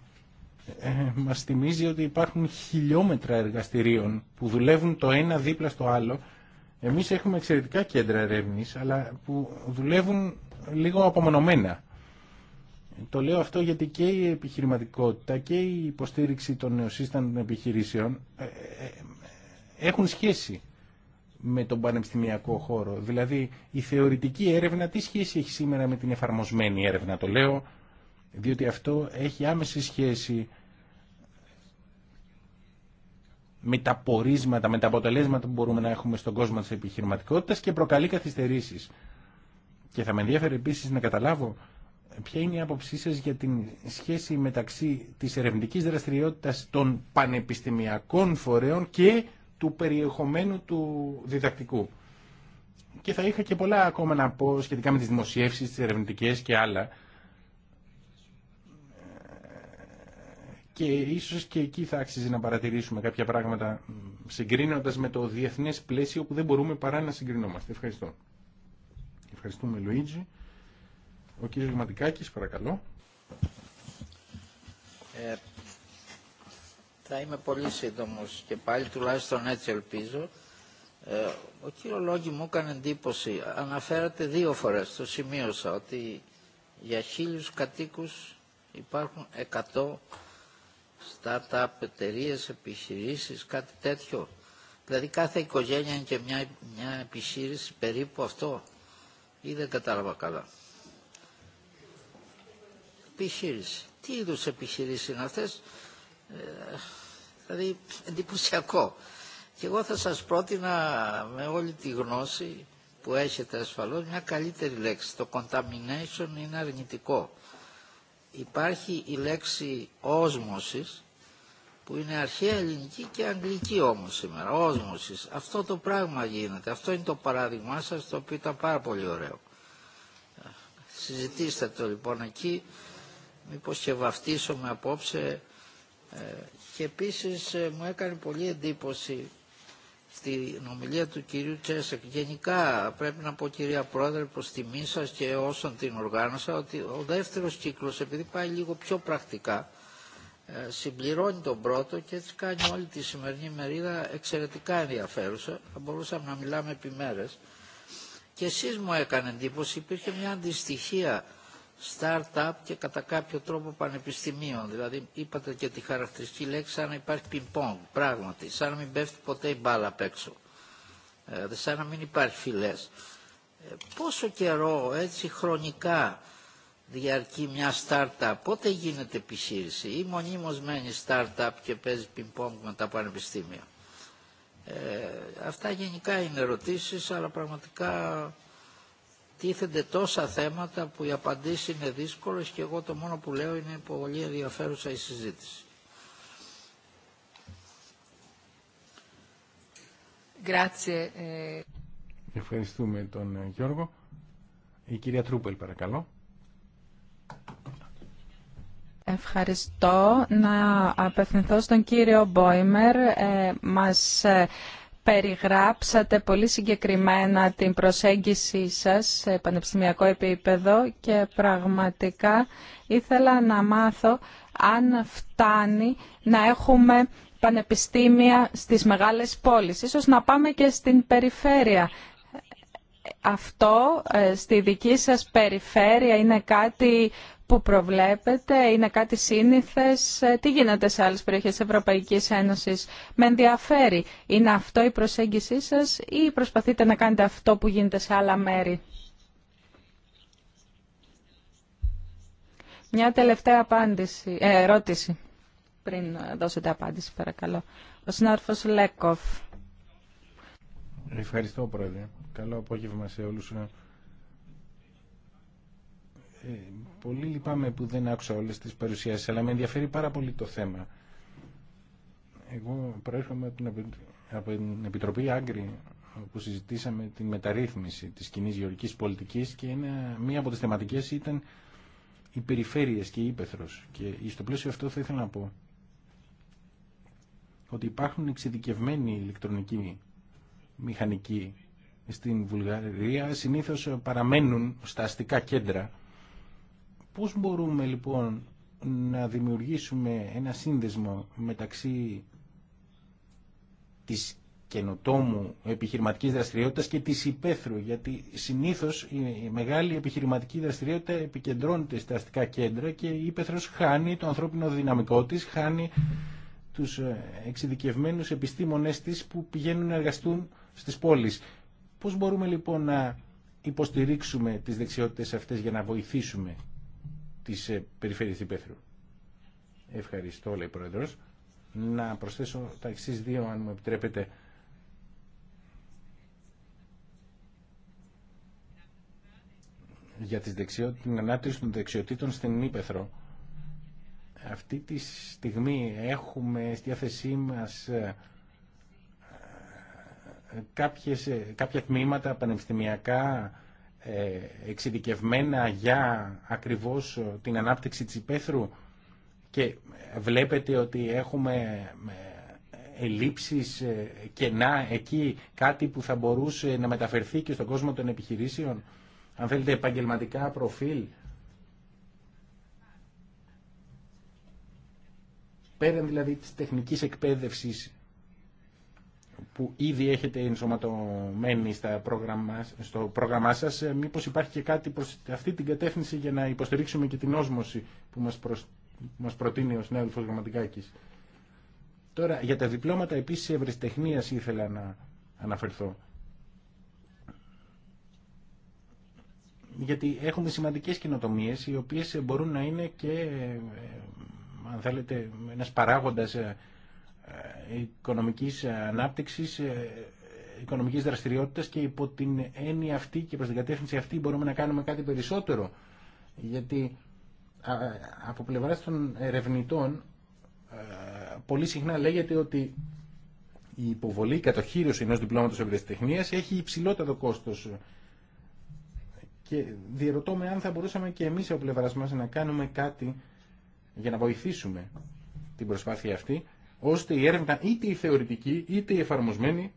ε, μας θυμίζει ότι υπάρχουν χιλιόμετρα εργαστηρίων που δουλεύουν το ένα δίπλα στο άλλο. Εμείς έχουμε εξαιρετικά κέντρα ερεύνης, αλλά που δουλεύουν λίγο απομονωμένα. Το λέω αυτό γιατί και η επιχειρηματικότητα και η υποστήριξη των νεοσύστατων επιχειρήσεων ε, ε, ε, έχουν σχέση με τον πανεπιστημιακό χώρο. Δηλαδή η θεωρητική έρευνα τι σχέση έχει σήμερα με την εφαρμοσμένη έρευνα. Το λέω διότι αυτό έχει άμεση σχέση με τα πορίσματα, με τα αποτελέσματα που μπορούμε να έχουμε στον κόσμο της επιχειρηματικότητας και προκαλεί καθυστερήσεις. Και θα με ενδιαφέρει επίσης να καταλάβω ποια είναι η άποψή σας για την σχέση μεταξύ της ερευνητικής δραστηριότητας των πανεπιστημιακών φορέων και του περιεχομένου του διδακτικού. Και θα είχα και πολλά ακόμα να πω σχετικά με τις δημοσιεύσεις, τις ερευνητικές και άλλα. Και ίσως και εκεί θα άξιζε να παρατηρήσουμε κάποια πράγματα συγκρίνοντας με το διεθνές πλαίσιο που δεν μπορούμε παρά να συγκρινόμαστε. Ευχαριστώ. Ευχαριστούμε Λουίτζι. Ο κύριος Ματικάκης, παρακαλώ. Ε, θα είμαι πολύ σύντομος και πάλι τουλάχιστον έτσι ελπίζω. Ε, ο κύριο Λόγκη μου έκανε εντύπωση. Αναφέρατε δύο φορές, το σημείωσα, ότι για χίλιους κατοίκους υπάρχουν 100 startup, εταιρείε, επιχειρήσεις, κάτι τέτοιο. Δηλαδή κάθε οικογένεια είναι και μια, μια επιχείρηση περίπου αυτό. Ή δεν κατάλαβα καλά επιχείρηση. Τι είδους επιχειρήσεις είναι αυτές, ε, δηλαδή εντυπωσιακό. Και εγώ θα σας πρότεινα με όλη τη γνώση που έχετε ασφαλώς μια καλύτερη λέξη. Το contamination είναι αρνητικό. Υπάρχει η λέξη όσμωσης που είναι αρχαία ελληνική και αγγλική όμως σήμερα. Όσμωσης. Αυτό το πράγμα γίνεται. Αυτό είναι το παράδειγμά σας το οποίο ήταν πάρα πολύ ωραίο. Ε, συζητήστε το λοιπόν εκεί μήπως και βαφτίσομαι απόψε ε, και επίσης ε, μου έκανε πολύ εντύπωση στην ομιλία του κυρίου Τσέσεκ. Γενικά πρέπει να πω κυρία Πρόεδρε προς τιμή σα και όσον την οργάνωσα ότι ο δεύτερος κύκλος επειδή πάει λίγο πιο πρακτικά ε, συμπληρώνει τον πρώτο και έτσι κάνει όλη τη σημερινή μερίδα εξαιρετικά ενδιαφέρουσα. Θα μπορούσαμε να μιλάμε επιμέρες Και εσείς μου έκανε εντύπωση υπήρχε μια αντιστοιχία start-up και κατά κάποιο τρόπο πανεπιστημίων. Δηλαδή είπατε και τη χαρακτηριστική λέξη σαν να υπάρχει πινκ-πονγκ, πράγματι, σαν να μην πέφτει ποτέ η μπάλα απ' έξω. Ε, σαν να μην υπάρχει φυλέ. Ε, πόσο καιρό έτσι χρονικά διαρκεί μια startup, πότε γίνεται επιχείρηση ή μονίμως μένει startup και παίζει πινκ-πονγκ με τα πανεπιστήμια. Ε, αυτά γενικά είναι ερωτήσεις, αλλά πραγματικά τίθενται τόσα θέματα που η απαντήσει είναι δύσκολες και εγώ το μόνο που λέω είναι πολύ ενδιαφέρουσα η συζήτηση. Ε. Ευχαριστούμε τον ε, Γιώργο. Η κυρία Τρούπελ παρακαλώ. Ευχαριστώ. Να απευθυνθώ στον κύριο Μπόιμερ. Ε, μας ε, περιγράψατε πολύ συγκεκριμένα την προσέγγιση σας σε πανεπιστημιακό επίπεδο και πραγματικά ήθελα να μάθω αν φτάνει να έχουμε πανεπιστήμια στις μεγάλες πόλεις. Ίσως να πάμε και στην περιφέρεια. Αυτό ε, στη δική σας περιφέρεια είναι κάτι που προβλέπετε, είναι κάτι σύνηθες, ε, τι γίνεται σε άλλες περιοχές της Ευρωπαϊκής Ένωσης. Με ενδιαφέρει, είναι αυτό η προσέγγισή σας ή προσπαθείτε να κάνετε αυτό που γίνεται σε άλλα μέρη. Μια τελευταία απάντηση, ε, ερώτηση πριν δώσετε απάντηση παρακαλώ. Ο συνάδελφος Λέκοφ. Ευχαριστώ πρόεδρε. Καλό απόγευμα σε όλους. Ε, Πολύ λυπάμαι που δεν άκουσα όλες τις παρουσιάσεις, αλλά με ενδιαφέρει πάρα πολύ το θέμα. Εγώ προέρχομαι από την Επιτροπή Άγκρη, όπου συζητήσαμε την μεταρρύθμιση της κοινή γεωργικής πολιτικής και ένα, μία από τις θεματικές ήταν οι περιφέρειες και η ύπεθρος. Και στο πλαίσιο αυτό θα ήθελα να πω ότι υπάρχουν εξειδικευμένοι ηλεκτρονικοί μηχανικοί στην Βουλγαρία, συνήθως παραμένουν στα αστικά κέντρα Πώς μπορούμε λοιπόν να δημιουργήσουμε ένα σύνδεσμο μεταξύ της καινοτόμου επιχειρηματικής δραστηριότητας και της υπαίθρου, γιατί συνήθως η μεγάλη επιχειρηματική δραστηριότητα επικεντρώνεται στα αστικά κέντρα και η υπαίθρος χάνει το ανθρώπινο δυναμικό της, χάνει τους ε, εξειδικευμένους επιστήμονές της που πηγαίνουν να εργαστούν στις πόλεις. Πώς μπορούμε λοιπόν να υποστηρίξουμε τις δεξιότητες αυτές για να βοηθήσουμε της ε, περιφερεια. Υπέθρου. Ευχαριστώ, λέει Πρόεδρος. Να προσθέσω τα εξή δύο, αν μου επιτρέπετε. Για τις δεξιο... την ανάπτυξη των δεξιοτήτων στην Ήπεθρο. Αυτή τη στιγμή έχουμε στη διάθεσή μας ε, ε, κάποια τμήματα πανεπιστημιακά ε, εξειδικευμένα για ακριβώς ε, την ανάπτυξη της υπαίθρου και βλέπετε ότι έχουμε ε, ελλείψεις, κενά εκεί, κάτι που θα μπορούσε να μεταφερθεί και στον κόσμο των επιχειρήσεων, αν θέλετε επαγγελματικά προφίλ. Πέραν δηλαδή της τεχνικής εκπαίδευσης που ήδη έχετε ενσωματωμένη στα πρόγραμμα, στο πρόγραμμά σας, ε, μήπως υπάρχει και κάτι προς αυτή την κατεύθυνση για να υποστηρίξουμε και την όσμωση που μας, μας προτείνει ο συνάδελφος Γραμματικάκης. Τώρα, για τα διπλώματα επίσης ευρεσιτεχνίας ήθελα να αναφερθώ. Γιατί έχουμε σημαντικές κοινοτομίες... οι οποίες μπορούν να είναι και, ε, ε, αν θέλετε, ένας παράγοντας ε, οικονομικής ε, ανάπτυξης, ε, οικονομικής δραστηριότητας και υπό την έννοια αυτή και προς την κατεύθυνση αυτή μπορούμε να κάνουμε κάτι περισσότερο γιατί από πλευράς των ερευνητών πολύ συχνά λέγεται ότι η υποβολή, η κατοχήρωση ενός διπλώματος ευρεσιτεχνίας έχει υψηλότερο κόστος και διερωτώ με αν θα μπορούσαμε και εμείς από πλευράς μας να κάνουμε κάτι για να βοηθήσουμε την προσπάθεια αυτή ώστε η έρευνα είτε η θεωρητική είτε η εφαρμοσμένη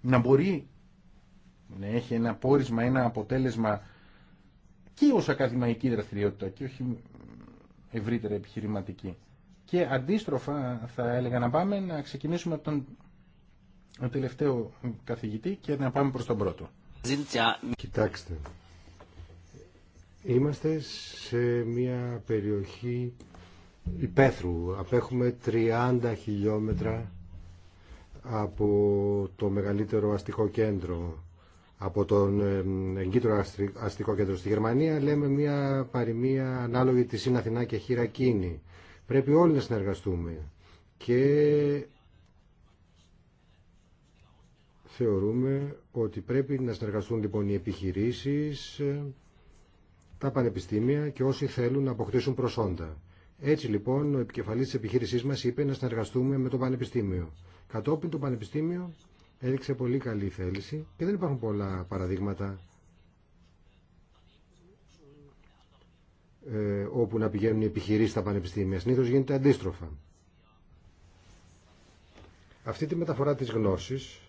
να μπορεί να έχει ένα πόρισμα, ένα αποτέλεσμα και ως ακαδημαϊκή δραστηριότητα και όχι ευρύτερα επιχειρηματική. Και αντίστροφα θα έλεγα να πάμε να ξεκινήσουμε από τον τελευταίο καθηγητή και να πάμε προς τον πρώτο. Κοιτάξτε, είμαστε σε μια περιοχή πέθρου Απέχουμε 30 χιλιόμετρα από το μεγαλύτερο αστικό κέντρο, από τον εγκύτρο αστικό κέντρο στη Γερμανία, λέμε μια παροιμία ανάλογη της Αθηνά και Χειρακίνη. Πρέπει όλοι να συνεργαστούμε και θεωρούμε ότι πρέπει να συνεργαστούν λοιπόν οι επιχειρήσεις, τα πανεπιστήμια και όσοι θέλουν να αποκτήσουν προσόντα. Έτσι λοιπόν ο επικεφαλής της επιχείρησής μας είπε να συνεργαστούμε με το Πανεπιστήμιο. Κατόπιν το Πανεπιστήμιο έδειξε πολύ καλή θέληση και δεν υπάρχουν πολλά παραδείγματα ε, όπου να πηγαίνουν οι επιχειρήσεις στα πανεπιστήμια. συνήθω γίνεται αντίστροφα. Αυτή τη μεταφορά της γνώσης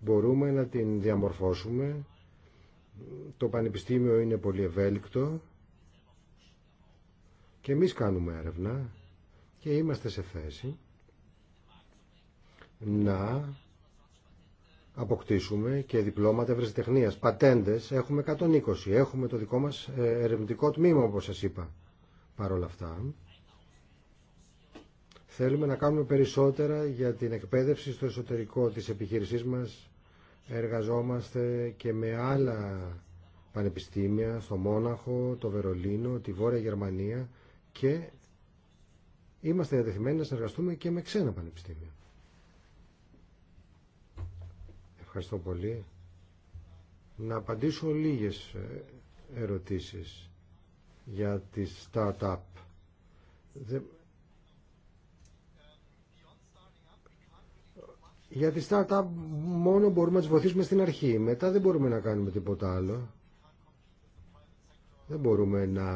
μπορούμε να την διαμορφώσουμε. Το πανεπιστήμιο είναι πολύ ευέλικτο και εμείς κάνουμε έρευνα και είμαστε σε θέση να αποκτήσουμε και διπλώματα ευρεσιτεχνίας. Πατέντες έχουμε 120. Έχουμε το δικό μας ε, ερευνητικό τμήμα όπως σας είπα. Παρ' όλα αυτά θέλουμε να κάνουμε περισσότερα για την εκπαίδευση στο εσωτερικό της επιχείρησής μας. Εργαζόμαστε και με άλλα πανεπιστήμια, στο Μόναχο, το Βερολίνο, τη Βόρεια Γερμανία και είμαστε διατεθειμένοι να συνεργαστούμε και με ξένα πανεπιστήμια. Ευχαριστώ πολύ. Να απαντήσω λίγες ε, ερωτήσεις για τις startup. Για τις startup μόνο μπορούμε να τις βοηθήσουμε στην αρχή. Μετά δεν μπορούμε να κάνουμε τίποτα άλλο. Δεν μπορούμε να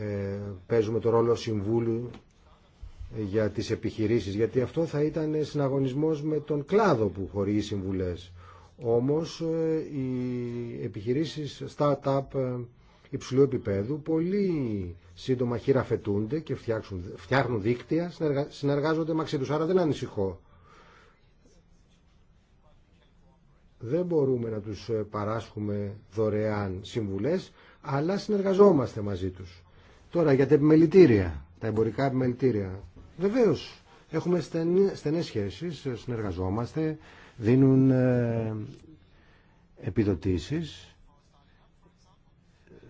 ε, παίζουμε το ρόλο συμβούλου ε, για τις επιχειρήσεις γιατί αυτό θα ήταν συναγωνισμός με τον κλάδο που χορηγεί συμβουλές όμως ε, οι επιχειρήσεις startup υψηλού επίπεδου πολύ σύντομα χειραφετούνται και φτιάχνουν δίκτυα συνεργάζονται μαξί τους άρα δεν ανησυχώ δεν μπορούμε να τους παράσχουμε δωρεάν συμβουλές αλλά συνεργαζόμαστε μαζί τους Τώρα για τα επιμελητήρια, τα εμπορικά επιμελητήρια. Βεβαίω, έχουμε στενέ σχέσει, συνεργαζόμαστε, δίνουν ε, επιδοτήσει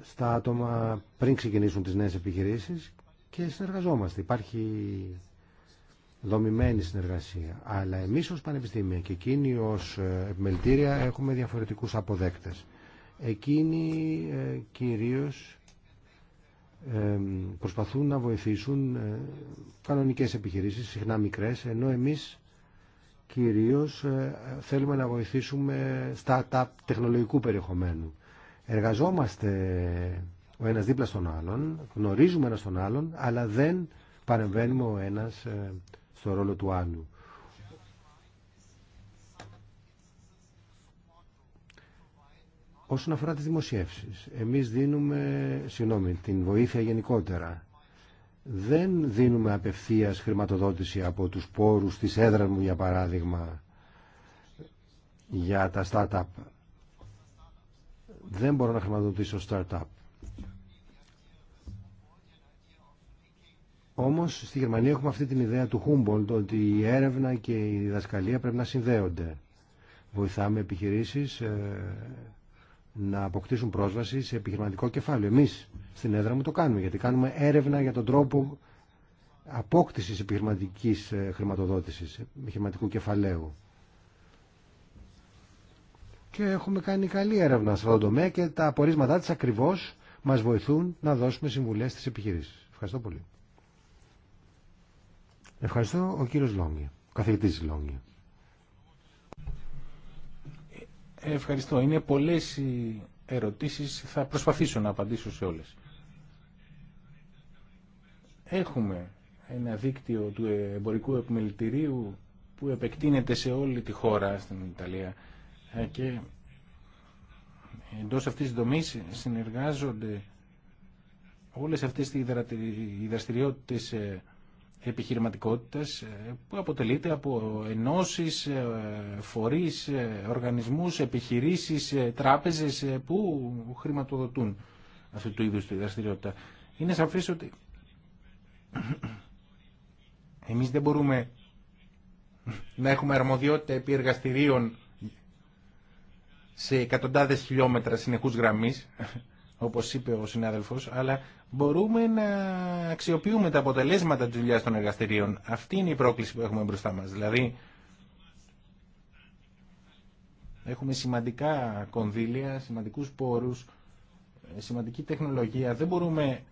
στα άτομα πριν ξεκινήσουν τις νέες επιχειρήσεις και συνεργαζόμαστε. Υπάρχει δομημένη συνεργασία. Αλλά εμείς ως πανεπιστήμια και εκείνοι ω ε, επιμελητήρια έχουμε διαφορετικούς αποδέκτες. Εκείνοι ε, κυρίως προσπαθούν να βοηθήσουν ε, κανονικές επιχειρήσεις, συχνά μικρές, ενώ εμείς κυρίως ε, θέλουμε να βοηθήσουμε startup τεχνολογικού περιεχομένου. Εργαζόμαστε ο ένας δίπλα στον άλλον, γνωρίζουμε ένα τον άλλον, αλλά δεν παρεμβαίνουμε ο ένας ε, στο ρόλο του άλλου. Όσον αφορά τις δημοσιεύσεις, εμείς δίνουμε, συγγνώμη, την βοήθεια γενικότερα. Δεν δίνουμε απευθείας χρηματοδότηση από τους πόρους της έδρα μου, για παράδειγμα, για τα startup. Δεν μπορώ να χρηματοδοτήσω startup. Όμως στη Γερμανία έχουμε αυτή την ιδέα του Humboldt ότι η έρευνα και η διδασκαλία πρέπει να συνδέονται. Βοηθάμε επιχειρήσεις ε, να αποκτήσουν πρόσβαση σε επιχειρηματικό κεφάλαιο. Εμείς στην έδρα μου το κάνουμε, γιατί κάνουμε έρευνα για τον τρόπο απόκτηση επιχειρηματική ε, χρηματοδότησης, επιχειρηματικού κεφαλαίου. Και έχουμε κάνει καλή έρευνα σε αυτό το τομέα και τα απορίσματά τη ακριβώ μας βοηθούν να δώσουμε συμβουλές στις επιχειρήσεις. Ευχαριστώ πολύ. Ευχαριστώ ο κύριος Λόγγε, ο καθηγητής Ευχαριστώ. Είναι πολλές οι ερωτήσεις. Θα προσπαθήσω να απαντήσω σε όλες. Έχουμε ένα δίκτυο του εμπορικού επιμελητηρίου που επεκτείνεται σε όλη τη χώρα στην Ιταλία ε, και εντός αυτής της δομής συνεργάζονται όλες αυτές οι δραστηριότητες ε, επιχειρηματικότητας ε, που αποτελείται από ενώσεις, ε, φορείς, ε, οργανισμούς, επιχειρήσεις, τράπεζες που χρηματοδοτούν αυτού του είδους τη δραστηριότητα. Είναι σαφές ότι εμείς δεν μπορούμε να έχουμε αρμοδιότητα επί εργαστηρίων σε εκατοντάδες χιλιόμετρα συνεχούς γραμμής όπω είπε ο συνάδελφο, αλλά μπορούμε να αξιοποιούμε τα αποτελέσματα της δουλειά των εργαστηρίων. Αυτή είναι η πρόκληση που έχουμε μπροστά μας. Δηλαδή, έχουμε σημαντικά κονδύλια, σημαντικούς πόρους, ε, σημαντική τεχνολογία. Δεν μπορούμε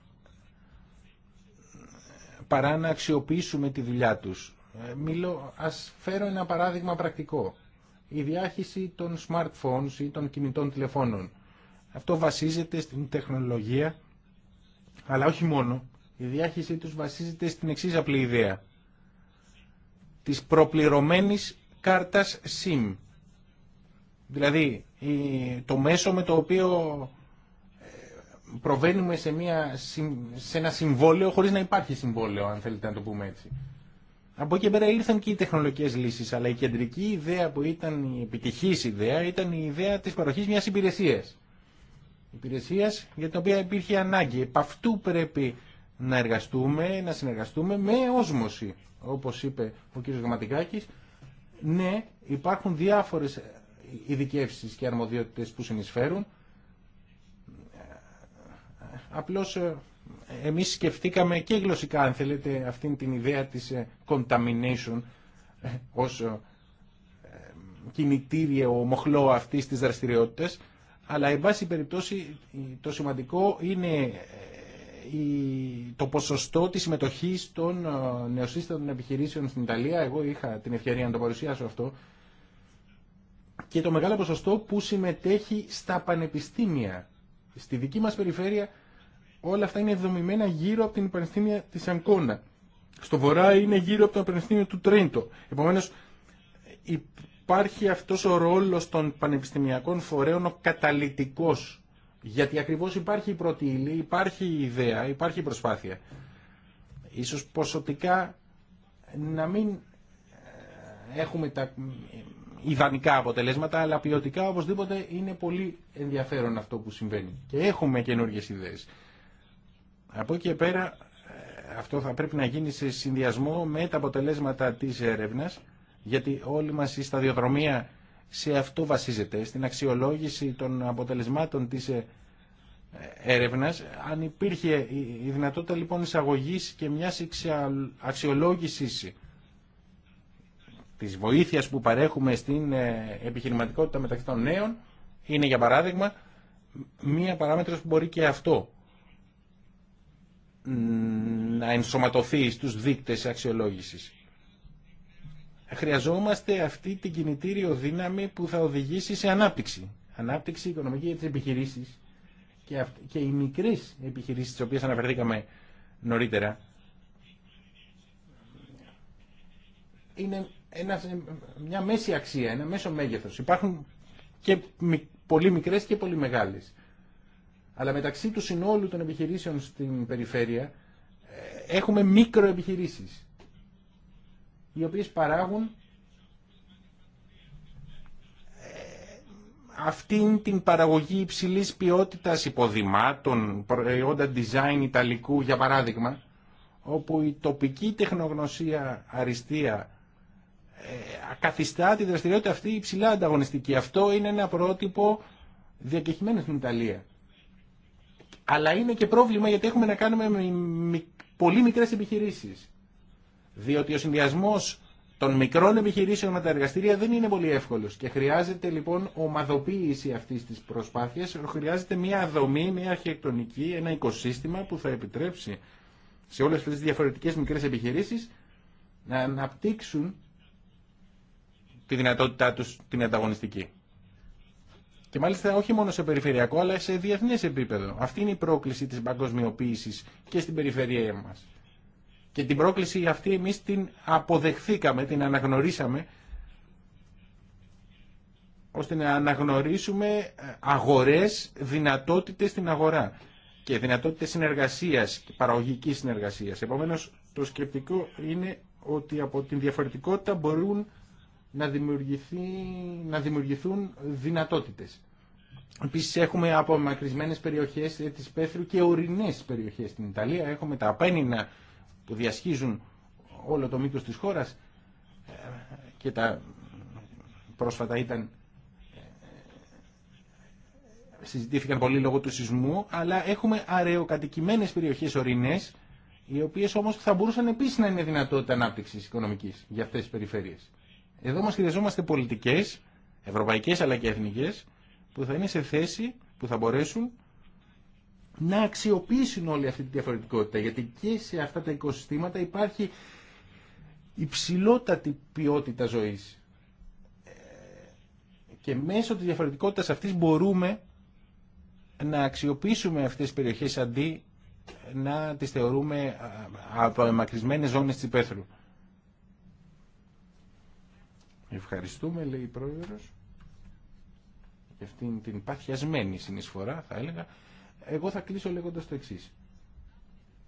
παρά να αξιοποιήσουμε τη δουλειά τους. Ε, μιλώ, ας φέρω ένα παράδειγμα πρακτικό. Η διάχυση των smartphones ή των κινητών τηλεφώνων αυτό βασίζεται στην τεχνολογία, αλλά όχι μόνο. Η διάχυσή τους βασίζεται στην εξή απλή ιδέα. Της προπληρωμένης κάρτας SIM. Δηλαδή, το μέσο με το οποίο ε, προβαίνουμε σε, μια, σε ένα συμβόλαιο χωρίς να υπάρχει συμβόλαιο, αν θέλετε να το πούμε έτσι. Από εκεί πέρα ήρθαν και οι τεχνολογικές λύσεις, αλλά η κεντρική ιδέα που ήταν η επιτυχής ιδέα ήταν η ιδέα της παροχής μιας υπηρεσίας υπηρεσία για την οποία υπήρχε ανάγκη. Επ' αυτού πρέπει να εργαστούμε, να συνεργαστούμε με όσμωση, όπως είπε ο κ. Γαματικάκης, Ναι, υπάρχουν διάφορες ειδικεύσει και αρμοδιότητες που συνεισφέρουν. Απλώς ε, εμείς σκεφτήκαμε και γλωσσικά, αν θέλετε, αυτήν την ιδέα της ε, contamination ε, ως κινητήριο μοχλό αυτή της δραστηριότητας αλλά εν πάση περιπτώσει το σημαντικό είναι ε, το ποσοστό της συμμετοχής των ε, νεοσύστατων επιχειρήσεων στην Ιταλία. Εγώ είχα την ευκαιρία να το παρουσιάσω αυτό. Και το μεγάλο ποσοστό που συμμετέχει στα πανεπιστήμια. Στη δική μας περιφέρεια όλα αυτά είναι δομημένα γύρω από την Πανεπιστήμια της Αγκώνα. Στο βορρά είναι γύρω από το Πανεπιστήμιο του Τρέντο. Επομένως υπάρχει αυτός ο ρόλος των πανεπιστημιακών φορέων ο καταλητικός. Γιατί ακριβώς υπάρχει η πρώτη υπάρχει η ιδέα, υπάρχει η προσπάθεια. Ίσως ποσοτικά να μην ε, έχουμε τα ιδανικά αποτελέσματα, αλλά ποιοτικά οπωσδήποτε είναι πολύ ενδιαφέρον αυτό που συμβαίνει. Και έχουμε καινούργιε ιδέες. Από εκεί και πέρα ε, αυτό θα πρέπει να γίνει σε συνδυασμό με τα αποτελέσματα της έρευνας γιατί όλη μας η σταδιοδρομία σε αυτό βασίζεται, στην αξιολόγηση των αποτελεσμάτων της ε, έρευνας. Αν υπήρχε η δυνατότητα λοιπόν εισαγωγή και μιας αξιολόγησης της βοήθειας που παρέχουμε στην ε, επιχειρηματικότητα μεταξύ των νέων, είναι για παράδειγμα μία παράμετρος που μπορεί και αυτό να ενσωματωθεί στους δείκτες αξιολόγησης. Χρειαζόμαστε αυτή την κινητήριο δύναμη που θα οδηγήσει σε ανάπτυξη. Ανάπτυξη οικονομική για τι και, και οι μικρές επιχειρήσεις τι οποίες αναφερθήκαμε νωρίτερα είναι ένα, μια μέση αξία, ένα μέσο μέγεθος. Υπάρχουν και πολύ μικρές και πολύ μεγάλες. Αλλά μεταξύ του συνόλου των επιχειρήσεων στην περιφέρεια ε, έχουμε μικροεπιχειρήσεις οι οποίες παράγουν ε, αυτήν την παραγωγή υψηλής ποιότητας υποδημάτων, προϊόντα design ιταλικού για παράδειγμα, όπου η τοπική τεχνογνωσία αριστεία ε, καθιστά τη δραστηριότητα αυτή υψηλά ανταγωνιστική. Αυτό είναι ένα πρότυπο διακεχημένο στην Ιταλία. Αλλά είναι και πρόβλημα γιατί έχουμε να κάνουμε με πολύ μικρές επιχειρήσεις. Διότι ο συνδυασμό των μικρών επιχειρήσεων με τα εργαστήρια δεν είναι πολύ εύκολο. και χρειάζεται λοιπόν ομαδοποίηση αυτή τη προσπάθεια. χρειάζεται μια δομή, μια αρχιτεκτονική, ένα οικοσύστημα που θα επιτρέψει σε όλες αυτέ τις διαφορετικές μικρές επιχειρήσεις να αναπτύξουν τη δυνατότητά τους την ανταγωνιστική. Και μάλιστα όχι μόνο σε περιφερειακό αλλά σε διεθνές επίπεδο. Αυτή είναι η πρόκληση της παγκοσμιοποίησης και στην περιφερεια μα. Και την πρόκληση αυτή εμείς την αποδεχθήκαμε, την αναγνωρίσαμε, ώστε να αναγνωρίσουμε αγορές, δυνατότητες στην αγορά και δυνατότητες συνεργασίας και παραγωγικής συνεργασίας. Επομένως, το σκεπτικό είναι ότι από την διαφορετικότητα μπορούν να, δημιουργηθεί, να δημιουργηθούν δυνατότητες. Επίσης έχουμε απομακρυσμένες περιοχές της Πέθρου και ορεινές περιοχές στην Ιταλία. Έχουμε τα απένινα που διασχίζουν όλο το μήκος της χώρας ε, και τα πρόσφατα ήταν ε, συζητήθηκαν πολύ λόγω του σεισμού, αλλά έχουμε αραιοκατοικημένες περιοχές ορεινές, οι οποίες όμως θα μπορούσαν επίσης να είναι δυνατότητα ανάπτυξης οικονομικής για αυτές τις περιφέρειες. Εδώ μας χρειαζόμαστε πολιτικές, ευρωπαϊκές αλλά και εθνικές, που θα είναι σε θέση, που θα μπορέσουν να αξιοποιήσουν όλη αυτή τη διαφορετικότητα. Γιατί και σε αυτά τα οικοσυστήματα υπάρχει υψηλότατη ποιότητα ζωής. Ε, και μέσω της διαφορετικότητας αυτής μπορούμε να αξιοποιήσουμε αυτές τις περιοχές αντί να τις θεωρούμε απομακρυσμένες ζώνες της υπαίθρου. Ευχαριστούμε, λέει η Πρόεδρος, για αυτήν την παθιασμένη συνεισφορά, θα έλεγα. Εγώ θα κλείσω λέγοντας το εξής.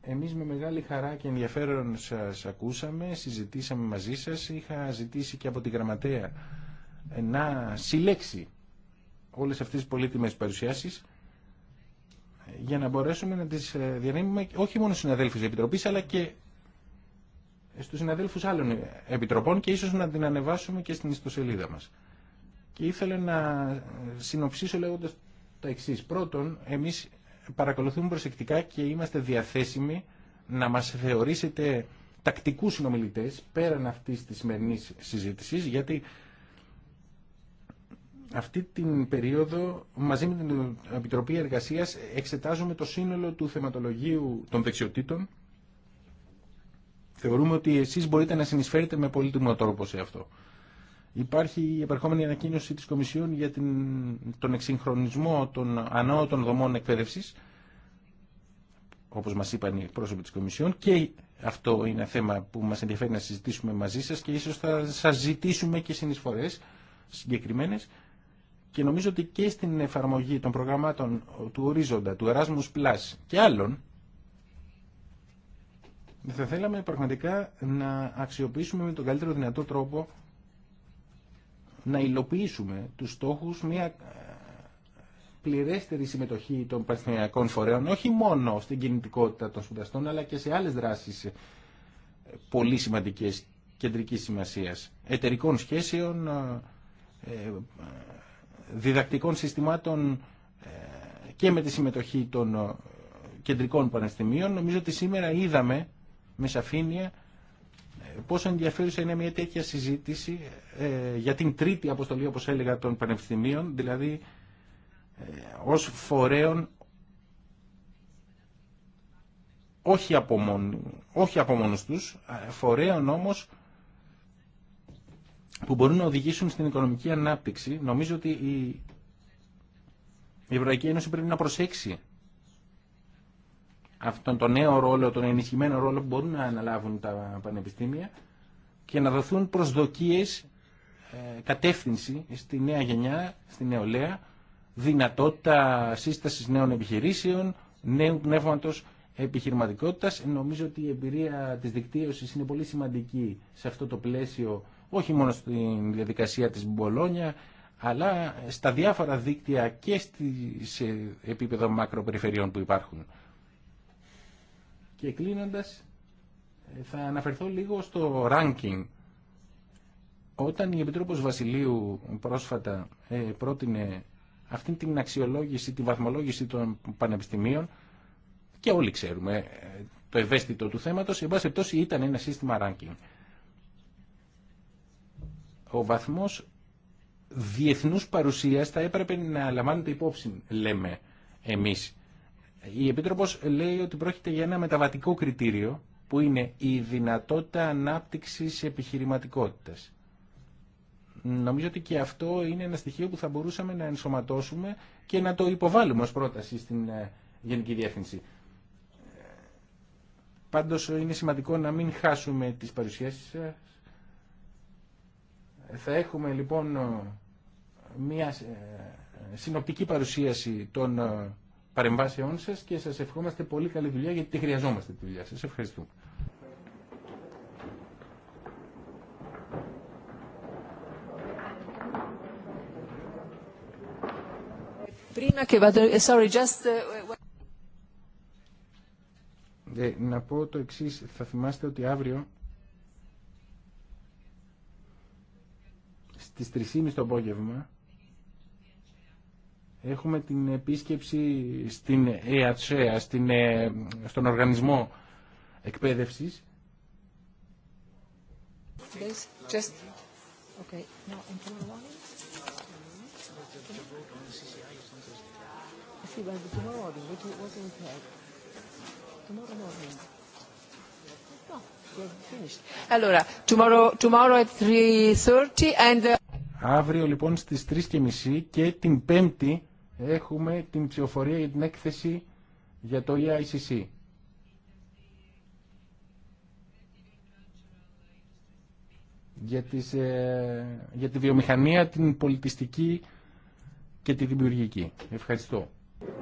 Εμείς με μεγάλη χαρά και ενδιαφέρον σας ακούσαμε, συζητήσαμε μαζί σας, είχα ζητήσει και από την γραμματέα ε, να συλλέξει όλες αυτές τις πολύτιμες παρουσιάσεις ε, για να μπορέσουμε να τις ε, διανύμουμε όχι μόνο στους συναδέλφους Επιτροπής αλλά και στους συναδέλφους άλλων επιτροπών και ίσως να την ανεβάσουμε και στην ιστοσελίδα μας. Και ήθελα να συνοψίσω λέγοντας τα εξή. Πρώτον, εμείς παρακολουθούμε προσεκτικά και είμαστε διαθέσιμοι να μας θεωρήσετε τακτικούς συνομιλητές πέραν αυτής της σημερινή συζήτησης γιατί αυτή την περίοδο μαζί με την Επιτροπή Εργασίας εξετάζουμε το σύνολο του θεματολογίου των δεξιοτήτων θεωρούμε ότι εσείς μπορείτε να συνεισφέρετε με πολύτιμο τρόπο σε αυτό. Υπάρχει η επερχόμενη ανακοίνωση της Κομισιόν για την, τον εξυγχρονισμό των ανώτων δομών εκπαίδευσης, όπως μας είπαν οι πρόσωποι της Κομισιόν, και αυτό είναι θέμα που μας ενδιαφέρει να συζητήσουμε μαζί σας και ίσως θα σας ζητήσουμε και συνεισφορές συγκεκριμένες και νομίζω ότι και στην εφαρμογή των προγραμμάτων του Ορίζοντα, του Erasmus Plus και άλλων θα θέλαμε πραγματικά να αξιοποιήσουμε με τον καλύτερο δυνατό τρόπο να υλοποιήσουμε τους στόχους μια ε, πληρέστερη συμμετοχή των πανεπιστημιακών φορέων, όχι μόνο στην κινητικότητα των σπουδαστών, αλλά και σε άλλες δράσεις ε, πολύ σημαντικές κεντρικής σημασίας, εταιρικών σχέσεων, ε, διδακτικών συστημάτων και με τη συμμετοχή των κεντρικών πανεπιστημίων. Νομίζω ότι σήμερα είδαμε με σαφήνεια πόσο ενδιαφέρουσα είναι μια τέτοια συζήτηση ε, για την τρίτη αποστολή, όπως έλεγα, των πανεπιστημίων, δηλαδή ε, ως φορέων όχι από, μόνο, όχι από μόνους τους, ε, φορέων όμως που μπορούν να οδηγήσουν στην οικονομική ανάπτυξη. Νομίζω ότι η, η Ευρωπαϊκή Ένωση πρέπει να προσέξει αυτόν τον νέο ρόλο, τον ενισχυμένο ρόλο που μπορούν να αναλάβουν τα πανεπιστήμια και να δοθούν προσδοκίες ε, κατεύθυνση στη νέα γενιά, στη νεολαία, δυνατότητα σύσταση νέων επιχειρήσεων, νέου πνεύματος επιχειρηματικότητας. Νομίζω ότι η εμπειρία της δικτύωση είναι πολύ σημαντική σε αυτό το πλαίσιο, όχι μόνο στην διαδικασία της Μπολόνια, αλλά στα διάφορα δίκτυα και σε επίπεδο μακροπεριφερειών που υπάρχουν. Και κλείνοντα ε, θα αναφερθώ λίγο στο ranking. Όταν η Επιτρόπος Βασιλείου πρόσφατα ε, πρότεινε αυτή την αξιολόγηση, τη βαθμολόγηση των πανεπιστημίων και όλοι ξέρουμε ε, το ευαίσθητο του θέματος, εν πάση πτώση ήταν ένα σύστημα ranking. Ο βαθμός διεθνούς παρουσίας θα έπρεπε να λαμβάνεται υπόψη, λέμε εμείς. Η επίτροπο λέει ότι πρόκειται για ένα μεταβατικό κριτήριο που είναι η δυνατότητα ανάπτυξης επιχειρηματικότητας. Νομίζω ότι και αυτό είναι ένα στοιχείο που θα μπορούσαμε να ενσωματώσουμε και να το υποβάλουμε ως πρόταση στην ε, Γενική Διεύθυνση. Πάντως είναι σημαντικό να μην χάσουμε τις παρουσιάσεις σας. Θα έχουμε λοιπόν ε, μια ε, συνοπτική παρουσίαση των παρεμβάσεών σας και σας ευχόμαστε πολύ καλή δουλειά γιατί τη χρειαζόμαστε τη δουλειά σας. Ευχαριστούμε. Eh, eh, ε, να πω το εξή. Θα θυμάστε ότι αύριο στις 3.30 το απόγευμα Έχουμε την επίσκεψη στην ΕΑΤΣΕΑ, ε, στον Οργανισμό Εκπαίδευσης. Αύριο λοιπόν στις 3.30 και την Πέμπτη έχουμε την ψηφοφορία για την έκθεση για το EICC. Για, τις, ε, για τη βιομηχανία, την πολιτιστική και τη δημιουργική. Ευχαριστώ.